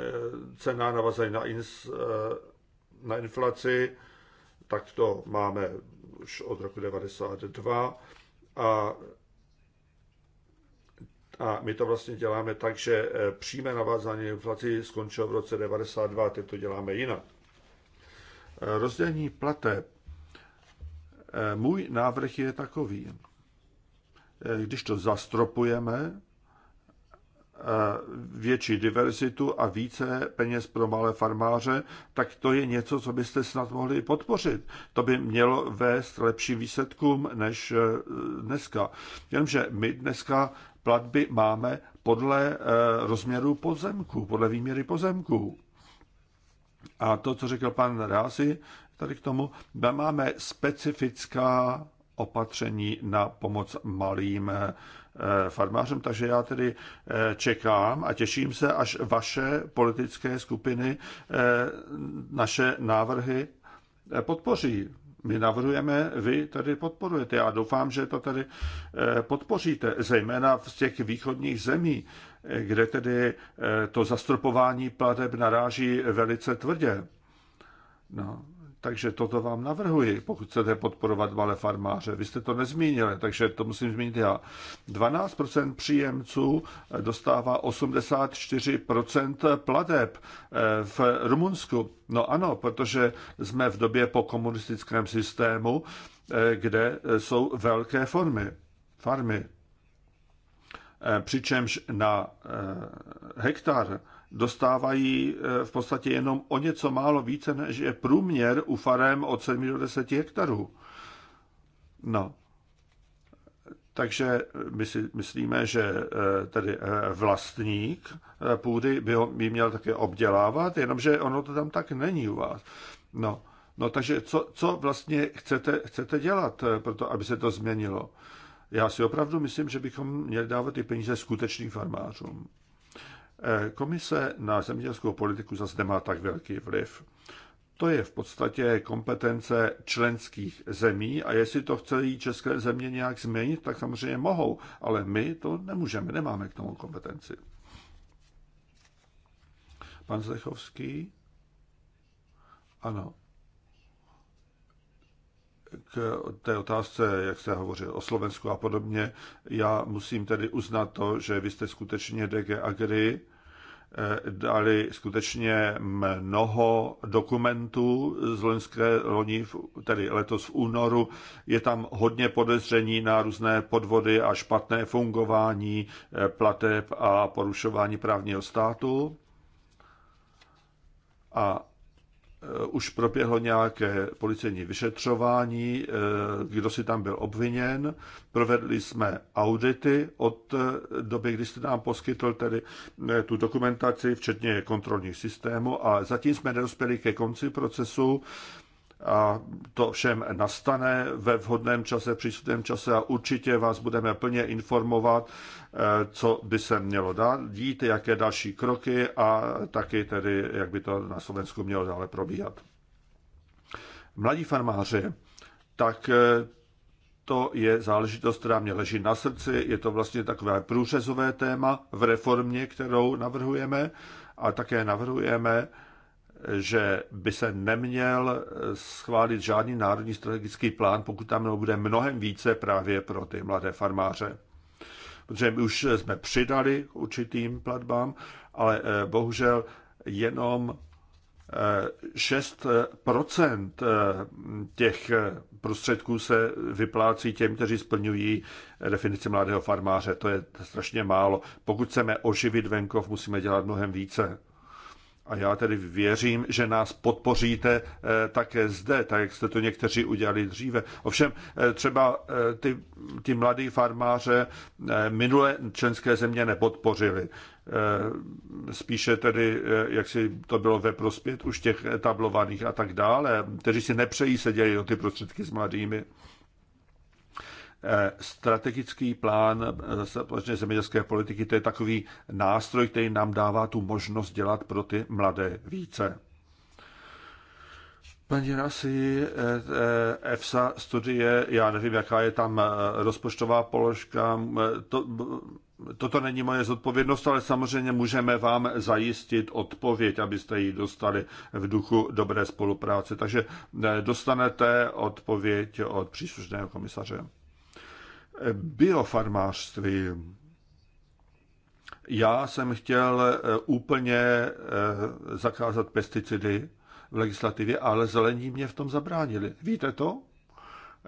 cenách navazených na, ins, eh, na inflaci, tak to máme už od roku 92 a a my to vlastně děláme tak, že eh, přímé navázání inflaci skončilo v roce 92, teď to děláme jinak. Rozdělení plateb. Můj návrh je takový když to zastropujeme, e, větší diverzitu a více peněz pro malé farmáře, tak to je něco, co byste snad mohli podpořit. To by mělo vést lepším výsledkům než e, dneska. Jenomže my dneska platby máme podle e, rozměru pozemku, podle výměry pozemku. A to, co řekl pan Rási, tady k tomu, my máme specifická opatření na pomoc malým eh, farmářům. Takže já tedy eh, čekám a těším se, až vaše politické skupiny eh, naše návrhy podpoří. My navrhujeme, vy tady podporujete. Já doufám, že to tady podpoříte, zejména v těch východních zemí, kde tedy to zastropování plateb naráží velice tvrdě. No, takže toto vám navrhuji, pokud chcete podporovat malé farmáře. Vy jste to nezmínili, takže to musím zmínit já. 12% příjemců dostává 84% plateb eh, v Rumunsku. No ano, protože jsme v době po komunistickém systému, eh, kde jsou velké formy, farmy. Eh, přičemž na hektar dostávají eh, v podstatě jenom o něco málo více, než je průměr u farem od 7 do 10 hektarů. No. Takže my si myslíme, že eh, tedy eh, vlastník půdy by, ho, by měl také obdělávat, jenomže ono to tam tak není u vás. No, no takže co, co vlastně chcete, chcete dělat pro to, aby se to změnilo? Já si opravdu myslím, že bychom měli dávat ty peníze skutečným farmářům. Eh, komise na zemědělskou politiku zase nemá tak velký vliv. To je v podstatě kompetence členských zemí a jestli to chtějí české země nějak změnit, tak samozřejmě mohou, ale my to nemůžeme, nemáme k tomu kompetenci. Pan Zdechovský? Ano k té otázce, jak se hovořil o Slovensku a podobně, já musím tedy uznat to, že vy jste skutečně DG Agri eh, dali skutečně mnoho dokumentů z loňské loni, tedy letos v únoru. Je tam hodně podezření na různé podvody a špatné fungování eh, plateb a porušování právního státu. A Eh, už proběhlo nějaké policejní vyšetřování, eh, kdo si tam byl obviněn. Provedli jsme audity od eh, doby, kdy jste nám poskytl tedy tu dokumentaci, včetně kontrolních systémů a zatím jsme nedospěli ke konci procesu a to všem nastane ve vhodném čase, příslušném čase a určitě vás budeme plně informovat, eh, co by se mělo dát, dít, jaké další kroky a taky tedy, jak by to na Slovensku mělo dále probíhat. Mladí farmáři, tak eh, to je záležitost, která mě leží na srdci. Je to vlastně takové průřezové téma v reformě, kterou navrhujeme a také navrhujeme, že by se neměl schválit žádný národní strategický plán, pokud tam bude mnohem více právě pro ty mladé farmáře. Protože my už jsme přidali určitým platbám, ale eh, bohužel jenom 6 eh, eh, těch prostředků se vyplácí těm, kteří splňují definici mladého farmáře. To je strašně málo. Pokud chceme oživit venkov, musíme dělat mnohem více. A já tedy věřím, že nás podpoříte eh, také zde, tak jak jste to někteří udělali dříve. Ovšem, eh, třeba eh, ty, ty mladí farmáře minulé členské země nepodpořili. Spíše tedy, jak si to bylo ve prospět už těch tablovaných a tak dále, kteří si nepřejí se dělit o ty prostředky s mladými strategický plán eh, společné zemědělské politiky, to je takový nástroj, který nám dává tu možnost dělat pro ty mladé více. Paní Rasi, eh, eh, EFSA studie, já nevím, jaká je tam rozpočtová položka, to, toto není moje zodpovědnost, ale samozřejmě můžeme vám zajistit odpověď, abyste ji dostali v duchu dobré spolupráce. Takže dostanete odpověď od příslušného komisaře. Biofarmářství. Já jsem chtěl eh, úplně eh, zakázat pesticidy v legislativě, ale zelení mě v tom zabránili. Víte to?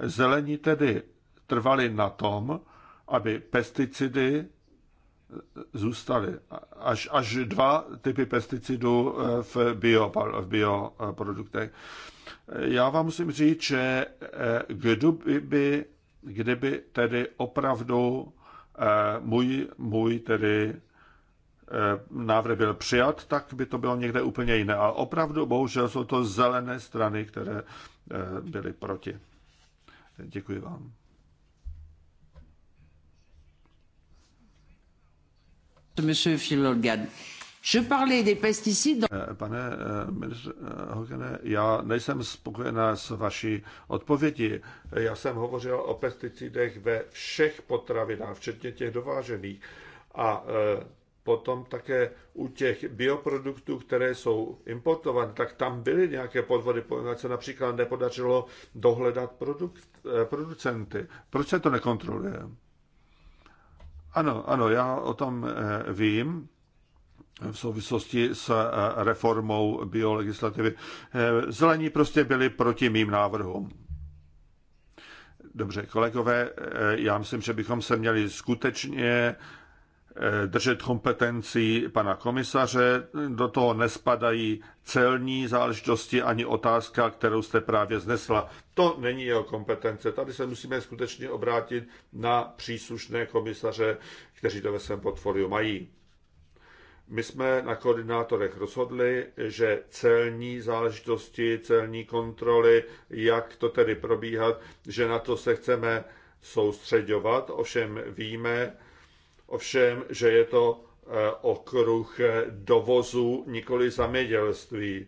Zelení tedy trvali na tom, aby pesticidy eh, zůstaly. Až, až dva typy pesticidů v, bio, v bioproduktech. Já vám musím říct, že kdyby kdyby tedy opravdu eh, můj, můj tedy eh, návrh byl přijat, tak by to bylo někde úplně jiné. A opravdu, bohužel, jsou to zelené strany, které eh, byly proti. Děkuji vám. Monsieur Phil je parlais des pesticides... Eh, pane eh, ministře eh, Hogene, já nejsem spokojená s vaší odpovědí. Já jsem hovořil o pesticidech ve všech potravinách, včetně těch dovážených. A potom také u těch bioproduktů, které jsou importované, tak tam byly nějaké podvody, poněvadž se například nepodařilo dohledat produkt, producenty. Proč se to nekontroluje? Ano, ano, já o tom vím v souvislosti s eh, reformou biolegislativy. Eh, zelení prostě byli proti mým návrhům. Dobře, kolegové, eh, já myslím, že bychom se měli skutečně držet kompetencí pana komisaře. Do toho nespadají celní záležitosti ani otázka, kterou jste právě znesla. To není jeho kompetence. Tady se musíme skutečně obrátit na příslušné komisaře, kteří to ve svém portfoliu mají. My jsme na koordinátorech rozhodli, že celní záležitosti, celní kontroly, jak to tedy probíhat, že na to se chceme soustředovat, ovšem víme, ovšem, že je to eh, okruh eh, dovozu nikoli zamědělství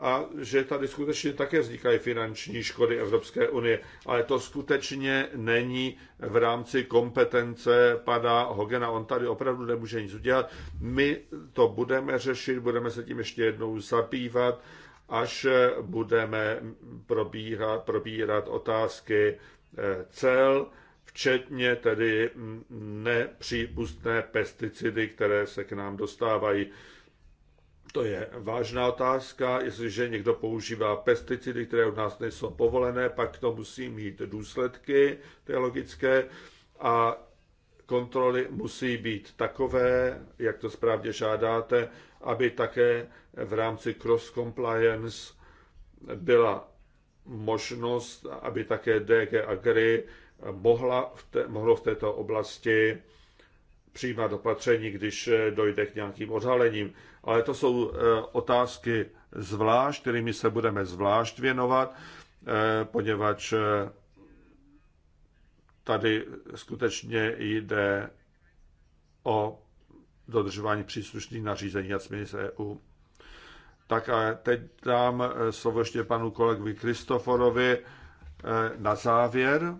a že tady skutečně také vznikají finanční škody Evropské unie, ale to skutečně není v rámci kompetence pana Hogena. On tady opravdu nemůže nic udělat. My to budeme řešit, budeme se tím ještě jednou zabývat, až budeme probíhat, probírat otázky eh, cel, včetně tedy mm, nepřípustné pesticidy, které se k nám dostávají. To je vážná otázka. Jestliže někdo používá pesticidy, které u nás nejsou povolené, pak to musí mít důsledky, to je logické. A kontroly musí být takové, jak to správně žádáte, aby také v rámci cross-compliance byla možnost, aby také DG Agri mohla v te, mohlo v této oblasti přijímat opatření, když dojde k nějakým odhalením ale to jsou eh, otázky zvlášť, kterými se budeme zvlášť věnovat, eh, poněvadž eh, tady skutečně jde o dodržování příslušných nařízení a směrnic EU. Tak a teď dám slovo ještě panu kolegovi Kristoforovi na závěr.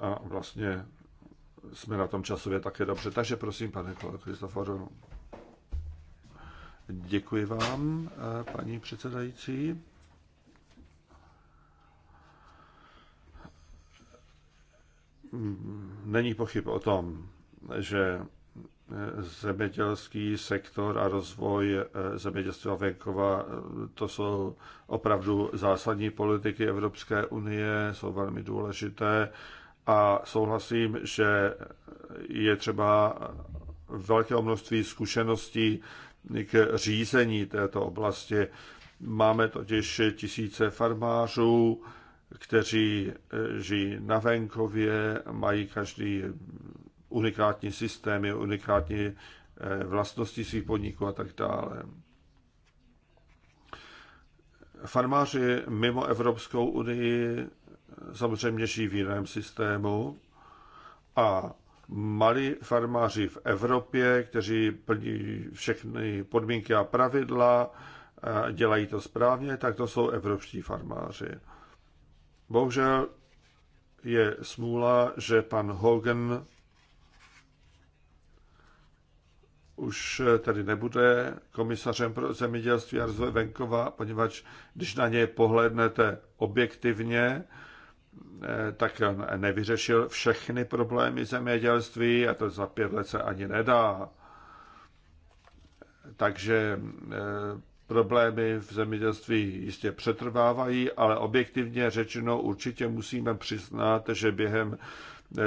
A vlastně jsme na tom časově také dobře. Takže prosím, pane Kristoforu. Děkuji vám, eh, paní předsedající. Mm, není pochyb o tom, že eh, zemědělský sektor a rozvoj eh, zemědělství a venkova, to jsou opravdu zásadní politiky Evropské unie, jsou velmi důležité a souhlasím, že je třeba velké množství zkušeností k řízení této oblasti. Máme totiž tisíce farmářů, kteří žijí na venkově, mají každý unikátní systémy, unikátní eh, vlastnosti svých podniků a tak dále. Farmáři mimo Evropskou unii samozřejmě žijí v jiném systému a malí farmáři v Evropě, kteří plní všechny podmínky a pravidla, eh, dělají to správně, tak to jsou evropští farmáři. Bohužel je smůla, že pan Hogan už eh, tady nebude komisařem pro zemědělství a rozvoj venkova, poněvadž když na něj pohlednete objektivně, Eh, tak eh, nevyřešil všechny problémy zemědělství a to za pět let se ani nedá. Takže eh, problémy v zemědělství jistě přetrvávají, ale objektivně řečeno určitě musíme přiznat, že během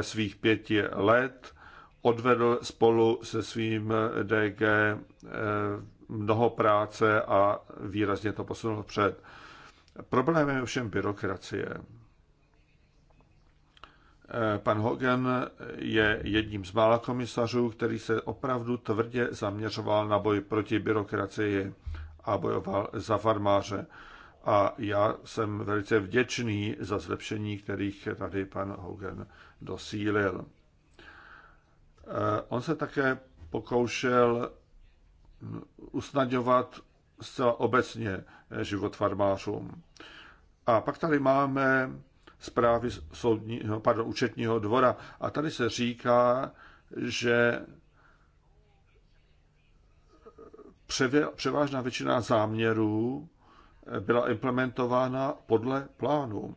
svých pěti let odvedl spolu se svým DG mnoho práce a výrazně to posunul před. Problémem je ovšem byrokracie. Eh, pan Hogan je jedním z mála komisařů, který se opravdu tvrdě zaměřoval na boj proti byrokracii a bojoval za farmáře. A já jsem velice vděčný za zlepšení, kterých tady pan Hogan dosílil. Eh, on se také pokoušel hm, usnadňovat zcela obecně život farmářům. A pak tady máme zprávy soudního, pardon, účetního dvora. A tady se říká, že převážná většina záměrů byla implementována podle plánu.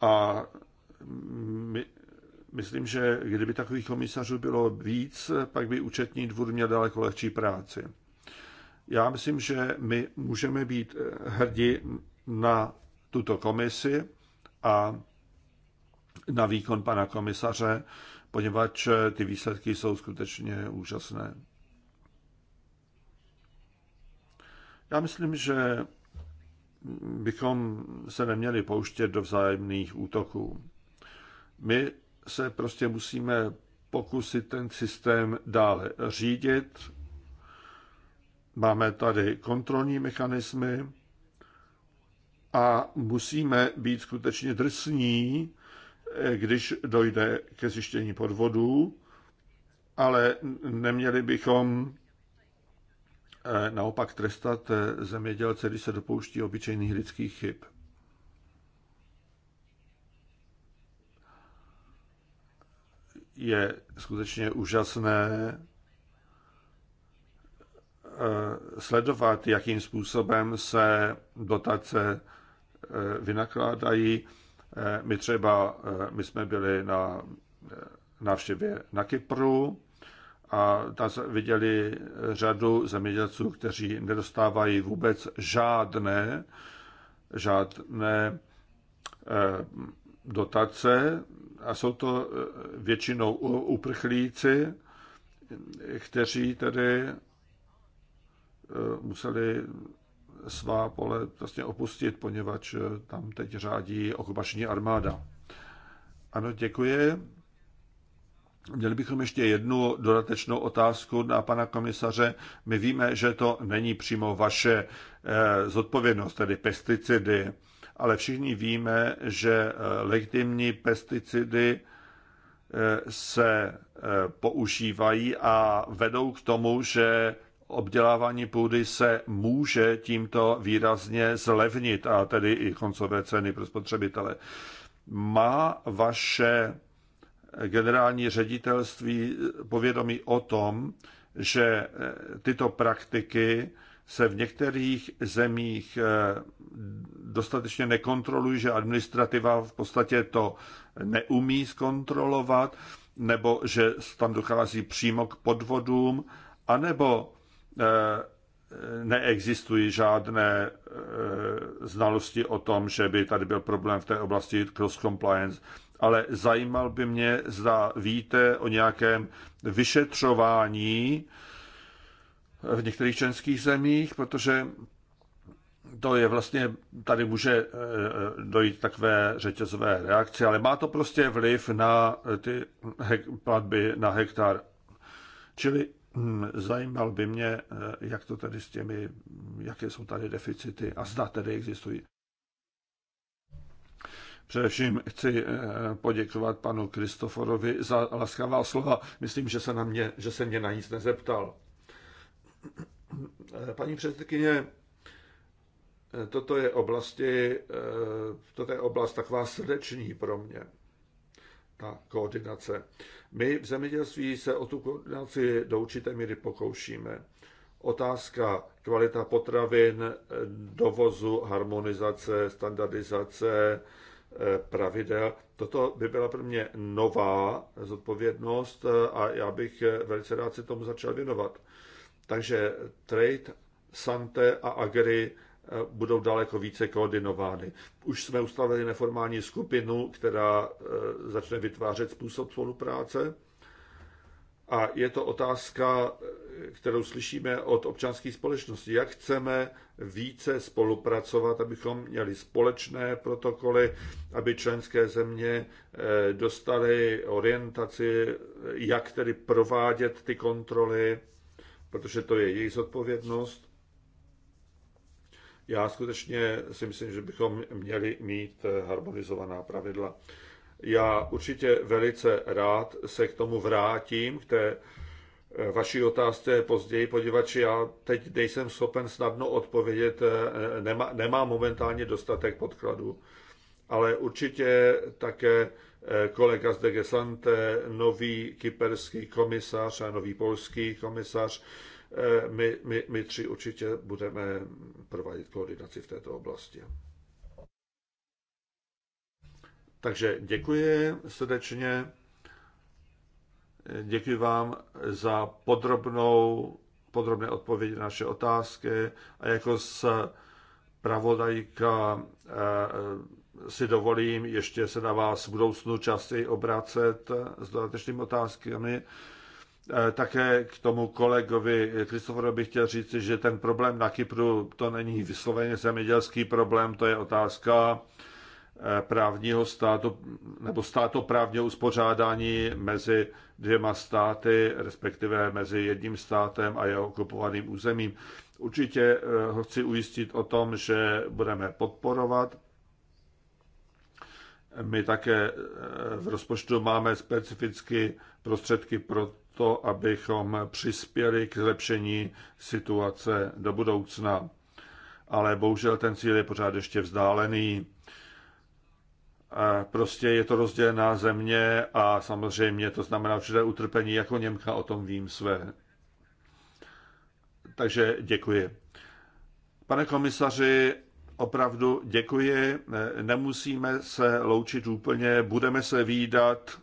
A my, myslím, že kdyby takových komisařů bylo víc, pak by účetní dvůr měl daleko lehčí práci. Já myslím, že my můžeme být hrdi na tuto komisi a na výkon pana komisaře, poněvadž ty výsledky jsou skutečně úžasné. Já myslím, že bychom se neměli pouštět do vzájemných útoků. My se prostě musíme pokusit ten systém dále řídit. Máme tady kontrolní mechanismy, a musíme být skutečně drsní, eh, když dojde ke zjištění podvodů, ale neměli bychom eh, naopak trestat eh, zemědělce, když se dopouští obyčejných lidských chyb. Je skutečně úžasné sledovat, jakým způsobem se dotace Eh, vynakládají. Eh, my třeba, eh, my jsme byli na návštěvě na Kypru a tam jsme viděli řadu zemědělců, kteří nedostávají vůbec žádné, žádné dotace a jsou to většinou uprchlíci, kteří tedy museli svá pole vlastně opustit, poněvadž eh, tam teď řádí okupační armáda. Ano, děkuji. Měli bychom ještě jednu dodatečnou otázku na pana komisaře. My víme, že to není přímo vaše eh, zodpovědnost, tedy pesticidy, ale všichni víme, že eh, legitimní pesticidy se používají a vedou k tomu, že obdělávání půdy se může tímto výrazně zlevnit a tedy i koncové ceny pro spotřebitele. Má vaše generální ředitelství povědomí o tom, že eh, tyto praktiky se v některých zemích eh, dostatečně nekontrolují, že administrativa v podstatě to neumí zkontrolovat, nebo že tam dochází přímo k podvodům, anebo Eh, neexistují žádné eh, znalosti o tom, že by tady byl problém v té oblasti cross-compliance, ale zajímal by mě, zda víte o nějakém vyšetřování eh, v některých členských zemích, protože to je vlastně, tady může dojít takové řetězové reakce, ale má to prostě vliv na ty platby na hektar. Čili Hmm, zajímal by mě, eh, jak to tady s těmi, jaké jsou tady deficity a zda tady existují. Především chci eh, poděkovat panu Kristoforovi za laskavá slova. Myslím, že se, na mě, že se mě na nic nezeptal. Eh, paní předsedkyně, toto je, oblasti, toto je oblast taková srdeční pro mě, ta koordinace. My v zemědělství se o tu koordinaci do určité míry pokoušíme. Otázka kvalita potravin, dovozu, harmonizace, standardizace, eh, pravidel. Toto by byla pro mě nová zodpovědnost a já bych eh, velice rád se tomu začal věnovat. Takže trade, sante a agri Eh, budou daleko více koordinovány. Už jsme ustavili neformální skupinu, která eh, začne vytvářet způsob spolupráce. A je to otázka, eh, kterou slyšíme od občanské společnosti. Jak chceme více spolupracovat, abychom měli společné protokoly, aby členské země dostaly orientaci, jak tedy provádět ty kontroly, protože to je jejich zodpovědnost. Já skutečně si myslím, že bychom měli mít eh, harmonizovaná pravidla. Já určitě velice rád se k tomu vrátím, k té eh, vaší otázce později, podívat, já teď nejsem schopen snadno odpovědět, eh, nemá, nemá momentálně dostatek podkladů, ale určitě také kolega z gesante nový kyperský komisař a nový polský komisař Eh, my, my, my tři určitě budeme provádět koordinaci v této oblasti. Takže děkuji srdečně. Eh, děkuji vám za podrobnou, podrobné odpovědi na naše otázky a jako z pravodajka eh, si dovolím ještě se na vás v budoucnu časy obracet s dodatečnými otázkami. Eh, také k tomu kolegovi Kristoforu bych chtěl říct, že ten problém na Kypru to není vysloveně zemědělský problém, to je otázka eh, právního státu nebo státoprávního uspořádání mezi dvěma státy, respektive mezi jedním státem a jeho okupovaným územím. Určitě eh, ho chci ujistit o tom, že budeme podporovat. My také v rozpočtu máme specificky prostředky pro to, abychom přispěli k zlepšení situace do budoucna. Ale bohužel ten cíl je pořád ještě vzdálený. Prostě je to rozdělená země a samozřejmě to znamená určité utrpení, jako Němka o tom vím své. Takže děkuji. Pane komisaři, opravdu děkuji. Nemusíme se loučit úplně, budeme se výdat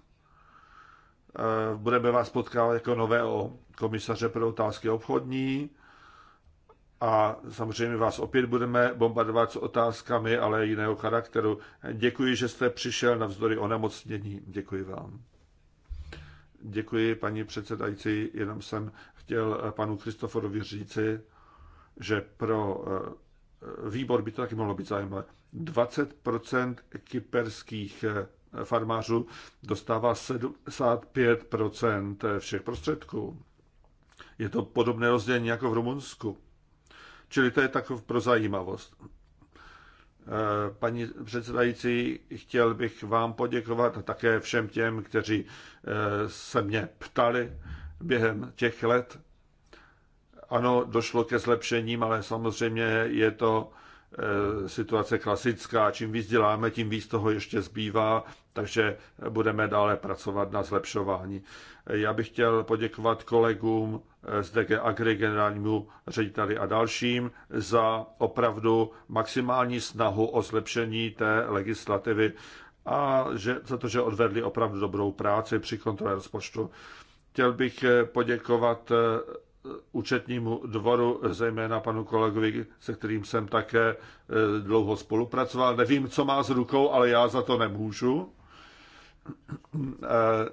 Eh, budeme vás potkávat jako nového komisaře pro otázky obchodní a samozřejmě vás opět budeme bombardovat s otázkami, ale jiného charakteru. Děkuji, že jste přišel na vzdory onemocnění. Děkuji vám. Děkuji, paní předsedající. Jenom jsem chtěl eh, panu Kristoforovi říci, že pro eh, výbor by to taky mohlo být zajímavé. 20 kyperských farmářů dostává 75 všech prostředků. Je to podobné rozdělení jako v Rumunsku. Čili to je takov pro zajímavost. Eh, paní předsedající, chtěl bych vám poděkovat a také všem těm, kteří eh, se mě ptali během těch let. Ano, došlo ke zlepšením, ale samozřejmě je to Eh, situace klasická. Čím víc děláme, tím víc toho ještě zbývá, takže budeme dále pracovat na zlepšování. Eh, já bych chtěl poděkovat kolegům eh, z DG Agri, generálnímu řediteli a dalším za opravdu maximální snahu o zlepšení té legislativy a že, za to, že odvedli opravdu dobrou práci při kontrole rozpočtu. Chtěl bych poděkovat účetnímu dvoru, zejména panu kolegovi, se kterým jsem také eh, dlouho spolupracoval. Nevím, co má s rukou, ale já za to nemůžu. Eh,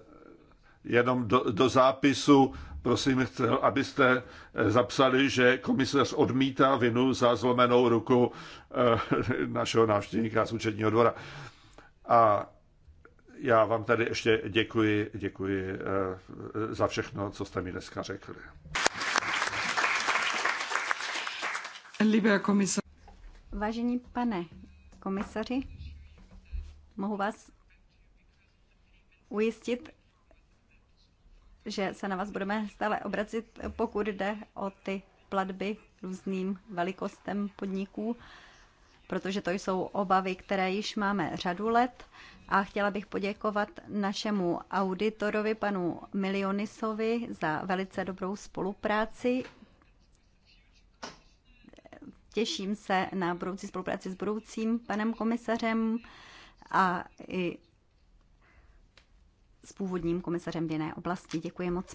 jenom do, do zápisu, prosím, chcel, abyste eh, zapsali, že komisař odmítá vinu za zlomenou ruku našeho návštěvníka z účetního dvora. A já vám tady ještě děkuji, děkuji za všechno, co jste mi dneska řekli. Liebe Vážení pane komisaři, mohu vás ujistit, že se na vás budeme stále obracit, pokud jde o ty platby různým velikostem podniků, protože to jsou obavy, které již máme řadu let. A chtěla bych poděkovat našemu auditorovi, panu Milionisovi, za velice dobrou spolupráci těším se na budoucí spolupráci s budoucím panem komisařem a i s původním komisařem v jiné oblasti. Děkuji moc.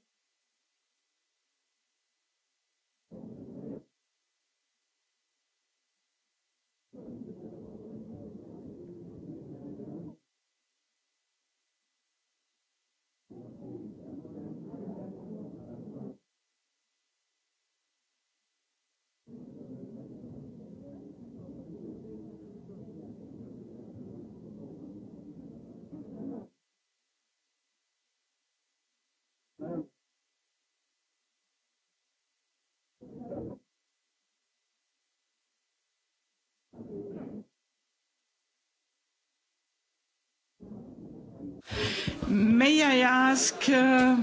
May I ask... Uh,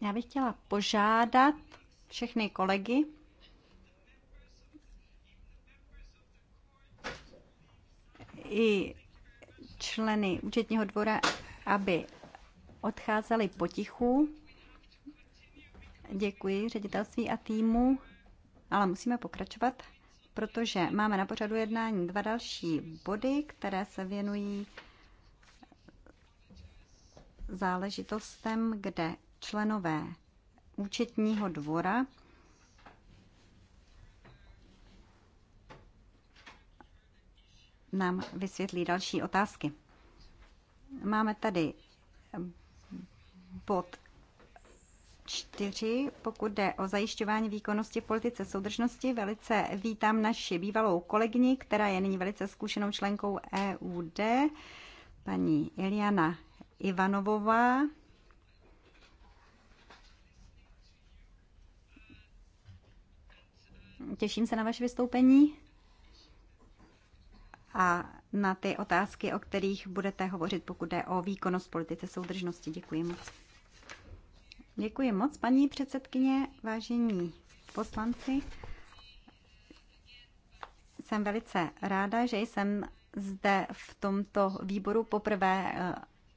Já bych chtěla požádat všechny kolegy, i členy účetního dvora, aby odcházeli potichu. Děkuji ředitelství a týmu, ale musíme pokračovat, protože máme na pořadu jednání dva další body, které se věnují záležitostem, kde členové účetního dvora nám vysvětlí další otázky. Máme tady bod 4, pokud jde o zajišťování výkonnosti v politice soudržnosti. Velice vítám naši bývalou kolegyni, která je nyní velice zkušenou členkou EUD, paní Eliana. Ivanovová. Těším se na vaše vystoupení a na ty otázky, o kterých budete hovořit, pokud jde o výkonnost politice soudržnosti. Děkuji moc. Děkuji moc, paní předsedkyně, vážení poslanci. Jsem velice ráda, že jsem zde v tomto výboru poprvé eh,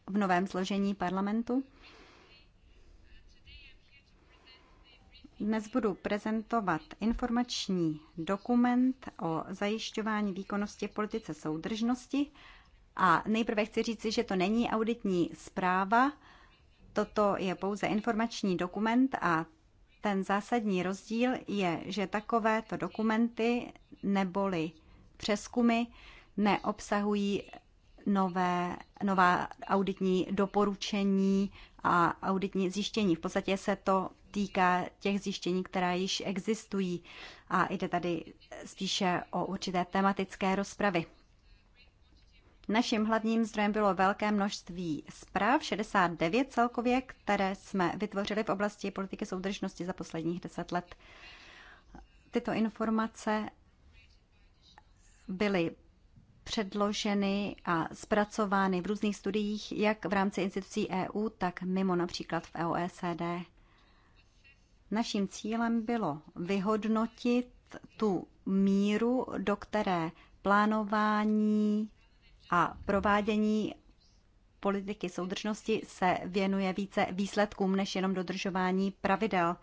v novém složení parlamentu. Dnes budu prezentovat informační dokument o zajišťování výkonnosti v politice soudržnosti. A nejprve chci říci, že to není auditní zpráva, toto je pouze informační dokument a ten zásadní rozdíl je, že takovéto dokumenty neboli přeskumy neobsahují nové, nová auditní doporučení a auditní zjištění. V podstatě se to týká těch zjištění, která již existují a jde tady spíše o určité tematické rozpravy. Naším hlavním zdrojem bylo velké množství zpráv, 69 celkově, které jsme vytvořili v oblasti politiky soudržnosti za posledních 10 let. Tyto informace byly předloženy a zpracovány v různých studiích, jak v rámci institucí EU, tak mimo například v OECD. Naším cílem bylo vyhodnotit tu míru, do které plánování a provádění politiky soudržnosti se věnuje více výsledkům než jenom dodržování pravidel.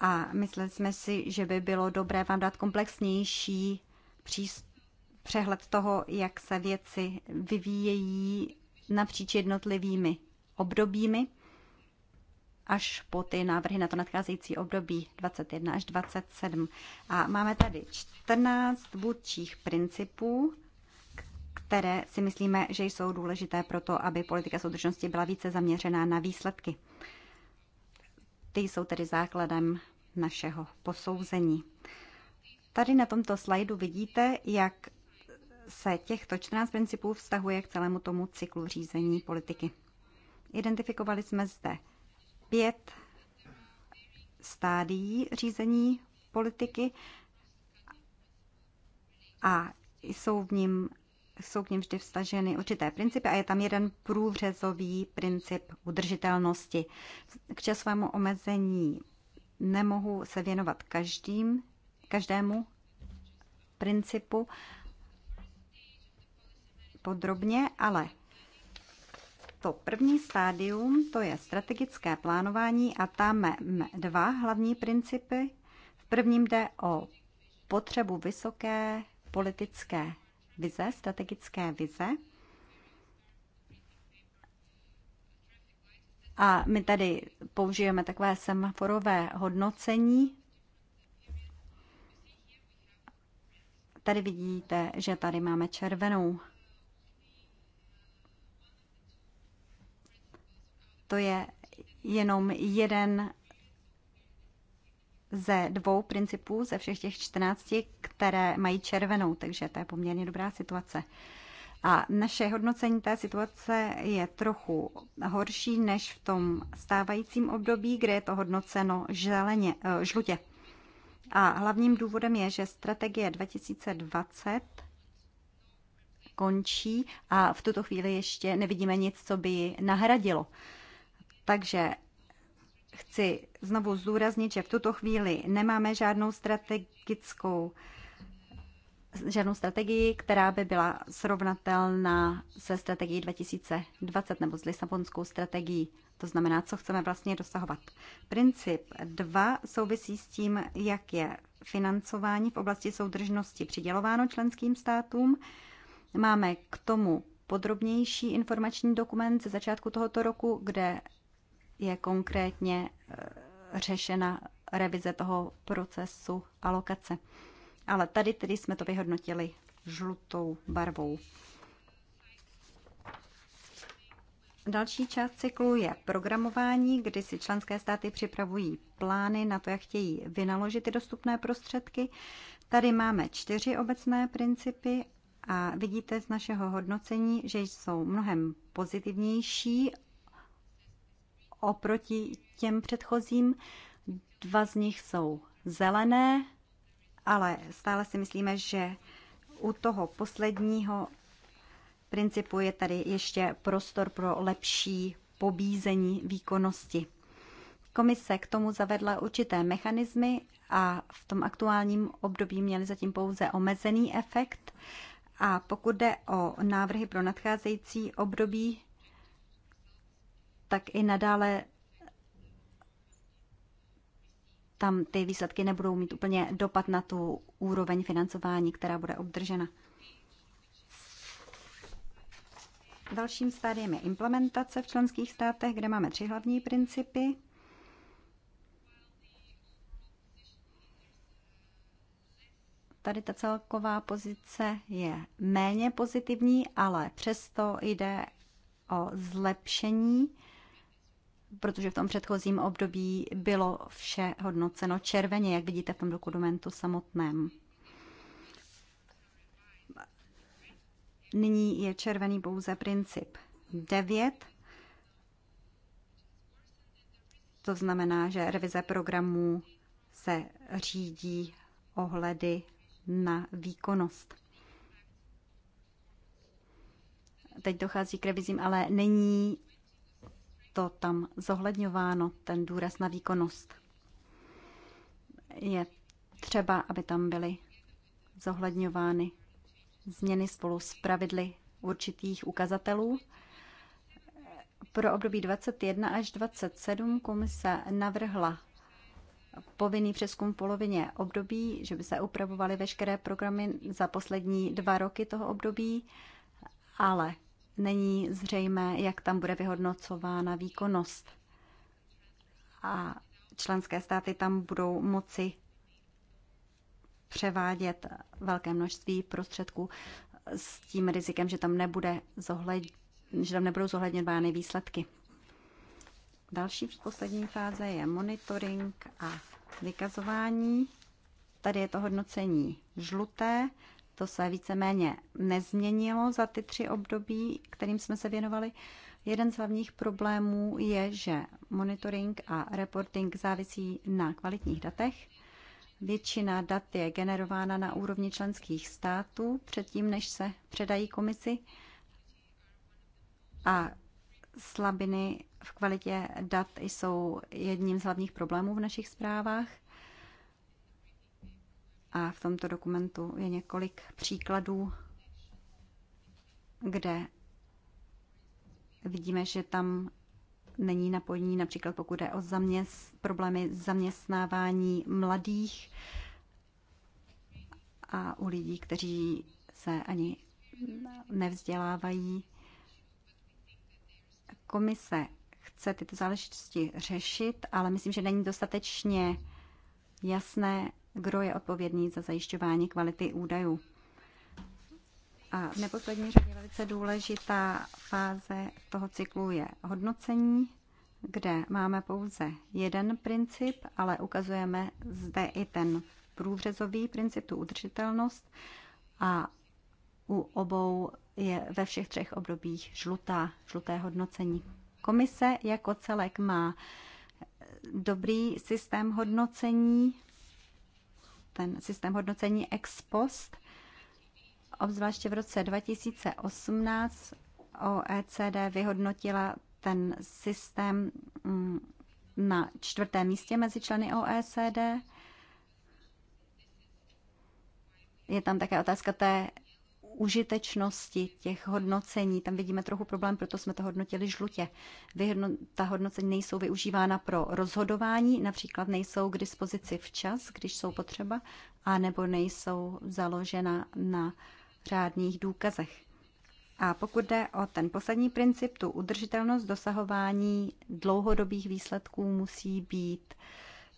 A mysleli jsme si, že by bylo dobré vám dát komplexnější přístup přehled toho, jak se věci vyvíjejí napříč jednotlivými obdobími až po ty návrhy na to nadcházející období 21 až 27. A máme tady 14 vůdčích principů, které si myslíme, že jsou důležité pro to, aby politika soudržnosti byla více zaměřená na výsledky. Ty jsou tedy základem našeho posouzení. Tady na tomto slajdu vidíte, jak se těchto 14 principů vztahuje k celému tomu cyklu řízení politiky. Identifikovali jsme zde pět stádií řízení politiky a jsou v ním jsou k ním vždy vstaženy určité principy a je tam jeden průřezový princip udržitelnosti. K časovému omezení nemohu se věnovat každým, každému principu, podrobně, ale to první stádium, to je strategické plánování a tam máme dva hlavní principy. V prvním jde o potřebu vysoké politické vize, strategické vize. A my tady použijeme takové semaforové hodnocení. Tady vidíte, že tady máme červenou To je jenom jeden ze dvou principů, ze všech těch 14, které mají červenou, takže to je poměrně dobrá situace. A naše hodnocení té situace je trochu horší než v tom stávajícím období, kde je to hodnoceno želeně, eh, žlutě. A hlavním důvodem je, že strategie 2020 končí a v tuto chvíli ještě nevidíme nic, co by ji nahradilo. Takže chci znovu zdůraznit, že v tuto chvíli nemáme žádnou strategickou žádnou strategii, která by byla srovnatelná se strategií 2020 nebo s Lisabonskou strategií. To znamená, co chceme vlastně dosahovat. Princip 2 souvisí s tím, jak je financování v oblasti soudržnosti přidělováno členským státům. Máme k tomu podrobnější informační dokument ze začátku tohoto roku, kde je konkrétně eh, řešena revize toho procesu alokace. Ale tady tedy jsme to vyhodnotili žlutou barvou. Další část cyklu je programování, kdy si členské státy připravují plány na to, jak chtějí vynaložit ty dostupné prostředky. Tady máme čtyři obecné principy a vidíte z našeho hodnocení, že jsou mnohem pozitivnější oproti těm předchozím. Dva z nich jsou zelené, ale stále si myslíme, že u toho posledního principu je tady ještě prostor pro lepší pobízení výkonnosti. Komise k tomu zavedla určité mechanismy a v tom aktuálním období měly zatím pouze omezený efekt. A pokud jde o návrhy pro nadcházející období, tak i nadále tam ty výsledky nebudou mít úplně dopad na tu úroveň financování, která bude obdržena. Dalším stádiem je implementace v členských státech, kde máme tři hlavní principy. Tady ta celková pozice je méně pozitivní, ale přesto jde o zlepšení protože v tom předchozím období bylo vše hodnoceno červeně, jak vidíte v tom dokumentu samotném. Nyní je červený pouze princip 9. To znamená, že revize programů se řídí ohledy na výkonnost. Teď dochází k revizím, ale není to tam zohledňováno, ten důraz na výkonnost. Je třeba, aby tam byly zohledňovány změny spolu s pravidly určitých ukazatelů. Pro období 21 až 27 komise navrhla povinný přeskum v polovině období, že by se upravovaly veškeré programy za poslední dva roky toho období, ale není zřejmé, jak tam bude vyhodnocována výkonnost. A členské státy tam budou moci převádět velké množství prostředků s tím rizikem, že tam, nebude zohled, že tam nebudou zohledněny výsledky. Další poslední fáze je monitoring a vykazování. Tady je to hodnocení žluté to se víceméně nezměnilo za ty tři období, kterým jsme se věnovali. Jeden z hlavních problémů je, že monitoring a reporting závisí na kvalitních datech. Většina dat je generována na úrovni členských států předtím, než se předají komisi. A slabiny v kvalitě dat jsou jedním z hlavních problémů v našich zprávách. A v tomto dokumentu je několik příkladů, kde vidíme, že tam není napojení, například pokud je o zaměst, problémy zaměstnávání mladých a u lidí, kteří se ani nevzdělávají. Komise chce tyto záležitosti řešit, ale myslím, že není dostatečně jasné, kdo je odpovědný za zajišťování kvality údajů. A v neposlední řadě velice důležitá fáze toho cyklu je hodnocení, kde máme pouze jeden princip, ale ukazujeme zde i ten průřezový princip, tu udržitelnost a u obou je ve všech třech obdobích žlutá, žluté hodnocení. Komise jako celek má dobrý systém hodnocení, ten systém hodnocení ex post, obzvláště v roce 2018 OECD vyhodnotila ten systém mm, na čtvrtém místě mezi členy OECD. Je tam také otázka té užitečnosti těch hodnocení. Tam vidíme trochu problém, proto jsme to hodnotili žlutě. Vyhodno, ta hodnocení nejsou využívána pro rozhodování, například nejsou k dispozici včas, když jsou potřeba, a nebo nejsou založena na řádných důkazech. A pokud jde o ten poslední princip, tu udržitelnost dosahování dlouhodobých výsledků musí být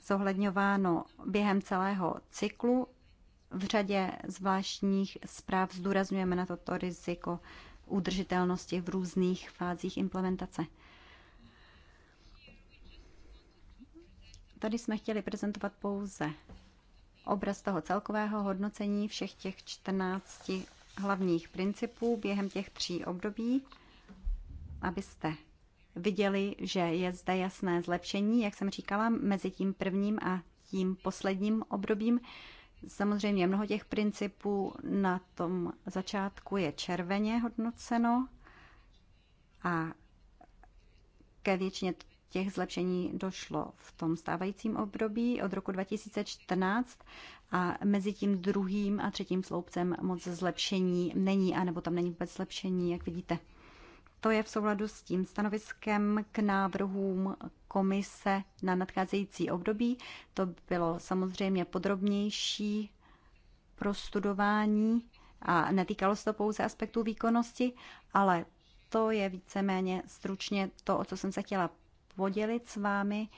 zohledňováno během celého cyklu v řadě zvláštních zpráv zdůrazňujeme na toto riziko udržitelnosti v různých fázích implementace. Tady jsme chtěli prezentovat pouze obraz toho celkového hodnocení všech těch 14 hlavních principů během těch tří období, abyste viděli, že je zde jasné zlepšení, jak jsem říkala, mezi tím prvním a tím posledním obdobím. Samozřejmě mnoho těch principů na tom začátku je červeně hodnoceno a ke většině těch zlepšení došlo v tom stávajícím období od roku 2014 a mezi tím druhým a třetím sloupcem moc zlepšení není, anebo tam není vůbec zlepšení, jak vidíte. To je v souladu s tím stanoviskem k návrhům komise na nadcházející období. To bylo samozřejmě podrobnější prostudování a netýkalo se to pouze aspektů výkonnosti, ale to je víceméně stručně to, o co jsem se chtěla podělit s vámi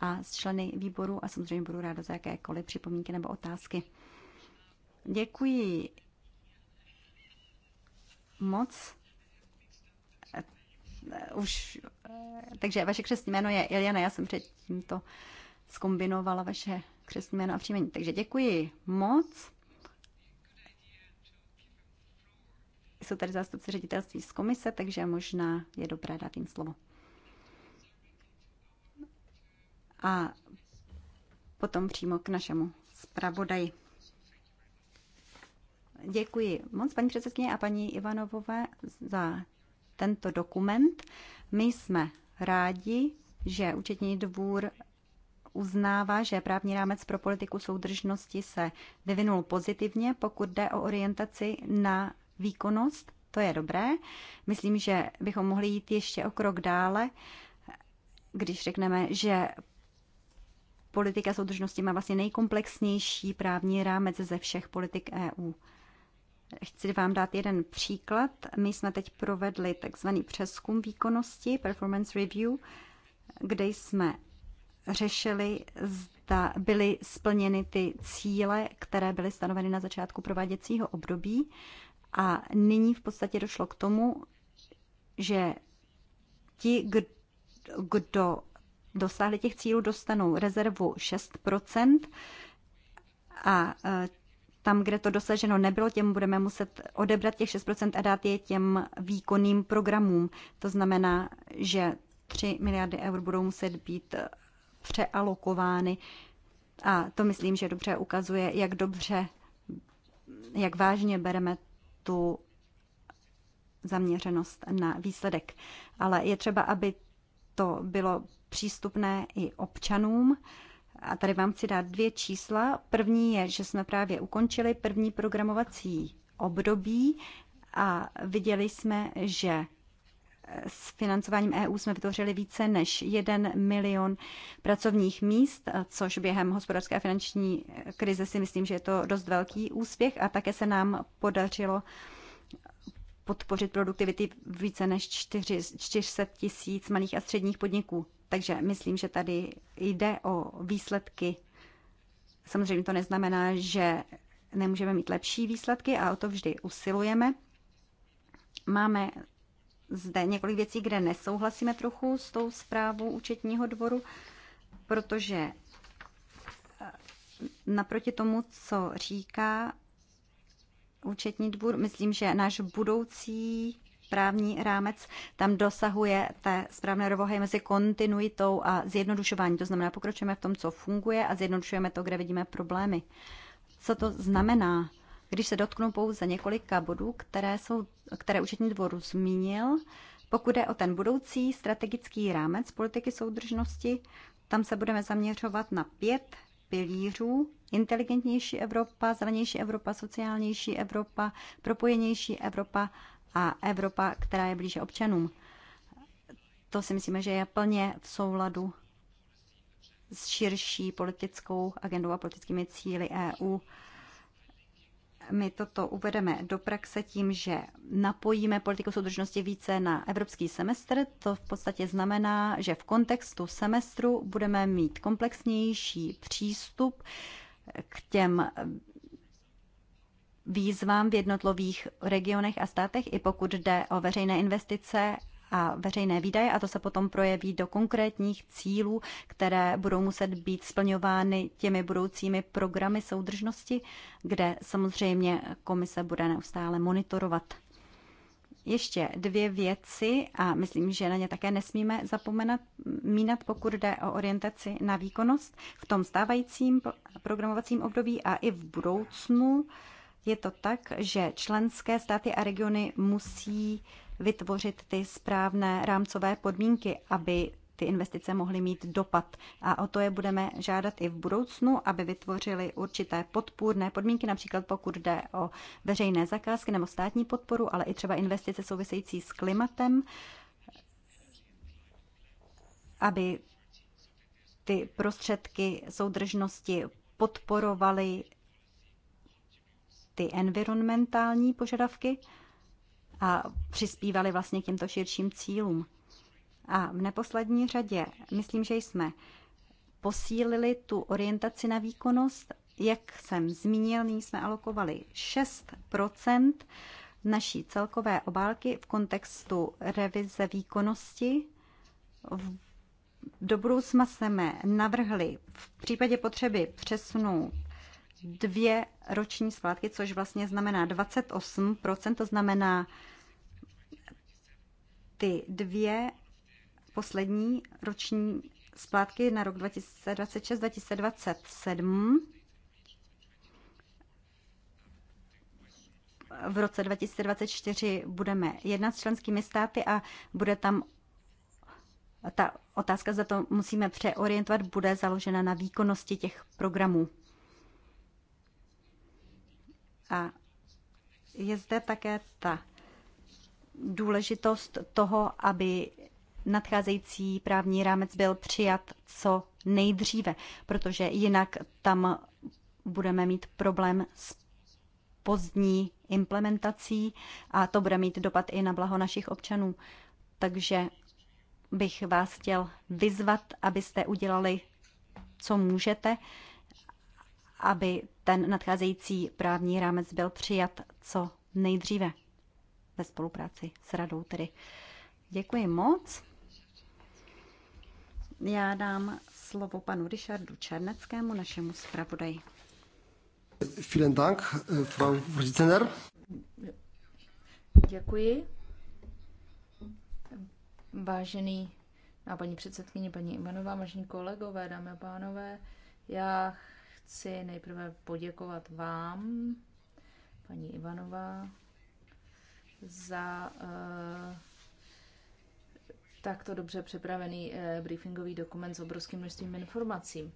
a s členy výboru a samozřejmě budu ráda za jakékoliv připomínky nebo otázky. Děkuji moc už, takže vaše křesní jméno je Iliana, já jsem předtím to skombinovala vaše křesní jméno a příjmení. Takže děkuji moc. Jsou tady zástupci ředitelství z komise, takže možná je dobré dát jim slovo. A potom přímo k našemu zpravodaji. Děkuji moc paní předsedkyně a paní Ivanovové za tento dokument. My jsme rádi, že účetní dvůr uznává, že právní rámec pro politiku soudržnosti se vyvinul pozitivně, pokud jde o orientaci na výkonnost. To je dobré. Myslím, že bychom mohli jít ještě o krok dále, když řekneme, že politika soudržnosti má vlastně nejkomplexnější právní rámec ze všech politik EU. Chci vám dát jeden příklad. My jsme teď provedli takzvaný přeskum výkonnosti, performance review, kde jsme řešili, zda byly splněny ty cíle, které byly stanoveny na začátku prováděcího období. A nyní v podstatě došlo k tomu, že ti, kdo dosáhli těch cílů, dostanou rezervu 6 a e, tam, kde to dosaženo nebylo, těm budeme muset odebrat těch 6% a dát je těm výkonným programům. To znamená, že 3 miliardy eur budou muset být eh, přealokovány. A to myslím, že dobře ukazuje, jak dobře, jak vážně bereme tu zaměřenost na výsledek. Ale je třeba, aby to bylo přístupné i občanům. A tady vám chci dát dvě čísla. První je, že jsme právě ukončili první programovací období a viděli jsme, že s financováním EU jsme vytvořili více než 1 milion pracovních míst, což během hospodářské a finanční krize si myslím, že je to dost velký úspěch a také se nám podařilo podpořit produktivity více než 400 tisíc malých a středních podniků takže myslím, že tady jde o výsledky. Samozřejmě to neznamená, že nemůžeme mít lepší výsledky a o to vždy usilujeme. Máme zde několik věcí, kde nesouhlasíme trochu s tou zprávou účetního dvoru, protože eh, naproti tomu, co říká účetní dvůr, myslím, že náš budoucí správní rámec tam dosahuje té správné rovohy mezi kontinuitou a zjednodušování, To znamená, pokročujeme v tom, co funguje a zjednodušujeme to, kde vidíme problémy. Co to znamená? Když se dotknu pouze několika bodů, které, jsou, které účetní dvoru zmínil, pokud je o ten budoucí strategický rámec politiky soudržnosti, tam se budeme zaměřovat na pět pilířů. Inteligentnější Evropa, zelenější Evropa, sociálnější Evropa, propojenější Evropa a Evropa, která je blíže občanům. To si myslíme, že je plně v souladu s širší politickou agendou a politickými cíly EU. My toto uvedeme do praxe tím, že napojíme politiku soudržnosti více na evropský semestr. To v podstatě znamená, že v kontextu semestru budeme mít komplexnější přístup k těm výzvám v jednotlivých regionech a státech, i pokud jde o veřejné investice a veřejné výdaje, a to se potom projeví do konkrétních cílů, které budou muset být splňovány těmi budoucími programy soudržnosti, kde samozřejmě komise bude neustále monitorovat. Ještě dvě věci a myslím, že na ně také nesmíme zapomenat, mínat, pokud jde o orientaci na výkonnost v tom stávajícím programovacím období a i v budoucnu je to tak, že členské státy a regiony musí vytvořit ty správné rámcové podmínky, aby ty investice mohly mít dopad. A o to je budeme žádat i v budoucnu, aby vytvořili určité podpůrné podmínky, například pokud jde o veřejné zakázky nebo státní podporu, ale i třeba investice související s klimatem, aby ty prostředky soudržnosti podporovaly ty environmentální požadavky a přispívali vlastně k těmto širším cílům. A v neposlední řadě, myslím, že jsme posílili tu orientaci na výkonnost. Jak jsem zmínil, nyní jsme alokovali 6 naší celkové obálky v kontextu revize výkonnosti. Do budoucna jsme navrhli v případě potřeby přesunout dvě roční splátky, což vlastně znamená 28%, to znamená ty dvě poslední roční splátky na rok 2026-2027 v roce 2024 budeme jednat s členskými státy a bude tam ta otázka, za to musíme přeorientovat, bude založena na výkonnosti těch programů. A je zde také ta důležitost toho, aby nadcházející právní rámec byl přijat co nejdříve, protože jinak tam budeme mít problém s pozdní implementací a to bude mít dopad i na blaho našich občanů. Takže bych vás chtěl vyzvat, abyste udělali, co můžete aby ten nadcházející právní rámec byl přijat co nejdříve ve spolupráci s radou tedy. Děkuji moc. Já dám slovo panu Richardu Černeckému, našemu zpravodaji. Vielen Dank, Frau Vorsitzender. Děkuji. Vážený a paní předsedkyně, paní Ivanová, vážení kolegové, dámy a pánové, já chci nejprve poděkovat vám, paní Ivanová, za uh, takto dobře připravený uh, briefingový dokument s obrovským množstvím informací.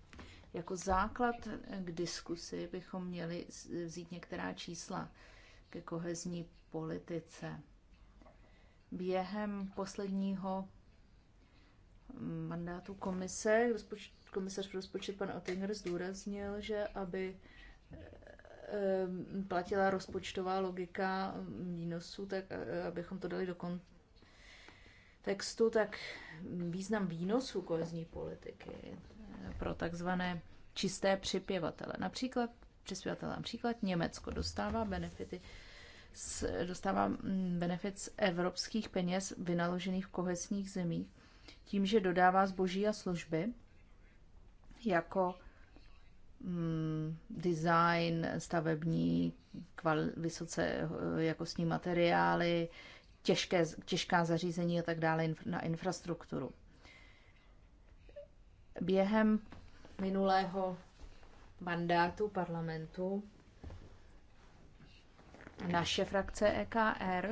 Jako základ k diskusi bychom měli vzít některá čísla ke kohezní politice. Během posledního mm, mandátu komise rozpočtu komisař pro rozpočet pan Otinger zdůraznil, že aby eh, eh, platila rozpočtová logika výnosů, tak eh, abychom to dali do kontextu, tak význam výnosů kohezní politiky pro takzvané čisté připěvatele. Například přispěvatele, například Německo dostává benefity z, dostává mm, benefit z evropských peněz vynaložených v kohesních zemích tím, že dodává zboží a služby jako mm, design stavební, kval, vysoce eh, jakostní materiály, těžké, těžká zařízení a tak dále na infrastrukturu. Během minulého mandátu parlamentu naše frakce EKR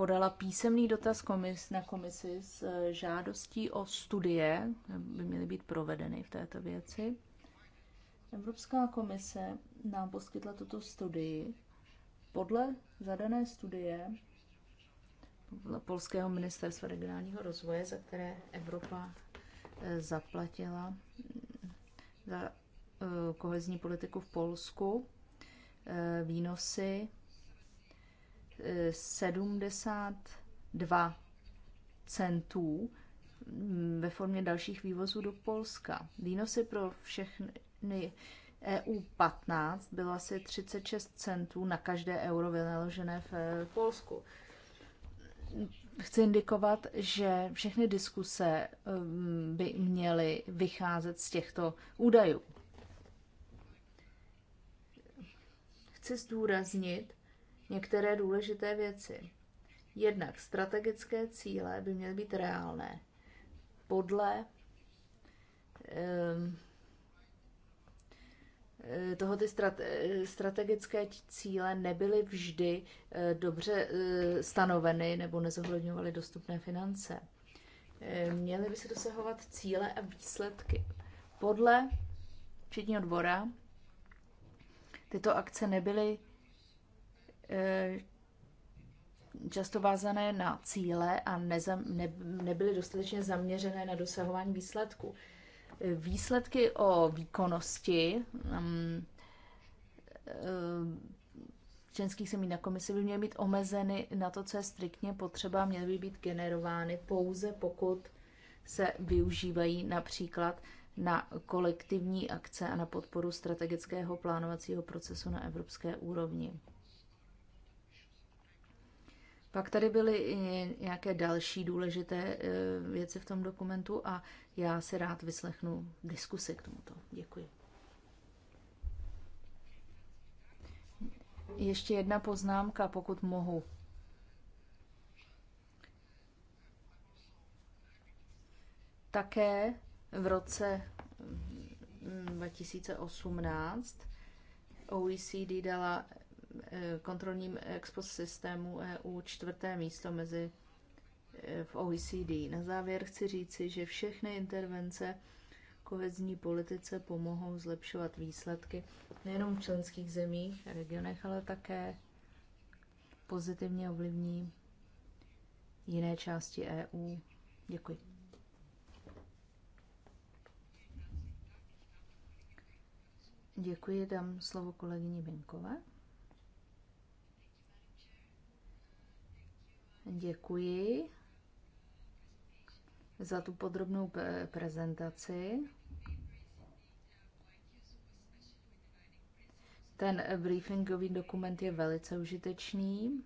podala písemný dotaz komis, na komisi s eh, žádostí o studie, eh, by měly být provedeny v této věci. Evropská komise nám poskytla tuto studii. Podle zadané studie podle Polského ministerstva regionálního rozvoje, za které Evropa eh, zaplatila mm, za kohezní politiku v Polsku, výnosy 72 centů mm, ve formě dalších vývozů do Polska. Výnosy pro všechny EU 15 bylo asi 36 centů na každé euro vynaložené v eh, Polsku. Chci indikovat, že všechny diskuse mm, by měly vycházet z těchto údajů. Chci zdůraznit, některé důležité věci. Jednak strategické cíle by měly být reálné podle ehm, eh, toho ty eh, strategické cíle nebyly vždy eh, dobře stanoveny nebo nezohledňovaly dostupné finance. Měly by se dosahovat cíle a výsledky. Podle včetního dvora tyto akce nebyly Eh, často vázané na cíle a nezam, ne, nebyly dostatečně zaměřené na dosahování výsledku. Eh, výsledky o výkonnosti um, členských semí na komisi by měly být omezeny na to, co je striktně potřeba, měly by být generovány pouze pokud se využívají například na kolektivní akce a na podporu strategického plánovacího procesu na evropské úrovni. Pak tady byly i nějaké další důležité eh, věci v tom dokumentu a já si rád vyslechnu diskusy k tomuto. Děkuji. Ještě jedna poznámka, pokud mohu. Také v roce mm, mm, 2018 OECD dala Eh, kontrolním expo systému EU čtvrté místo mezi eh, v OECD. Na závěr chci říci, že všechny intervence kohezní politice pomohou zlepšovat výsledky nejenom v členských zemích a regionech, ale také pozitivně ovlivní jiné části EU. Děkuji. Děkuji, dám slovo kolegyni Benkové. Děkuji za tu podrobnou prezentaci. Ten briefingový dokument je velice užitečný.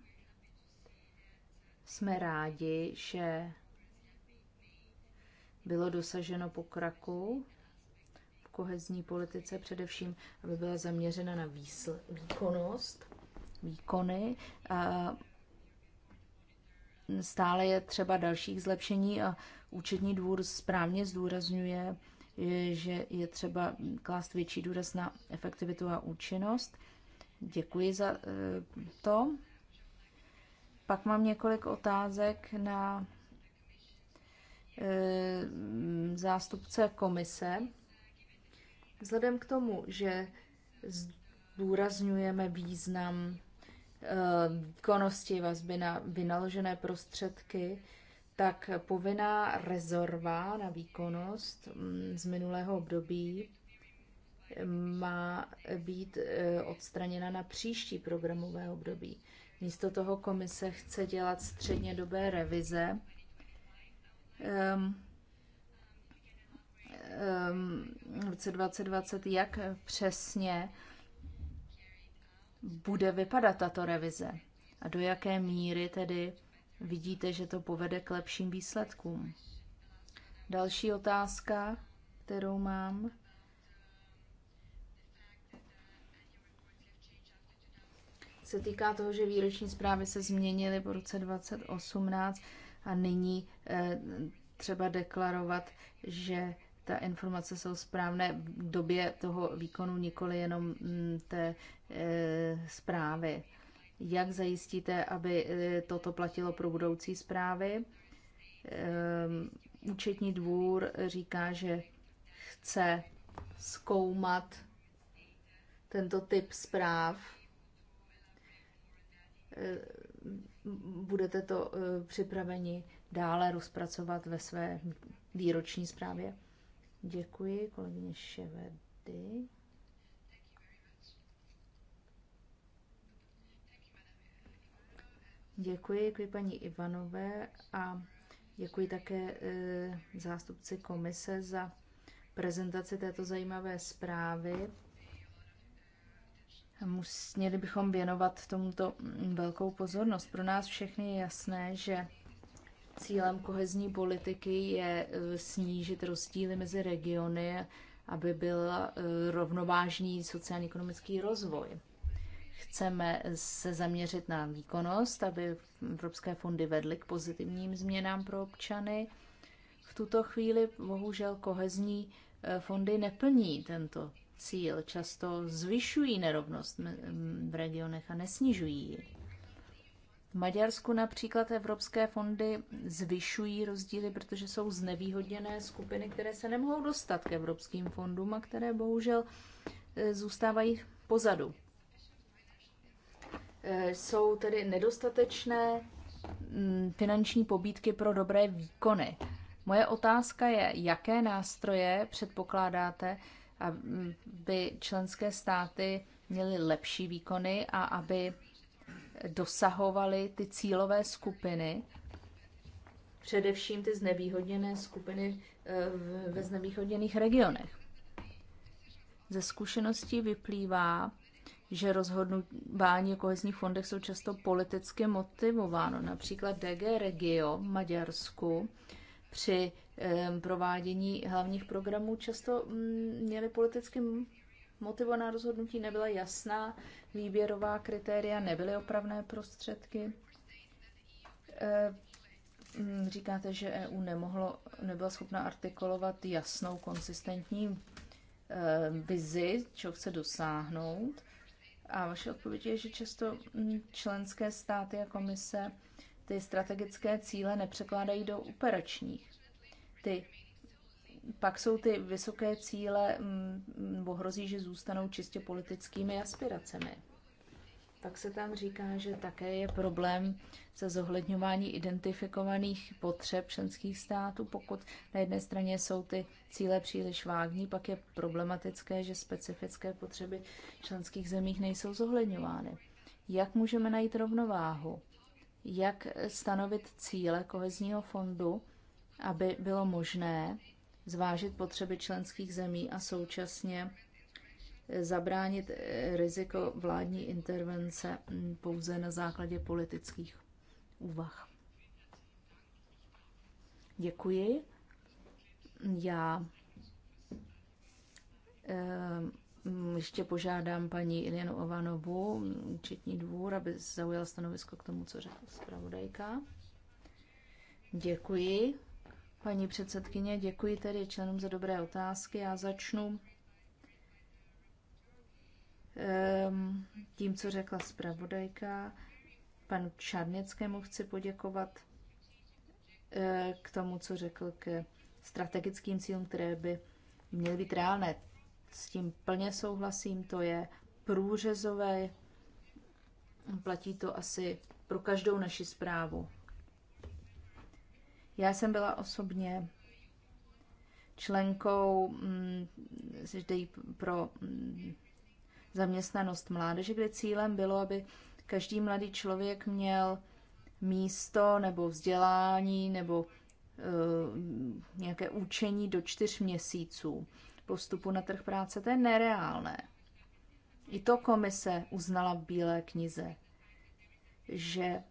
Jsme rádi, že bylo dosaženo pokraku v kohezní politice, především, aby byla zaměřena na výsl- výkonnost, výkony, a stále je třeba dalších zlepšení a účetní dvůr správně zdůrazňuje, že je třeba klást větší důraz na efektivitu a účinnost. Děkuji za eh, to. Pak mám několik otázek na eh, zástupce komise. Vzhledem k tomu, že zdůrazňujeme význam Eh, výkonnosti vazby na vynaložené prostředky, tak povinná rezorva na výkonnost mm, z minulého období eh, má být eh, odstraněna na příští programové období. Místo toho komise chce dělat střednědobé revize. Um, um, v roce 2020, jak přesně bude vypadat tato revize a do jaké míry tedy vidíte, že to povede k lepším výsledkům. Další otázka, kterou mám, se týká toho, že výroční zprávy se změnily po roce 2018 a nyní eh, třeba deklarovat, že ta informace jsou správné v době toho výkonu, nikoli jenom mm, té e, zprávy. Jak zajistíte, aby e, toto platilo pro budoucí zprávy? Ehm, účetní dvůr říká, že chce zkoumat tento typ zpráv. E, budete to e, připraveni dále rozpracovat ve své výroční zprávě? Děkuji kolegyně Ševedy. Děkuji, děkuji paní Ivanové a děkuji také e, zástupci komise za prezentaci této zajímavé zprávy. Měli bychom věnovat tomuto velkou pozornost. Pro nás všechny je jasné, že Cílem kohezní politiky je eh, snížit rozdíly mezi regiony, aby byl eh, rovnovážný sociálně-ekonomický rozvoj. Chceme se zaměřit na výkonnost, aby evropské fondy vedly k pozitivním změnám pro občany. V tuto chvíli bohužel kohezní eh, fondy neplní tento cíl. Často zvyšují nerovnost v regionech a nesnižují ji. Maďarsku například evropské fondy zvyšují rozdíly, protože jsou znevýhodněné skupiny, které se nemohou dostat k evropským fondům a které bohužel eh, zůstávají pozadu. Eh, jsou tedy nedostatečné mm, finanční pobídky pro dobré výkony. Moje otázka je, jaké nástroje předpokládáte, aby členské státy měly lepší výkony a aby dosahovaly ty cílové skupiny, především ty znevýhodněné skupiny eh, ve znevýhodněných regionech. Ze zkušeností vyplývá, že rozhodování o kohezních fondech jsou často politicky motivováno. Například DG Regio v Maďarsku při eh, provádění hlavních programů často mm, měly politicky Motivovaná rozhodnutí nebyla jasná, výběrová kritéria nebyly opravné prostředky. Eh, hm, říkáte, že EU nemohlo, nebyla schopna artikulovat jasnou, konsistentní eh, vizi, čeho chce dosáhnout. A vaše odpověď je, že často hm, členské státy a komise ty strategické cíle nepřekládají do operačních. Ty pak jsou ty vysoké cíle, nebo mm, mm, hrozí, že zůstanou čistě politickými aspiracemi. Pak se tam říká, že také je problém se zohledňování identifikovaných potřeb členských států. Pokud na jedné straně jsou ty cíle příliš vágní, pak je problematické, že specifické potřeby členských zemích nejsou zohledňovány. Jak můžeme najít rovnováhu? Jak stanovit cíle kohezního fondu, aby bylo možné zvážit potřeby členských zemí a současně zabránit riziko vládní intervence pouze na základě politických úvah. Děkuji. Já ehm, ještě požádám paní Ilianu Ovanovu, účetní dvůr, aby zaujala stanovisko k tomu, co řekla zpravodajka. Děkuji. Paní předsedkyně, děkuji tedy členům za dobré otázky. Já začnu ehm, tím, co řekla zpravodajka. Panu Čarněckému chci poděkovat eh, k tomu, co řekl k strategickým cílům, které by měly být reálné. S tím plně souhlasím, to je průřezové, platí to asi pro každou naši zprávu. Já jsem byla osobně členkou zde mm, pro mm, zaměstnanost mládeže, kde cílem bylo, aby každý mladý člověk měl místo nebo vzdělání nebo e, nějaké učení do čtyř měsíců postupu na trh práce. To je nereálné. I to komise uznala v Bílé knize, že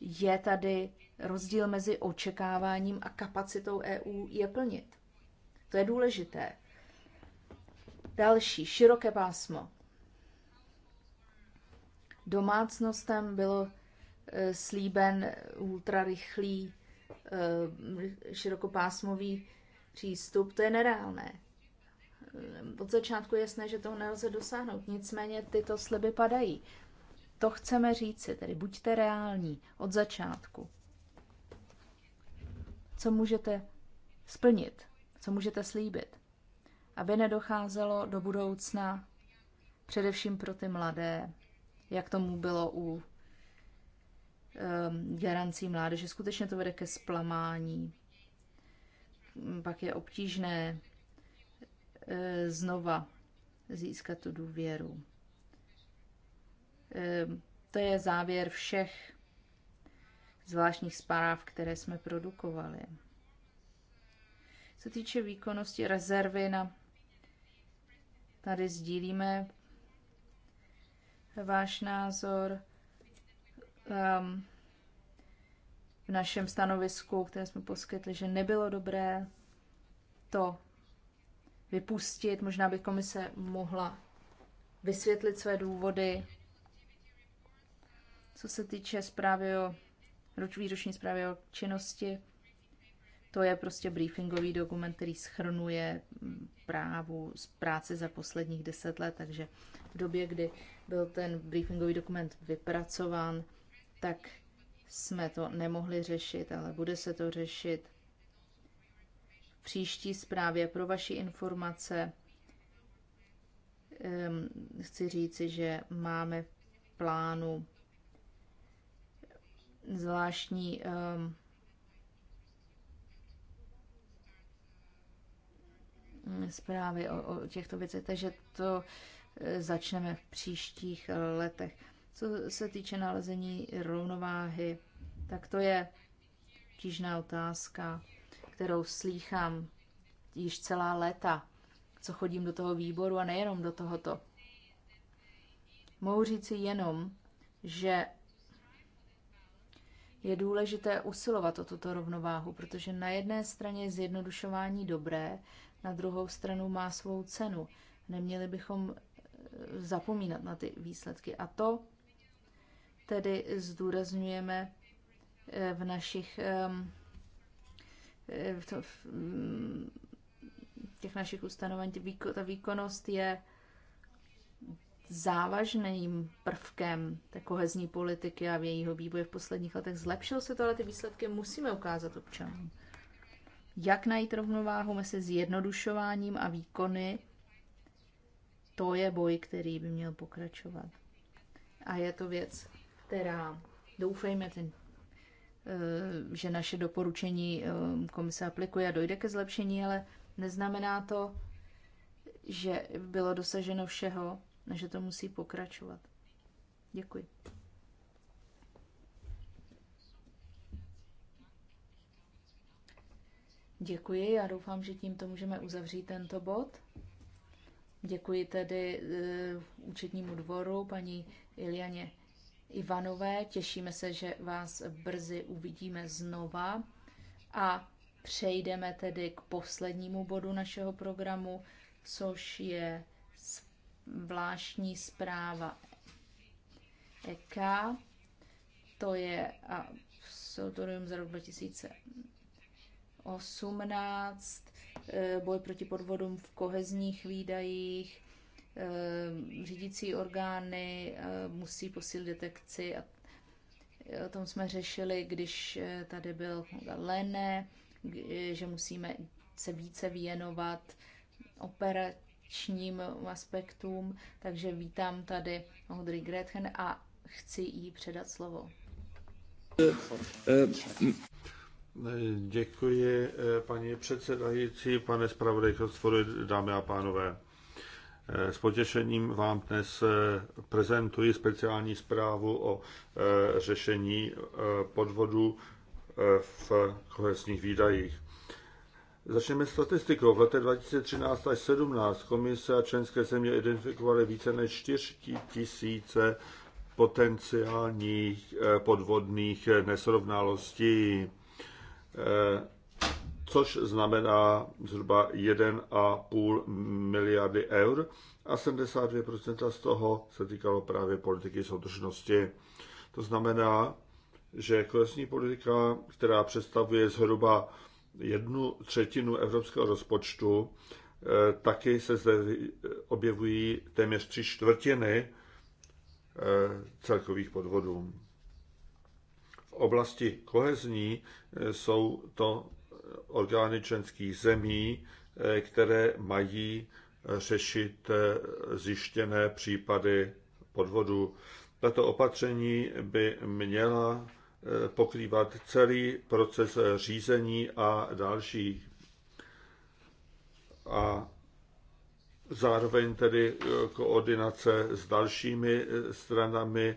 je tady rozdíl mezi očekáváním a kapacitou EU je plnit. To je důležité. Další, široké pásmo. Domácnostem bylo e, slíben ultrarychlý e, širokopásmový přístup. To je nereálné. E, od začátku je jasné, že toho nelze dosáhnout. Nicméně tyto sliby padají. To chceme říci, tedy buďte reální od začátku co můžete splnit, co můžete slíbit, aby nedocházelo do budoucna, především pro ty mladé, jak tomu bylo u um, garancí mládeže. Skutečně to vede ke splamání, mm, pak je obtížné e, znova získat tu důvěru. E, to je závěr všech zvláštních zpráv, které jsme produkovali. Co týče výkonnosti rezervy na tady sdílíme váš názor. Um, v našem stanovisku, které jsme poskytli, že nebylo dobré to vypustit. Možná by komise mohla vysvětlit své důvody. Co se týče zprávy o výroční zprávy o činnosti. To je prostě briefingový dokument, který schrnuje právu z práce za posledních deset let, takže v době, kdy byl ten briefingový dokument vypracován, tak jsme to nemohli řešit, ale bude se to řešit v příští zprávě. Pro vaši informace ehm, chci říci, že máme v plánu zvláštní um, zprávy o, o těchto věcech, takže to e, začneme v příštích e, letech. Co se týče nalezení rovnováhy, tak to je tížná otázka, kterou slýchám již celá léta, co chodím do toho výboru a nejenom do tohoto. Mohu říci jenom, že je důležité usilovat o tuto rovnováhu, protože na jedné straně je zjednodušování dobré, na druhou stranu má svou cenu. Neměli bychom eh, zapomínat na ty výsledky. A to tedy zdůrazňujeme eh, v našich ehm, eh, v mm, těch našich ustanovení. Ta výkonnost je závažným prvkem té kohezní politiky a v jejího vývoje v posledních letech zlepšil se to, ale ty výsledky musíme ukázat občanům. Jak najít rovnováhu mezi zjednodušováním a výkony, to je boj, který by měl pokračovat. A je to věc, která, doufejme, ten, eh, že naše doporučení eh, komise aplikuje a dojde ke zlepšení, ale neznamená to, že bylo dosaženo všeho že to musí pokračovat. Děkuji. Děkuji, já doufám, že tímto můžeme uzavřít tento bod. Děkuji tedy uh, účetnímu dvoru, paní Ilianě Ivanové. Těšíme se, že vás brzy uvidíme znova. A přejdeme tedy k poslednímu bodu našeho programu, což je vláštní zpráva EK, to je absolutorium za rok 2018, e, boj proti podvodům v kohezních výdajích, e, řídící orgány e, musí posílit detekci a o tom jsme řešili, když tady byl Lene, že musíme se více věnovat operat akčním aspektům, takže vítám tady Audrey Gretchen a chci jí předat slovo. Eh, eh, děkuji, eh, paní předsedající, pane zpravodaj dámy a pánové. S potěšením vám dnes prezentuji speciální zprávu o řešení podvodu v kohesních výdajích. Začneme statistikou. V letech 2013 až 2017 komise a členské země identifikovaly více než 4 tisíce potenciálních eh, podvodných eh, nesrovnalostí, eh, což znamená zhruba 1,5 miliardy eur a 72% z toho se týkalo právě politiky soudržnosti. To znamená, že kohezní politika, která představuje zhruba jednu třetinu evropského rozpočtu, eh, taky se zde eh, objevují téměř tři čtvrtiny eh, celkových podvodů. V oblasti kohezní jsou to orgány členských zemí, které mají řešit zjištěné případy podvodu. Tato opatření by měla pokrývat celý proces řízení a další. A zároveň tedy eh, koordinace s dalšími eh, stranami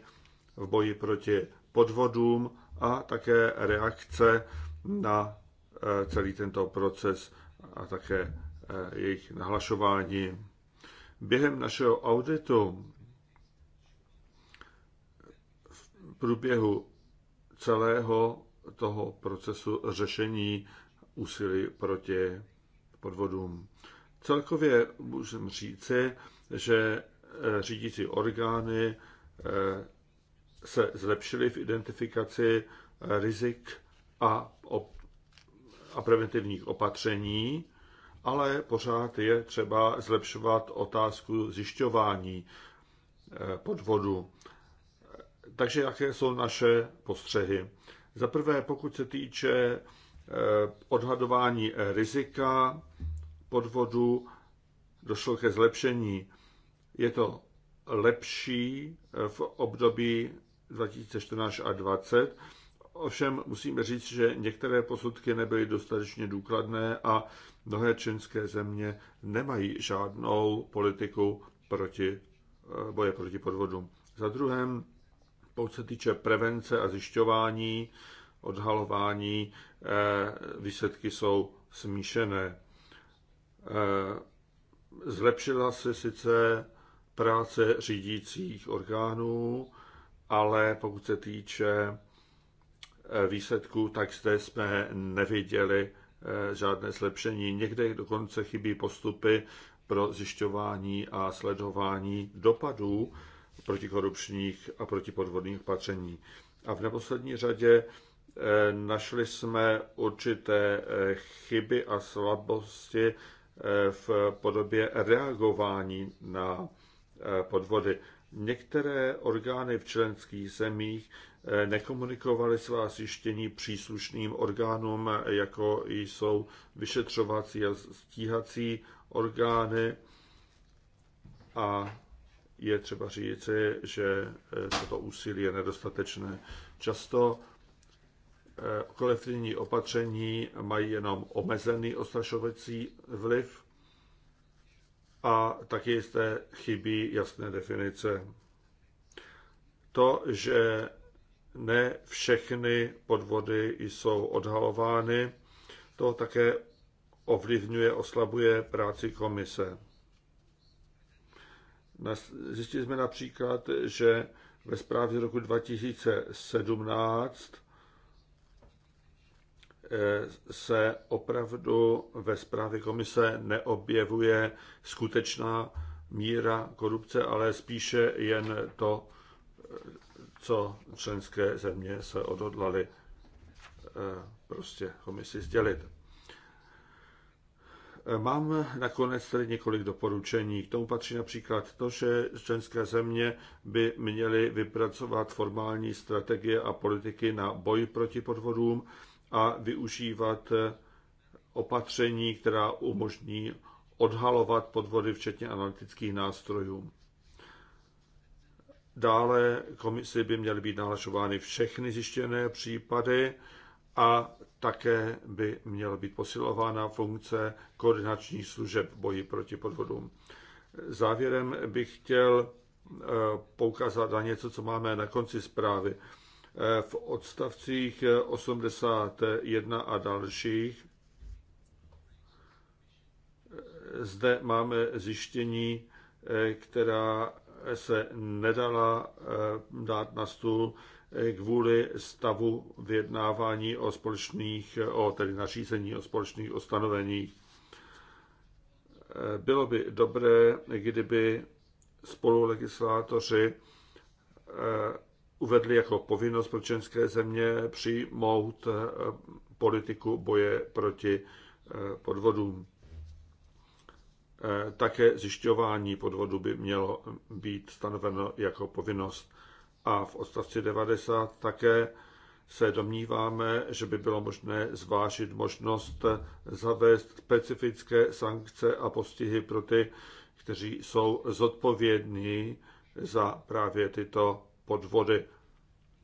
v boji proti podvodům a také reakce na eh, celý tento proces a také jejich nahlašování. Během našeho auditu v průběhu celého toho procesu řešení úsilí proti podvodům. Celkově můžeme říci, že eh, řídící orgány eh, se zlepšily v identifikaci eh, rizik a, op- a preventivních opatření, ale pořád je třeba zlepšovat otázku zjišťování podvodu. Takže jaké jsou naše postřehy? Za prvé, pokud se týče eh, odhadování eh, rizika podvodu, došlo ke zlepšení. Je to lepší eh, v období 2014 a 2020. Ovšem musíme říct, že některé posudky nebyly dostatečně důkladné a mnohé čínské země nemají žádnou politiku proti, boje proti podvodům. Za druhém, pokud se týče prevence a zjišťování, odhalování, eh, výsledky jsou smíšené. Eh, zlepšila se sice práce řídících orgánů, ale pokud se týče eh, výsledků, tak zde jsme neviděli žádné zlepšení. Někde dokonce chybí postupy pro zjišťování a sledování dopadů protikorupčních a protipodvodných opatření. A v neposlední řadě eh, našli jsme určité eh, chyby a slabosti eh, v podobě reagování na podvody. Některé orgány v členských zemích nekomunikovaly svá zjištění příslušným orgánům, jako jsou vyšetřovací a stíhací orgány a je třeba říci, že eh, toto úsilí je nedostatečné. Často eh, kolektivní opatření mají jenom omezený ostrašovací vliv a taky zde chybí jasné definice. To, že ne všechny podvody jsou odhalovány, to také ovlivňuje, oslabuje práci komise. Zjistili jsme například, že ve zprávě z roku 2017 eh, se opravdu ve zprávě komise neobjevuje skutečná míra korupce, ale spíše jen to, eh, co členské země se odhodlali eh, prostě komisi sdělit. Eh, mám nakonec tedy několik doporučení. K tomu patří například to, že členské země by měly vypracovat formální strategie a politiky na boj proti podvodům a využívat eh, opatření, která umožní odhalovat podvody, včetně analytických nástrojů. Dále komisi by měly být nahlašovány všechny zjištěné případy a také by měla být posilována funkce koordinačních služeb v boji proti podvodům. Závěrem bych chtěl eh, poukázat na něco, co máme na konci zprávy. Eh, v odstavcích 81 eh, a dalších zde máme zjištění, která se nedala dát na stůl kvůli stavu vyjednávání o společných, o tedy nařízení o společných ustanoveních. Bylo by dobré, kdyby spolulegislátoři eh, uvedli jako povinnost pro členské země přijmout eh, politiku boje proti eh, podvodům. Také zjišťování podvodu by mělo být stanoveno jako povinnost a v odstavci 90 také se domníváme, že by bylo možné zvážit možnost zavést specifické sankce a postihy pro ty, kteří jsou zodpovědní za právě tyto podvody.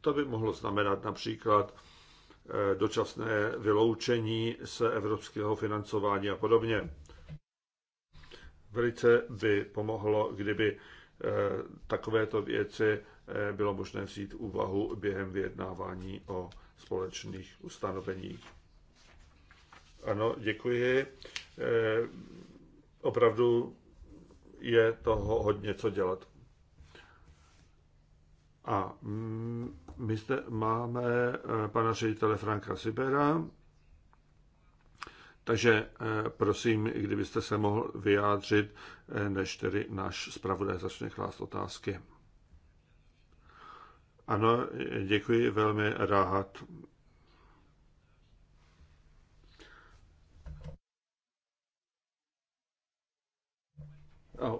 To by mohlo znamenat například eh, dočasné vyloučení se evropského financování a podobně. Velice by pomohlo, kdyby eh, takovéto věci Eh, bylo možné vzít úvahu během vyjednávání o společných ustanoveních. Ano, děkuji. Eh, opravdu je toho hodně co dělat. A mm, my zde máme eh, pana ředitele Franka Sibera, takže prosím, kdybyste se mohl vyjádřit, než tedy náš zpravodaj začne klást otázky. Ano, děkuji velmi rád. Oh.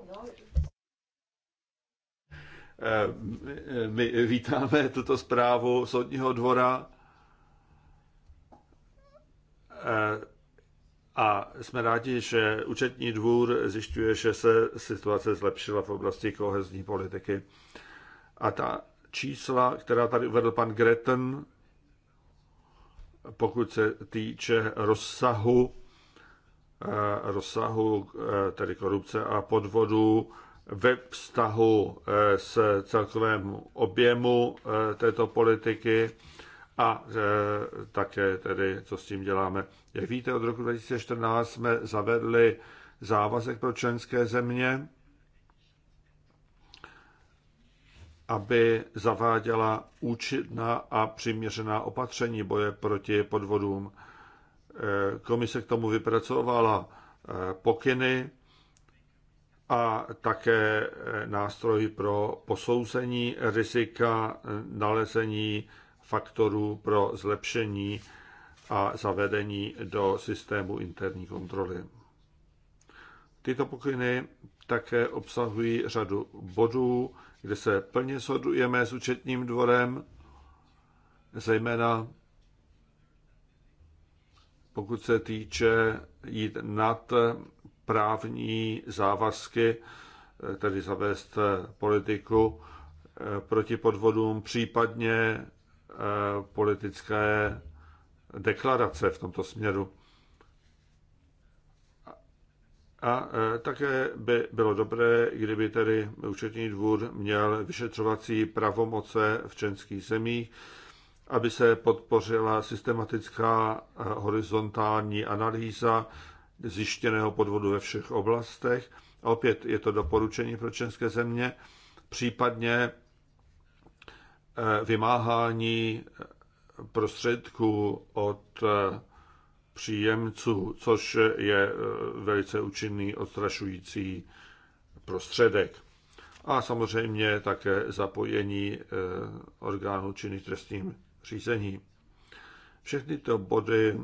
My vítáme tuto zprávu soudního dvora eh, a jsme rádi, že účetní dvůr zjišťuje, že se situace zlepšila v oblasti kohezní politiky. A ta čísla, která tady uvedl pan Greten, pokud se týče rozsahu, eh, rozsahu eh, tedy korupce a podvodu ve vztahu eh, s celkovému objemu této politiky a také tedy, co s tím děláme. Jak víte, od roku 2014 jsme zavedli závazek pro členské země, aby zaváděla účinná a přiměřená opatření boje proti podvodům. Eh, komise k tomu vypracovala eh, pokyny a také eh, nástroj pro posouzení rizika, nalezení faktorů pro zlepšení a zavedení do systému interní kontroly. Tyto pokyny také obsahují řadu bodů, kde se plně shodujeme s účetním dvorem, zejména pokud se týče jít nad právní závazky, tedy zavést politiku eh, proti podvodům, případně eh, politické deklarace v tomto směru. A e, také by bylo dobré, kdyby tedy účetní dvůr měl vyšetřovací pravomoce v členských zemích, aby se podpořila systematická e, horizontální analýza zjištěného podvodu ve všech oblastech. A opět je to doporučení pro české země, případně e, vymáhání prostředků od příjemců, což je e, velice účinný odstrašující prostředek. A samozřejmě také zapojení e, orgánů činných trestním řízení. Všechny ty body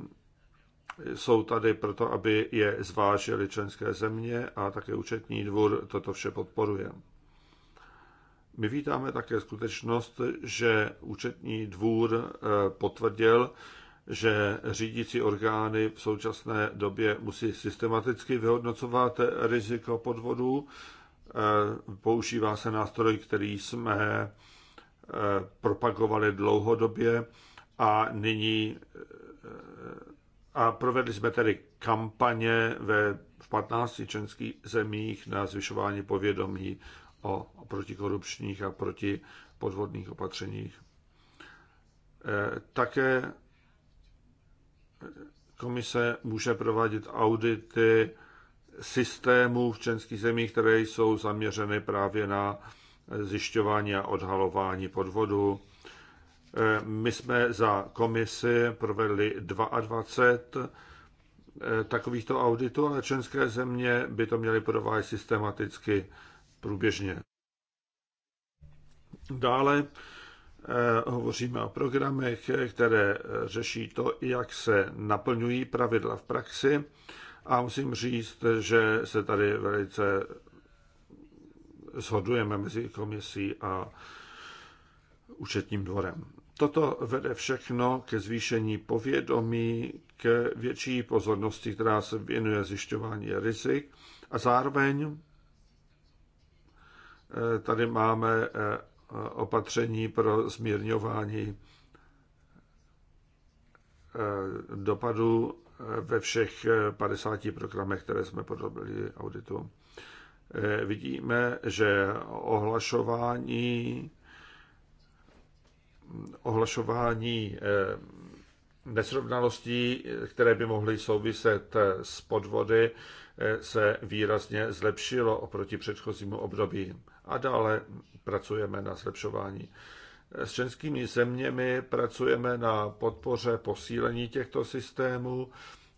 jsou tady proto, aby je zvážili členské země a také účetní dvůr toto vše podporuje. My vítáme také skutečnost, že účetní dvůr e, potvrdil, že řídící orgány v současné době musí systematicky vyhodnocovat riziko podvodu. Eh, používá se nástroj, který jsme eh, propagovali dlouhodobě a nyní eh, a provedli jsme tedy kampaně ve, v 15 členských zemích na zvyšování povědomí o protikorupčních a protipodvodných opatřeních. Také komise může provádět audity systémů v členských zemích, které jsou zaměřeny právě na zjišťování a odhalování podvodu. Eh, my jsme za komisi provedli 22 eh, takovýchto auditů, ale členské země by to měly provádět systematicky průběžně. Dále Eh, hovoříme o programech, které eh, řeší to, jak se naplňují pravidla v praxi. A musím říct, že se tady velice shodujeme mezi komisí a účetním dvorem. Toto vede všechno ke zvýšení povědomí, k větší pozornosti, která se věnuje zjišťování rizik a zároveň eh, tady máme opatření pro zmírňování eh, dopadu eh, ve všech 50 eh, programech, které jsme podrobili auditu. Vidíme, že ohlašování ohlašování nesrovnalostí, které by mohly souviset s podvody, se výrazně zlepšilo oproti předchozímu období. A dále pracujeme na zlepšování. S českými zeměmi pracujeme na podpoře posílení těchto systémů.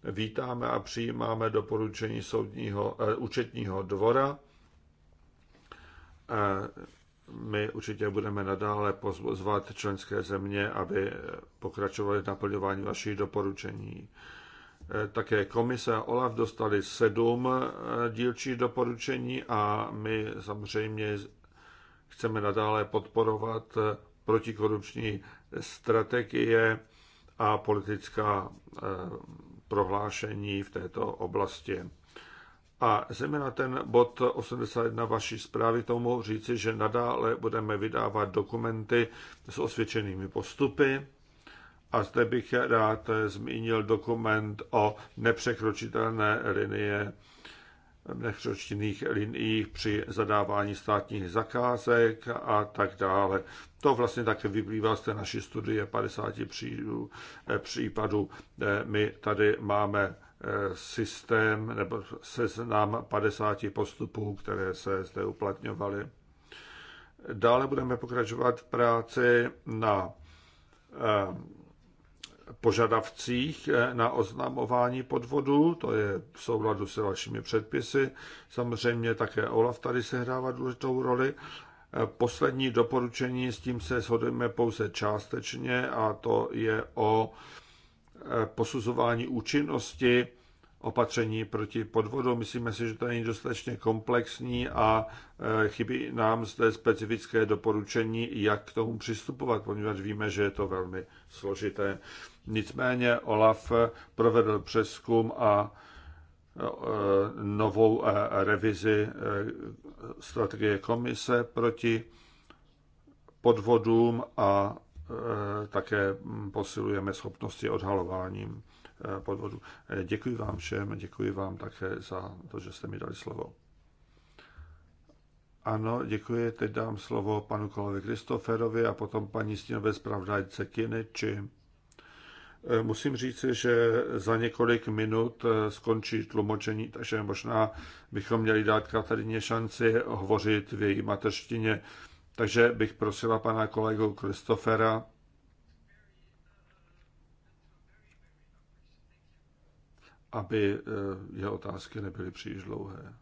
Vítáme a přijímáme doporučení soudního, uh, účetního dvora. Uh, my určitě budeme nadále pozvat členské země, aby pokračovali v naplňování vašich doporučení. Eh, také komise a OLAF dostali sedm dílčích doporučení a my samozřejmě Chceme nadále podporovat eh, protikorupční strategie a politická eh, prohlášení v této oblasti. A zejména ten bod 81 vaší zprávy tomu říci, že nadále budeme vydávat dokumenty s osvědčenými postupy. A zde bych rád zmínil dokument o nepřekročitelné linie nekřočtinných liniích při zadávání státních zakázek a tak dále. To vlastně také vyplývá z té naší studie 50 eh, případů. Eh, my tady máme eh, systém nebo seznam 50 postupů, které se zde uplatňovaly. Dále budeme pokračovat v práci na požadavcích eh, na oznamování podvodu, to je v souladu se vašimi předpisy. Samozřejmě také OLAF tady sehrává důležitou roli. Eh, poslední doporučení, s tím se shodujeme pouze částečně, a to je o eh, posuzování účinnosti opatření proti podvodu. Myslíme si, že to není dostatečně komplexní a e, chybí nám zde specifické doporučení, jak k tomu přistupovat, poněvadž víme, že je to velmi složité. Nicméně Olaf provedl přeskum a e, novou e, revizi strategie komise proti podvodům a také posilujeme schopnosti odhalováním. Eh, podvodu. Eh, děkuji vám všem, děkuji vám také za to, že jste mi dali slovo. Ano, děkuji. Teď dám slovo panu Kolovi Kristoferovi a potom paní stínové zpravodajce Kineči. Eh, musím říci, že za několik minut skončí tlumočení, takže možná bychom měli dát Katarině šanci hovořit v její mateřštině. Takže bych prosila pana kolegu Kristofera, aby eh, jeho otázky nebyly příliš dlouhé.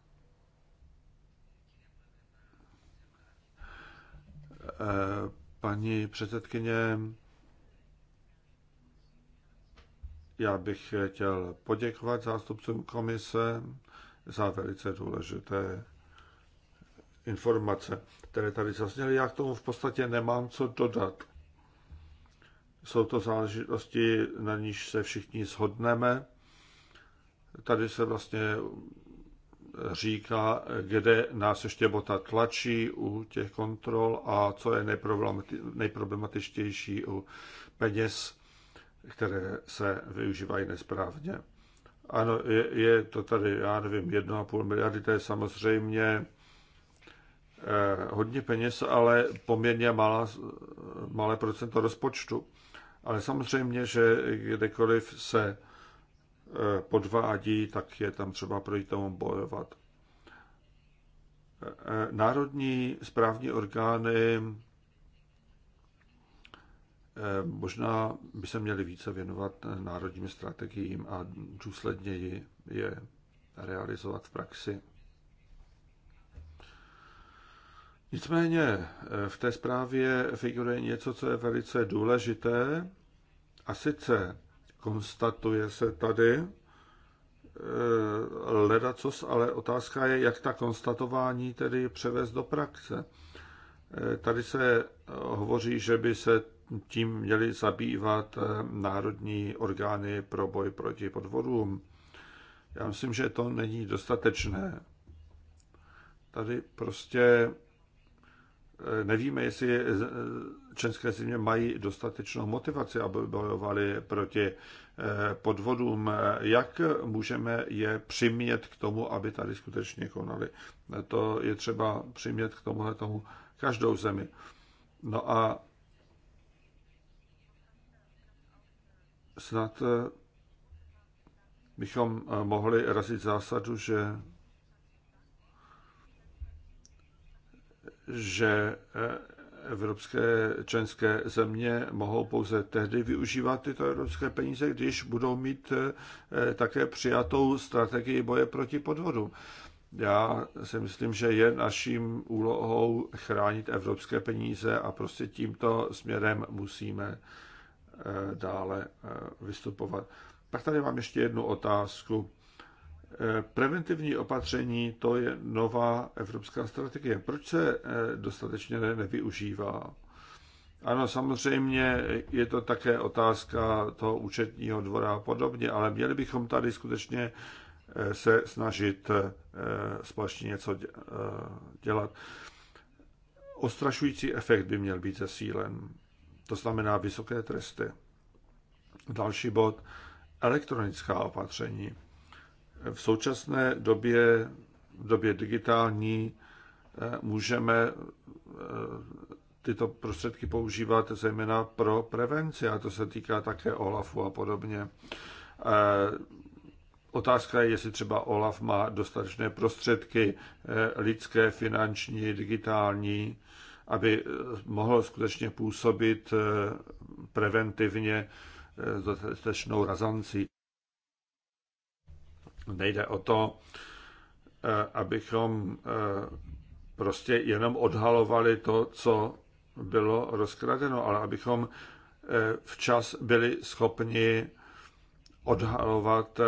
Eh, paní předsedkyně, já bych chtěl poděkovat zástupcům komise za velice důležité informace, které tady zazněly. Já k tomu v podstatě nemám co dodat. Jsou to záležitosti, na níž se všichni shodneme Tady se vlastně říká, kde nás ještě bota tlačí u těch kontrol a co je nejproblematičtější u peněz, které se využívají nesprávně. Ano, je, je to tady, já nevím, 1,5 miliardy, to je samozřejmě eh, hodně peněz, ale poměrně malá, malé procento rozpočtu. Ale samozřejmě, že kdekoliv se eh, Eh, podvádí, tak je tam třeba proti tomu bojovat. Eh, eh, národní správní orgány možná by se měly více věnovat národním strategiím a důsledněji je realizovat v praxi. Nicméně v té zprávě figuruje něco, co je velice důležité, a sice konstatuje se tady, eh, ledacos, ale otázka je, jak ta konstatování tedy převést do praxe. Eh, tady se hovoří, že by se tím měly zabývat eh, národní orgány pro boj proti podvodům. Já myslím, že to není dostatečné. Tady prostě nevíme, jestli české země mají dostatečnou motivaci, aby bojovali proti eh, podvodům. Jak můžeme je přimět k tomu, aby tady skutečně konali? To je třeba přimět k tomuhle tomu každou zemi. No a snad eh, bychom eh, mohli razit zásadu, že že evropské členské země mohou pouze tehdy využívat tyto evropské peníze, když budou mít eh, také přijatou strategii boje proti podvodu. Já si myslím, že je naším úlohou chránit evropské peníze a prostě tímto směrem musíme eh, dále eh, vystupovat. Pak tady mám ještě jednu otázku. Preventivní opatření to je nová evropská strategie. Proč se eh, dostatečně nevyužívá? Ano, samozřejmě je to také otázka toho účetního dvora a podobně, ale měli bychom tady skutečně eh, se snažit eh, společně něco dělat. Ostrašující efekt by měl být zesílen. To znamená vysoké tresty. Další bod. Elektronická opatření. V současné době, v době digitální, eh, můžeme eh, tyto prostředky používat zejména pro prevenci, a to se týká také OLAFu a podobně. Eh, otázka je, jestli třeba OLAF má dostatečné prostředky lidské, finanční, digitální, aby mohl skutečně působit preventivně s dostatečnou razancí. Nejde o to, eh, abychom eh, prostě jenom odhalovali to, co bylo rozkradeno, ale abychom eh, včas byli schopni odhalovat,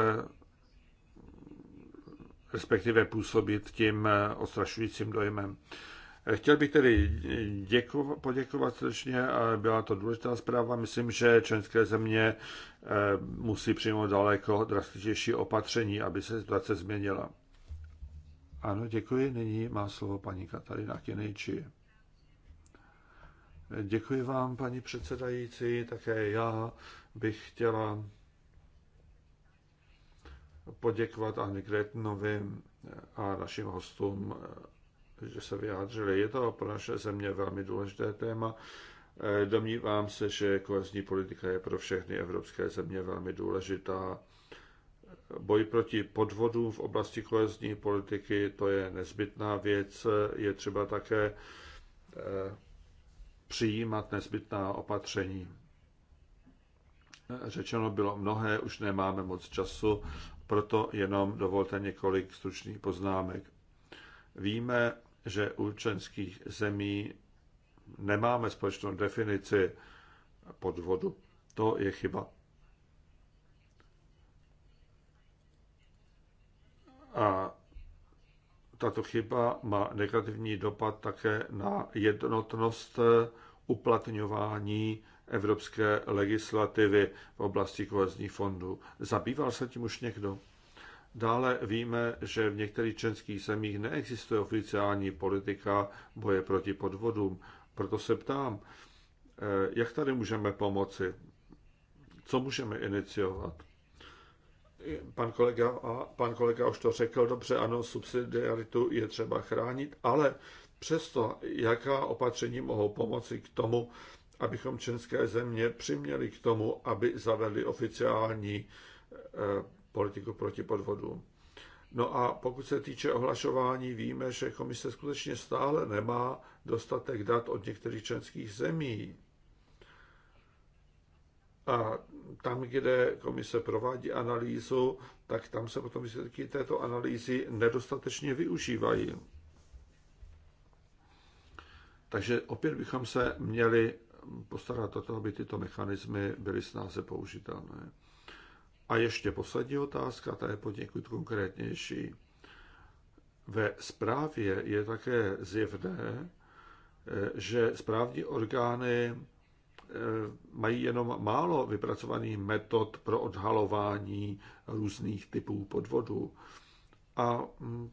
respektive působit tím ostrašujícím dojmem. Chtěl bych tedy děku, poděkovat srdečně byla to důležitá zpráva. Myslím, že členské země eh, musí přijmout daleko drastičtější opatření, aby se situace změnila. Ano, děkuji. Nyní má slovo paní Katarina Kinejči. Děkuji vám, paní předsedající. Také já bych chtěla poděkovat Anny Gretnovi a našim hostům že se vyjádřili. Je to pro naše země velmi důležité téma. Eh, domnívám se, že kohezní politika je pro všechny evropské země velmi důležitá. Boj proti podvodům v oblasti kohezní politiky, to je nezbytná věc. Je třeba také eh, přijímat nezbytná opatření. Eh, řečeno bylo mnohé, už nemáme moc času, proto jenom dovolte několik stručných poznámek. Víme, že u členských zemí nemáme společnou definici podvodu. To je chyba. A tato chyba má negativní dopad také na jednotnost uplatňování evropské legislativy v oblasti kohezních fondů. Zabýval se tím už někdo? Dále víme, že v některých členských zemích neexistuje oficiální politika boje proti podvodům. Proto se ptám, eh, jak tady můžeme pomoci? Co můžeme iniciovat? Pan kolega, a pan kolega už to řekl dobře, ano, subsidiaritu je třeba chránit, ale přesto, jaká opatření mohou pomoci k tomu, abychom členské země přiměli k tomu, aby zavedli oficiální eh, politiku proti podvodům. No a pokud se týče ohlašování, víme, že komise skutečně stále nemá dostatek dat od některých členských zemí. A tam, kde komise provádí analýzu, tak tam se potom výsledky této analýzy nedostatečně využívají. Takže opět bychom se měli postarat o to, aby tyto mechanismy byly snáze použitelné. A ještě poslední otázka, ta je poněkud konkrétnější. Ve zprávě je také zjevné, že správní orgány eh, mají jenom málo vypracovaných metod pro odhalování různých typů podvodů. A mm,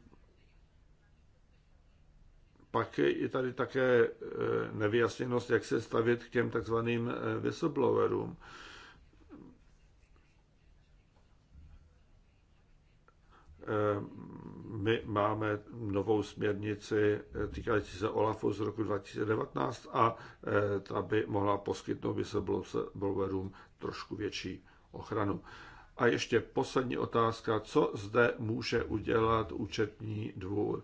pak je tady také eh, nevyjasněnost, jak se stavit k těm takzvaným eh, whistleblowerům. Eh, my máme novou směrnici eh, týkající se OLAFu z roku 2019 a eh, ta by mohla poskytnout blowerům trošku větší ochranu. A ještě poslední otázka, co zde může udělat účetní dvůr?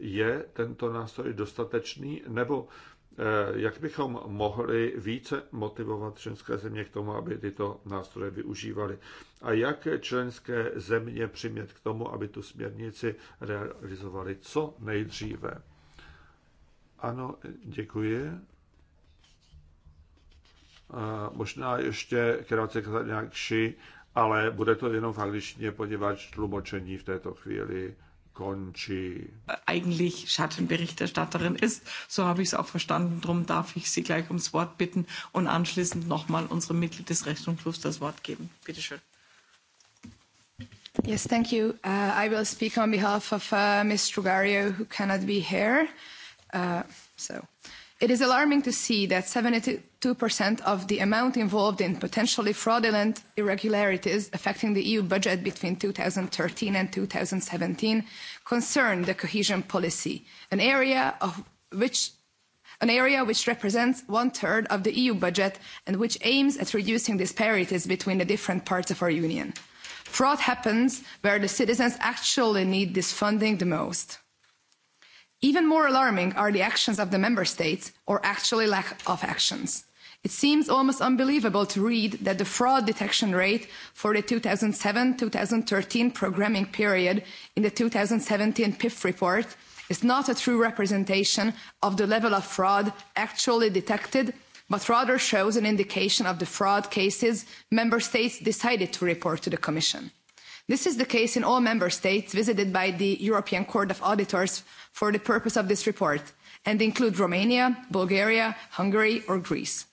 Je tento nástroj dostatečný nebo Eh, jak bychom mohli více motivovat členské země k tomu, aby tyto nástroje využívaly? A jak členské země přimět k tomu, aby tu směrnici realizovali co nejdříve? Ano, děkuji. A eh, možná ještě krátce nějak ale bude to jenom v angličtině, poněvadž tlumočení v této chvíli Eigentlich Schattenberichterstatterin ist, so habe ich es auch verstanden. Darum darf ich Sie gleich ums Wort bitten und anschließend nochmal unserem Mitglied des Rechnungshofs das Wort geben. Bitte schön. Yes, thank you. Uh, I will speak on behalf of uh, Ms. Trugario, who cannot be here. Uh, so. It is alarming to see that 72% of the amount involved in potentially fraudulent irregularities affecting the EU budget between 2013 and 2017 concerned the cohesion policy, an area of which an area which represents one third of the EU budget and which aims at reducing disparities between the different parts of our union. Fraud happens where the citizens actually need this funding the most even more alarming are the actions of the member states or actually lack of actions. it seems almost unbelievable to read that the fraud detection rate for the two thousand and seven two thousand and thirteen programming period in the two thousand and seventeen pif report is not a true representation of the level of fraud actually detected but rather shows an indication of the fraud cases member states decided to report to the commission. this is the case in all member states visited by the european court of auditors for the purpose of this report and include Romania, Bulgaria, Hungary or Greece.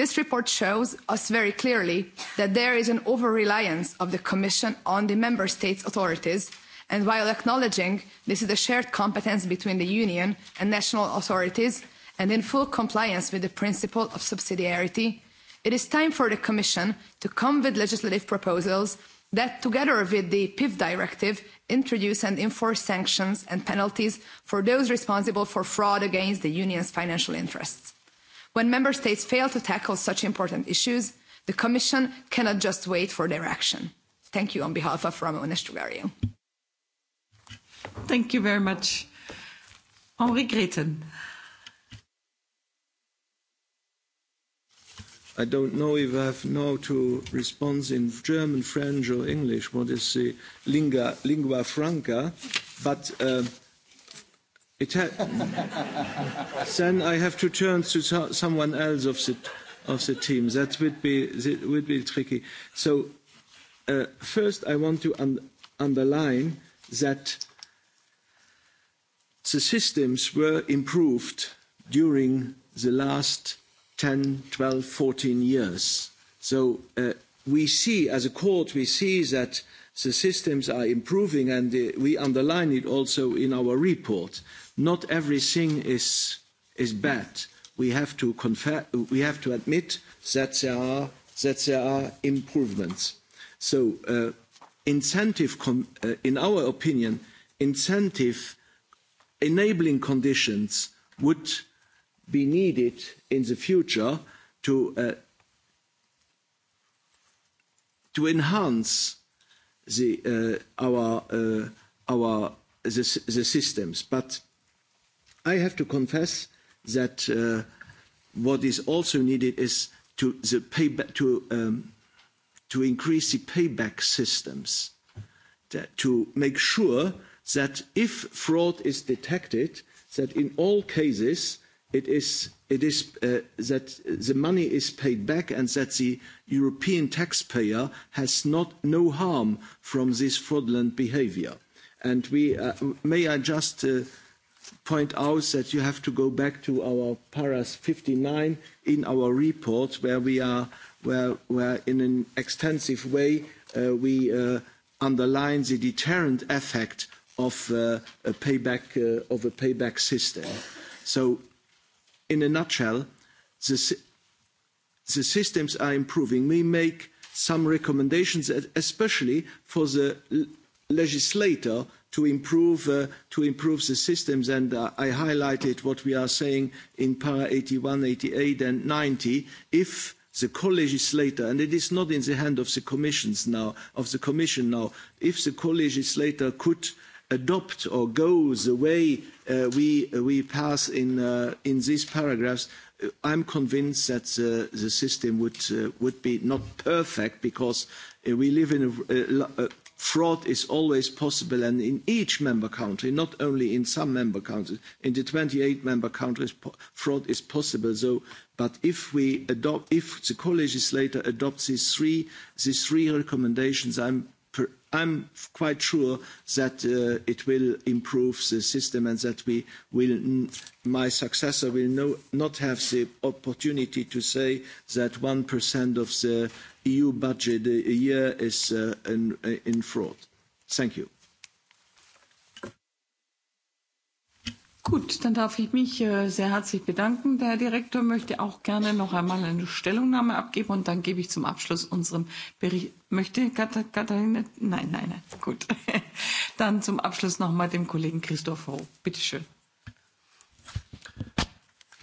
This report shows us very clearly that there is an over-reliance of the Commission on the Member States' authorities, and while acknowledging this is a shared competence between the Union and national authorities, and in full compliance with the principle of subsidiarity, it is time for the Commission to come with legislative proposals that, together with the PIF directive introduce and enforce sanctions and penalties for those responsible for fraud against the union's financial interests. When member states fail to tackle such important issues, the Commission cannot just wait for their action. Thank you on behalf of Ramon Estrugario. Thank you very much. Henri Greten. I don't know if I have now to respond in German, French, or English. What is the lingua, lingua franca? But uh, it ha- then I have to turn to so- someone else of the of the team. That would be that would be tricky. So uh, first, I want to un- underline that the systems were improved during the last 10, 12, 14 years. So uh, we see, as a court, we see that the systems are improving and uh, we underline it also in our report. Not everything is, is bad. We have to confess, we have to admit that there are, that there are improvements. So uh, incentive, com, uh, in our opinion, incentive enabling conditions would be needed in the future to, uh, to enhance the, uh, our, uh, our the, the systems. But I have to confess that uh, what is also needed is to, the payback, to, um, to increase the payback systems, that, to make sure that if fraud is detected, that in all cases it is, it is uh, that the money is paid back and that the European taxpayer has not no harm from this fraudulent behaviour. And we, uh, may I just uh, point out that you have to go back to our paras 59 in our report where we are, where, where in an extensive way uh, we uh, underline the deterrent effect of uh, a payback, uh, of a payback system. So in a nutshell the, the systems are improving. we make some recommendations e, especially for the legislator to improve uh, to improve the systems and uh, I highlighted what we are saying in para 81 88 and 90 if the co-legislator and it is not in the hand of the commissions now of the commission now if the co-legislator could uh, Adopt or go the way uh, we, uh, we pass in, uh, in these paragraphs, uh, I'm convinced that the, uh, the system would, uh, would be not perfect because we live in a, fraud is always possible and in each member country, not only in some member countries, in the 28 member countries, fraud is possible. So, but if we adopt, if the co-legislator adopts these three, these three recommendations, I'm I'm quite sure that uh, it will improve the system and that we will, my successor will no, not have the opportunity to say that 1% of the EU budget a year is uh, in, uh, in fraud. Thank you. Gut, dann darf ich mich äh, sehr herzlich bedanken. Der Herr Direktor möchte auch gerne noch einmal eine Stellungnahme abgeben und dann gebe ich zum Abschluss unserem Bericht. Möchte Katharina? Nein, nein, nein. Gut. Dann zum Abschluss nochmal dem Kollegen Christoph Roh. Bitte schön.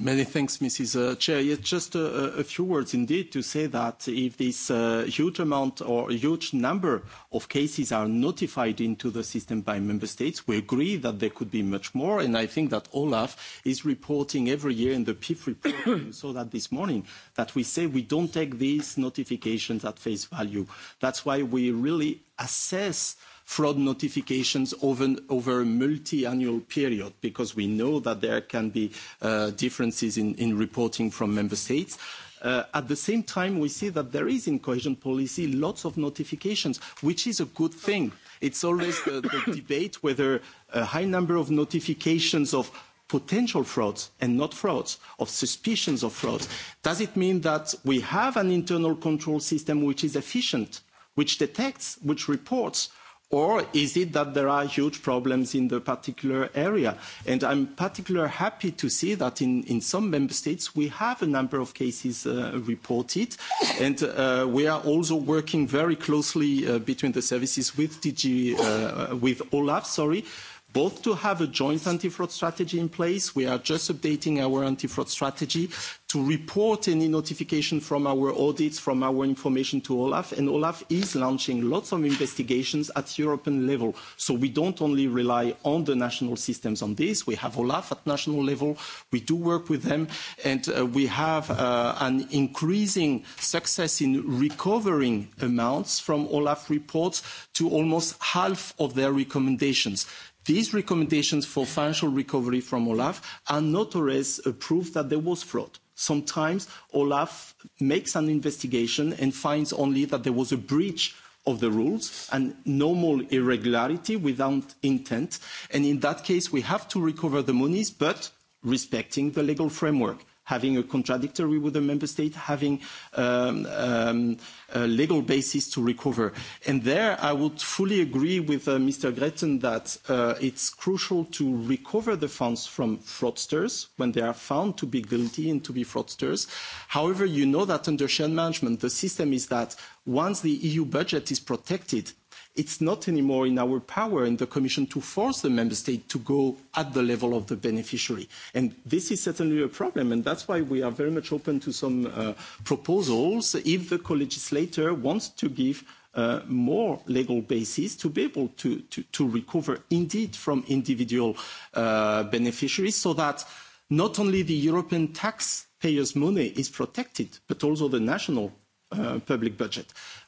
Many thanks, Mrs. Uh, Chair. Yes, just a, uh, uh, a few words indeed to say that if this uh, huge amount or huge number of cases are notified into the system by member states, we agree that there could be much more, and I think that Olaf is reporting every year in the PIF report, You saw that this morning, that we say we don't take these notifications at face value. That's why we really assess uh, fraud notifications over, over a multi-annual period, because we know that there can be uh, differences in, in reporting from member states. Uh, at the same time, we see that there is in cohesion policy lots of notifications, which is a good thing. It's always the, the debate whether a high number of notifications of potential frauds and not frauds, of suspicions of frauds. Does it mean that we have an internal control system which is efficient, which detects, which reports, Or is it that there are huge problems in the particular area? And I'm particularly happy to see that in, in some member states we have a number of cases uh, reported. And uh, we are also working very closely uh, between the services with DG, uh, with OLAF, sorry, both to have a joint anti-fraud strategy in place. We are just updating our anti-fraud strategy to report any notification from our audits, from our information to Olaf, and Olaf is launching lots of investigations at European level. So we don't only rely on the national systems on this. We have Olaf at national level. We do work with them, and uh, we have uh, an increasing success in recovering amounts from Olaf reports to almost half of their recommendations. These recommendations for financial recovery from Olaf are not always a proof that there was fraud. Sometimes Olaf makes an investigation and finds only that there was a breach of the rules and normal irregularity without intent. And in that case, we have to recover the monies, but respecting the legal framework having a contradictory with the member state, having um, um, a legal basis to recover. And there, I would fully agree with uh, Mr. Gretten that uh, it's crucial to recover the funds from fraudsters when they are found to be guilty and to be fraudsters. However, you know that under shared management, the system is that once the EU budget is protected, it's not anymore in our power in the Commission to force the member state to go at the level of the beneficiary. And this is certainly a problem, and that's why we are very much open to some uh, proposals if the co-legislator wants to give uh, more legal basis to be able to, to, to recover indeed from individual uh, beneficiaries so that not only the European taxpayers' money is protected, but also the national uh, public budget.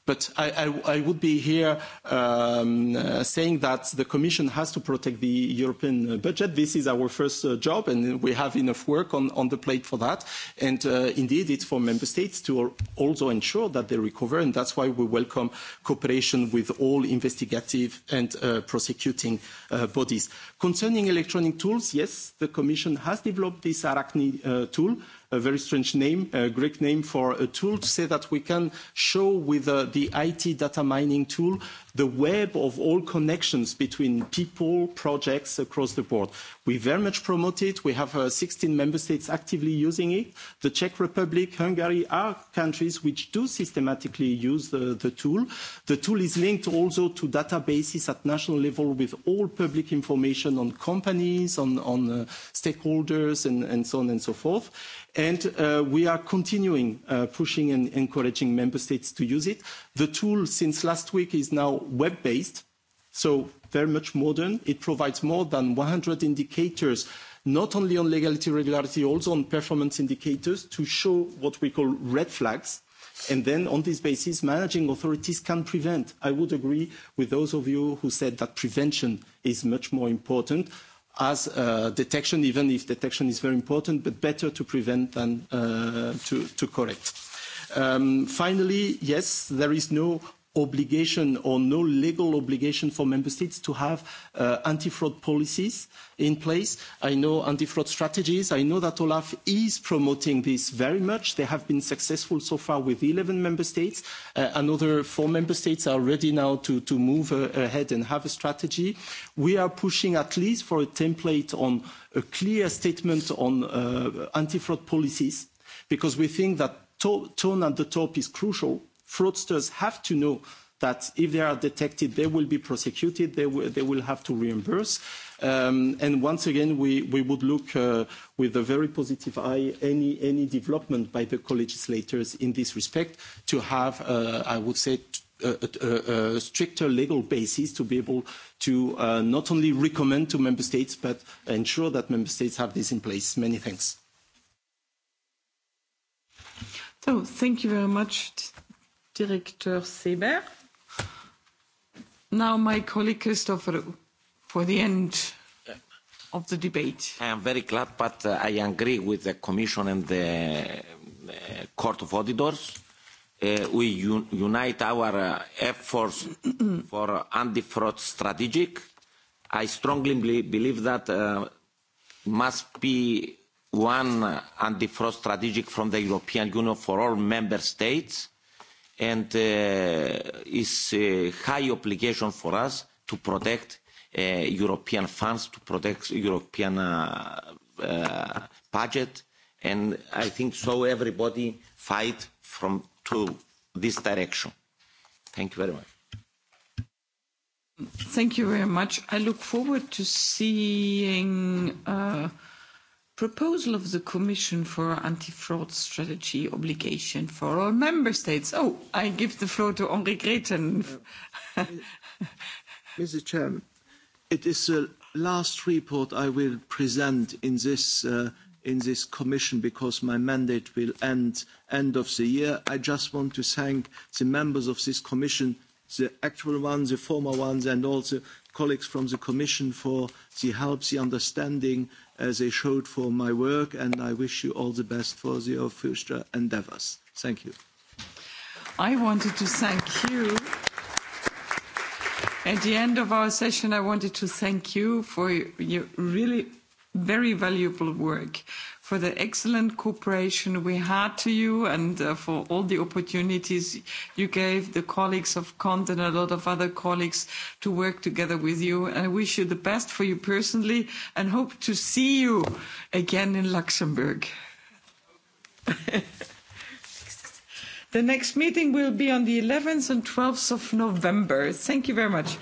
But I, I, I would be here um, uh, saying that the Commission has to protect the European uh, budget. This is our first uh, job, and we have enough work on, on the plate for that. And uh, indeed, it's for member states to also ensure that they recover, and that's why we welcome cooperation with all investigative and uh, prosecuting uh, bodies. Concerning electronic tools, yes, the Commission has developed this Arachne uh, tool a very strange name, a Greek name for a tool to say that we can show with uh, the IT data mining tool the web of all connections between people, projects across the board. We very much promote it. We have uh, 16 member states actively using it. The Czech Republic, Hungary are countries which do systematically use the, the tool. The tool is linked also to databases at national level with all public information on companies, on, on uh, stakeholders, and, and so on and so forth. And uh, we are continuing uh, pushing and encouraging member states to use it. The tool since last week is now now web-based, so very much modern. It provides more than 100 indicators, not only on legality, regularity, also on performance indicators to show what we call red flags. And then on this basis, managing authorities can prevent. I would agree with those of you who said that prevention is much more important as uh, detection, even if detection is very important, but better to prevent than uh, to, correct. Um, finally, yes, there is no obligation or no legal obligation for member states to have uh, anti-fraud policies in place. I know anti-fraud strategies. I know that Olaf is promoting this very much. They have been successful so far with 11 member states. Uh, another four member states are ready now to, to move uh, ahead and have a strategy. We are pushing at least for a template on a clear statement on uh, anti-fraud policies because we think that to tone at the top is crucial fraudsters have to know that if they are detected, they will be prosecuted, they, will, they will have to reimburse. Um, and once again, we, we would look uh, with a very positive eye any, any development by the co-legislators in this respect to have, uh, I would say, a, a, a stricter legal basis to be able to uh, not only recommend to member states, but ensure that member states have this in place. Many thanks. So, thank you very much Directeur Seber. Now my colleague Christopher for the end of the debate. I am very glad, but uh, I agree with the Commission and the uh, Court of Auditors. Uh, we un unite our uh, efforts for anti-fraud strategic. I strongly be believe that uh, must be one anti-fraud strategic from the European Union for all member states and uh, is a high obligation for us to protect uh, European funds, to protect European uh, uh, budget, and I think so everybody fight from to this direction. Thank you very much. Thank you very much. I look forward to seeing. Uh, proposal of the Commission for anti-fraud strategy obligation for all member states. Oh, I give the floor to Henri Greten. Uh, Mr. Chairman, it is the last report I will present in this, uh, in this Commission because my mandate will end end of the year. I just want to thank the members of this Commission, the actual ones, the former ones, and also colleagues from the Commission for the help, the understanding, as I showed for my work, and I wish you all the best for your future endeavours. Thank you. I wanted to thank you. At the end of our session, I wanted to thank you for your really very valuable work for the excellent cooperation we had to you and uh, for all the opportunities you gave the colleagues of Cont and a lot of other colleagues to work together with you. And I wish you the best for you personally and hope to see you again in Luxembourg. the next meeting will be on the 11th and 12th of November. Thank you very much.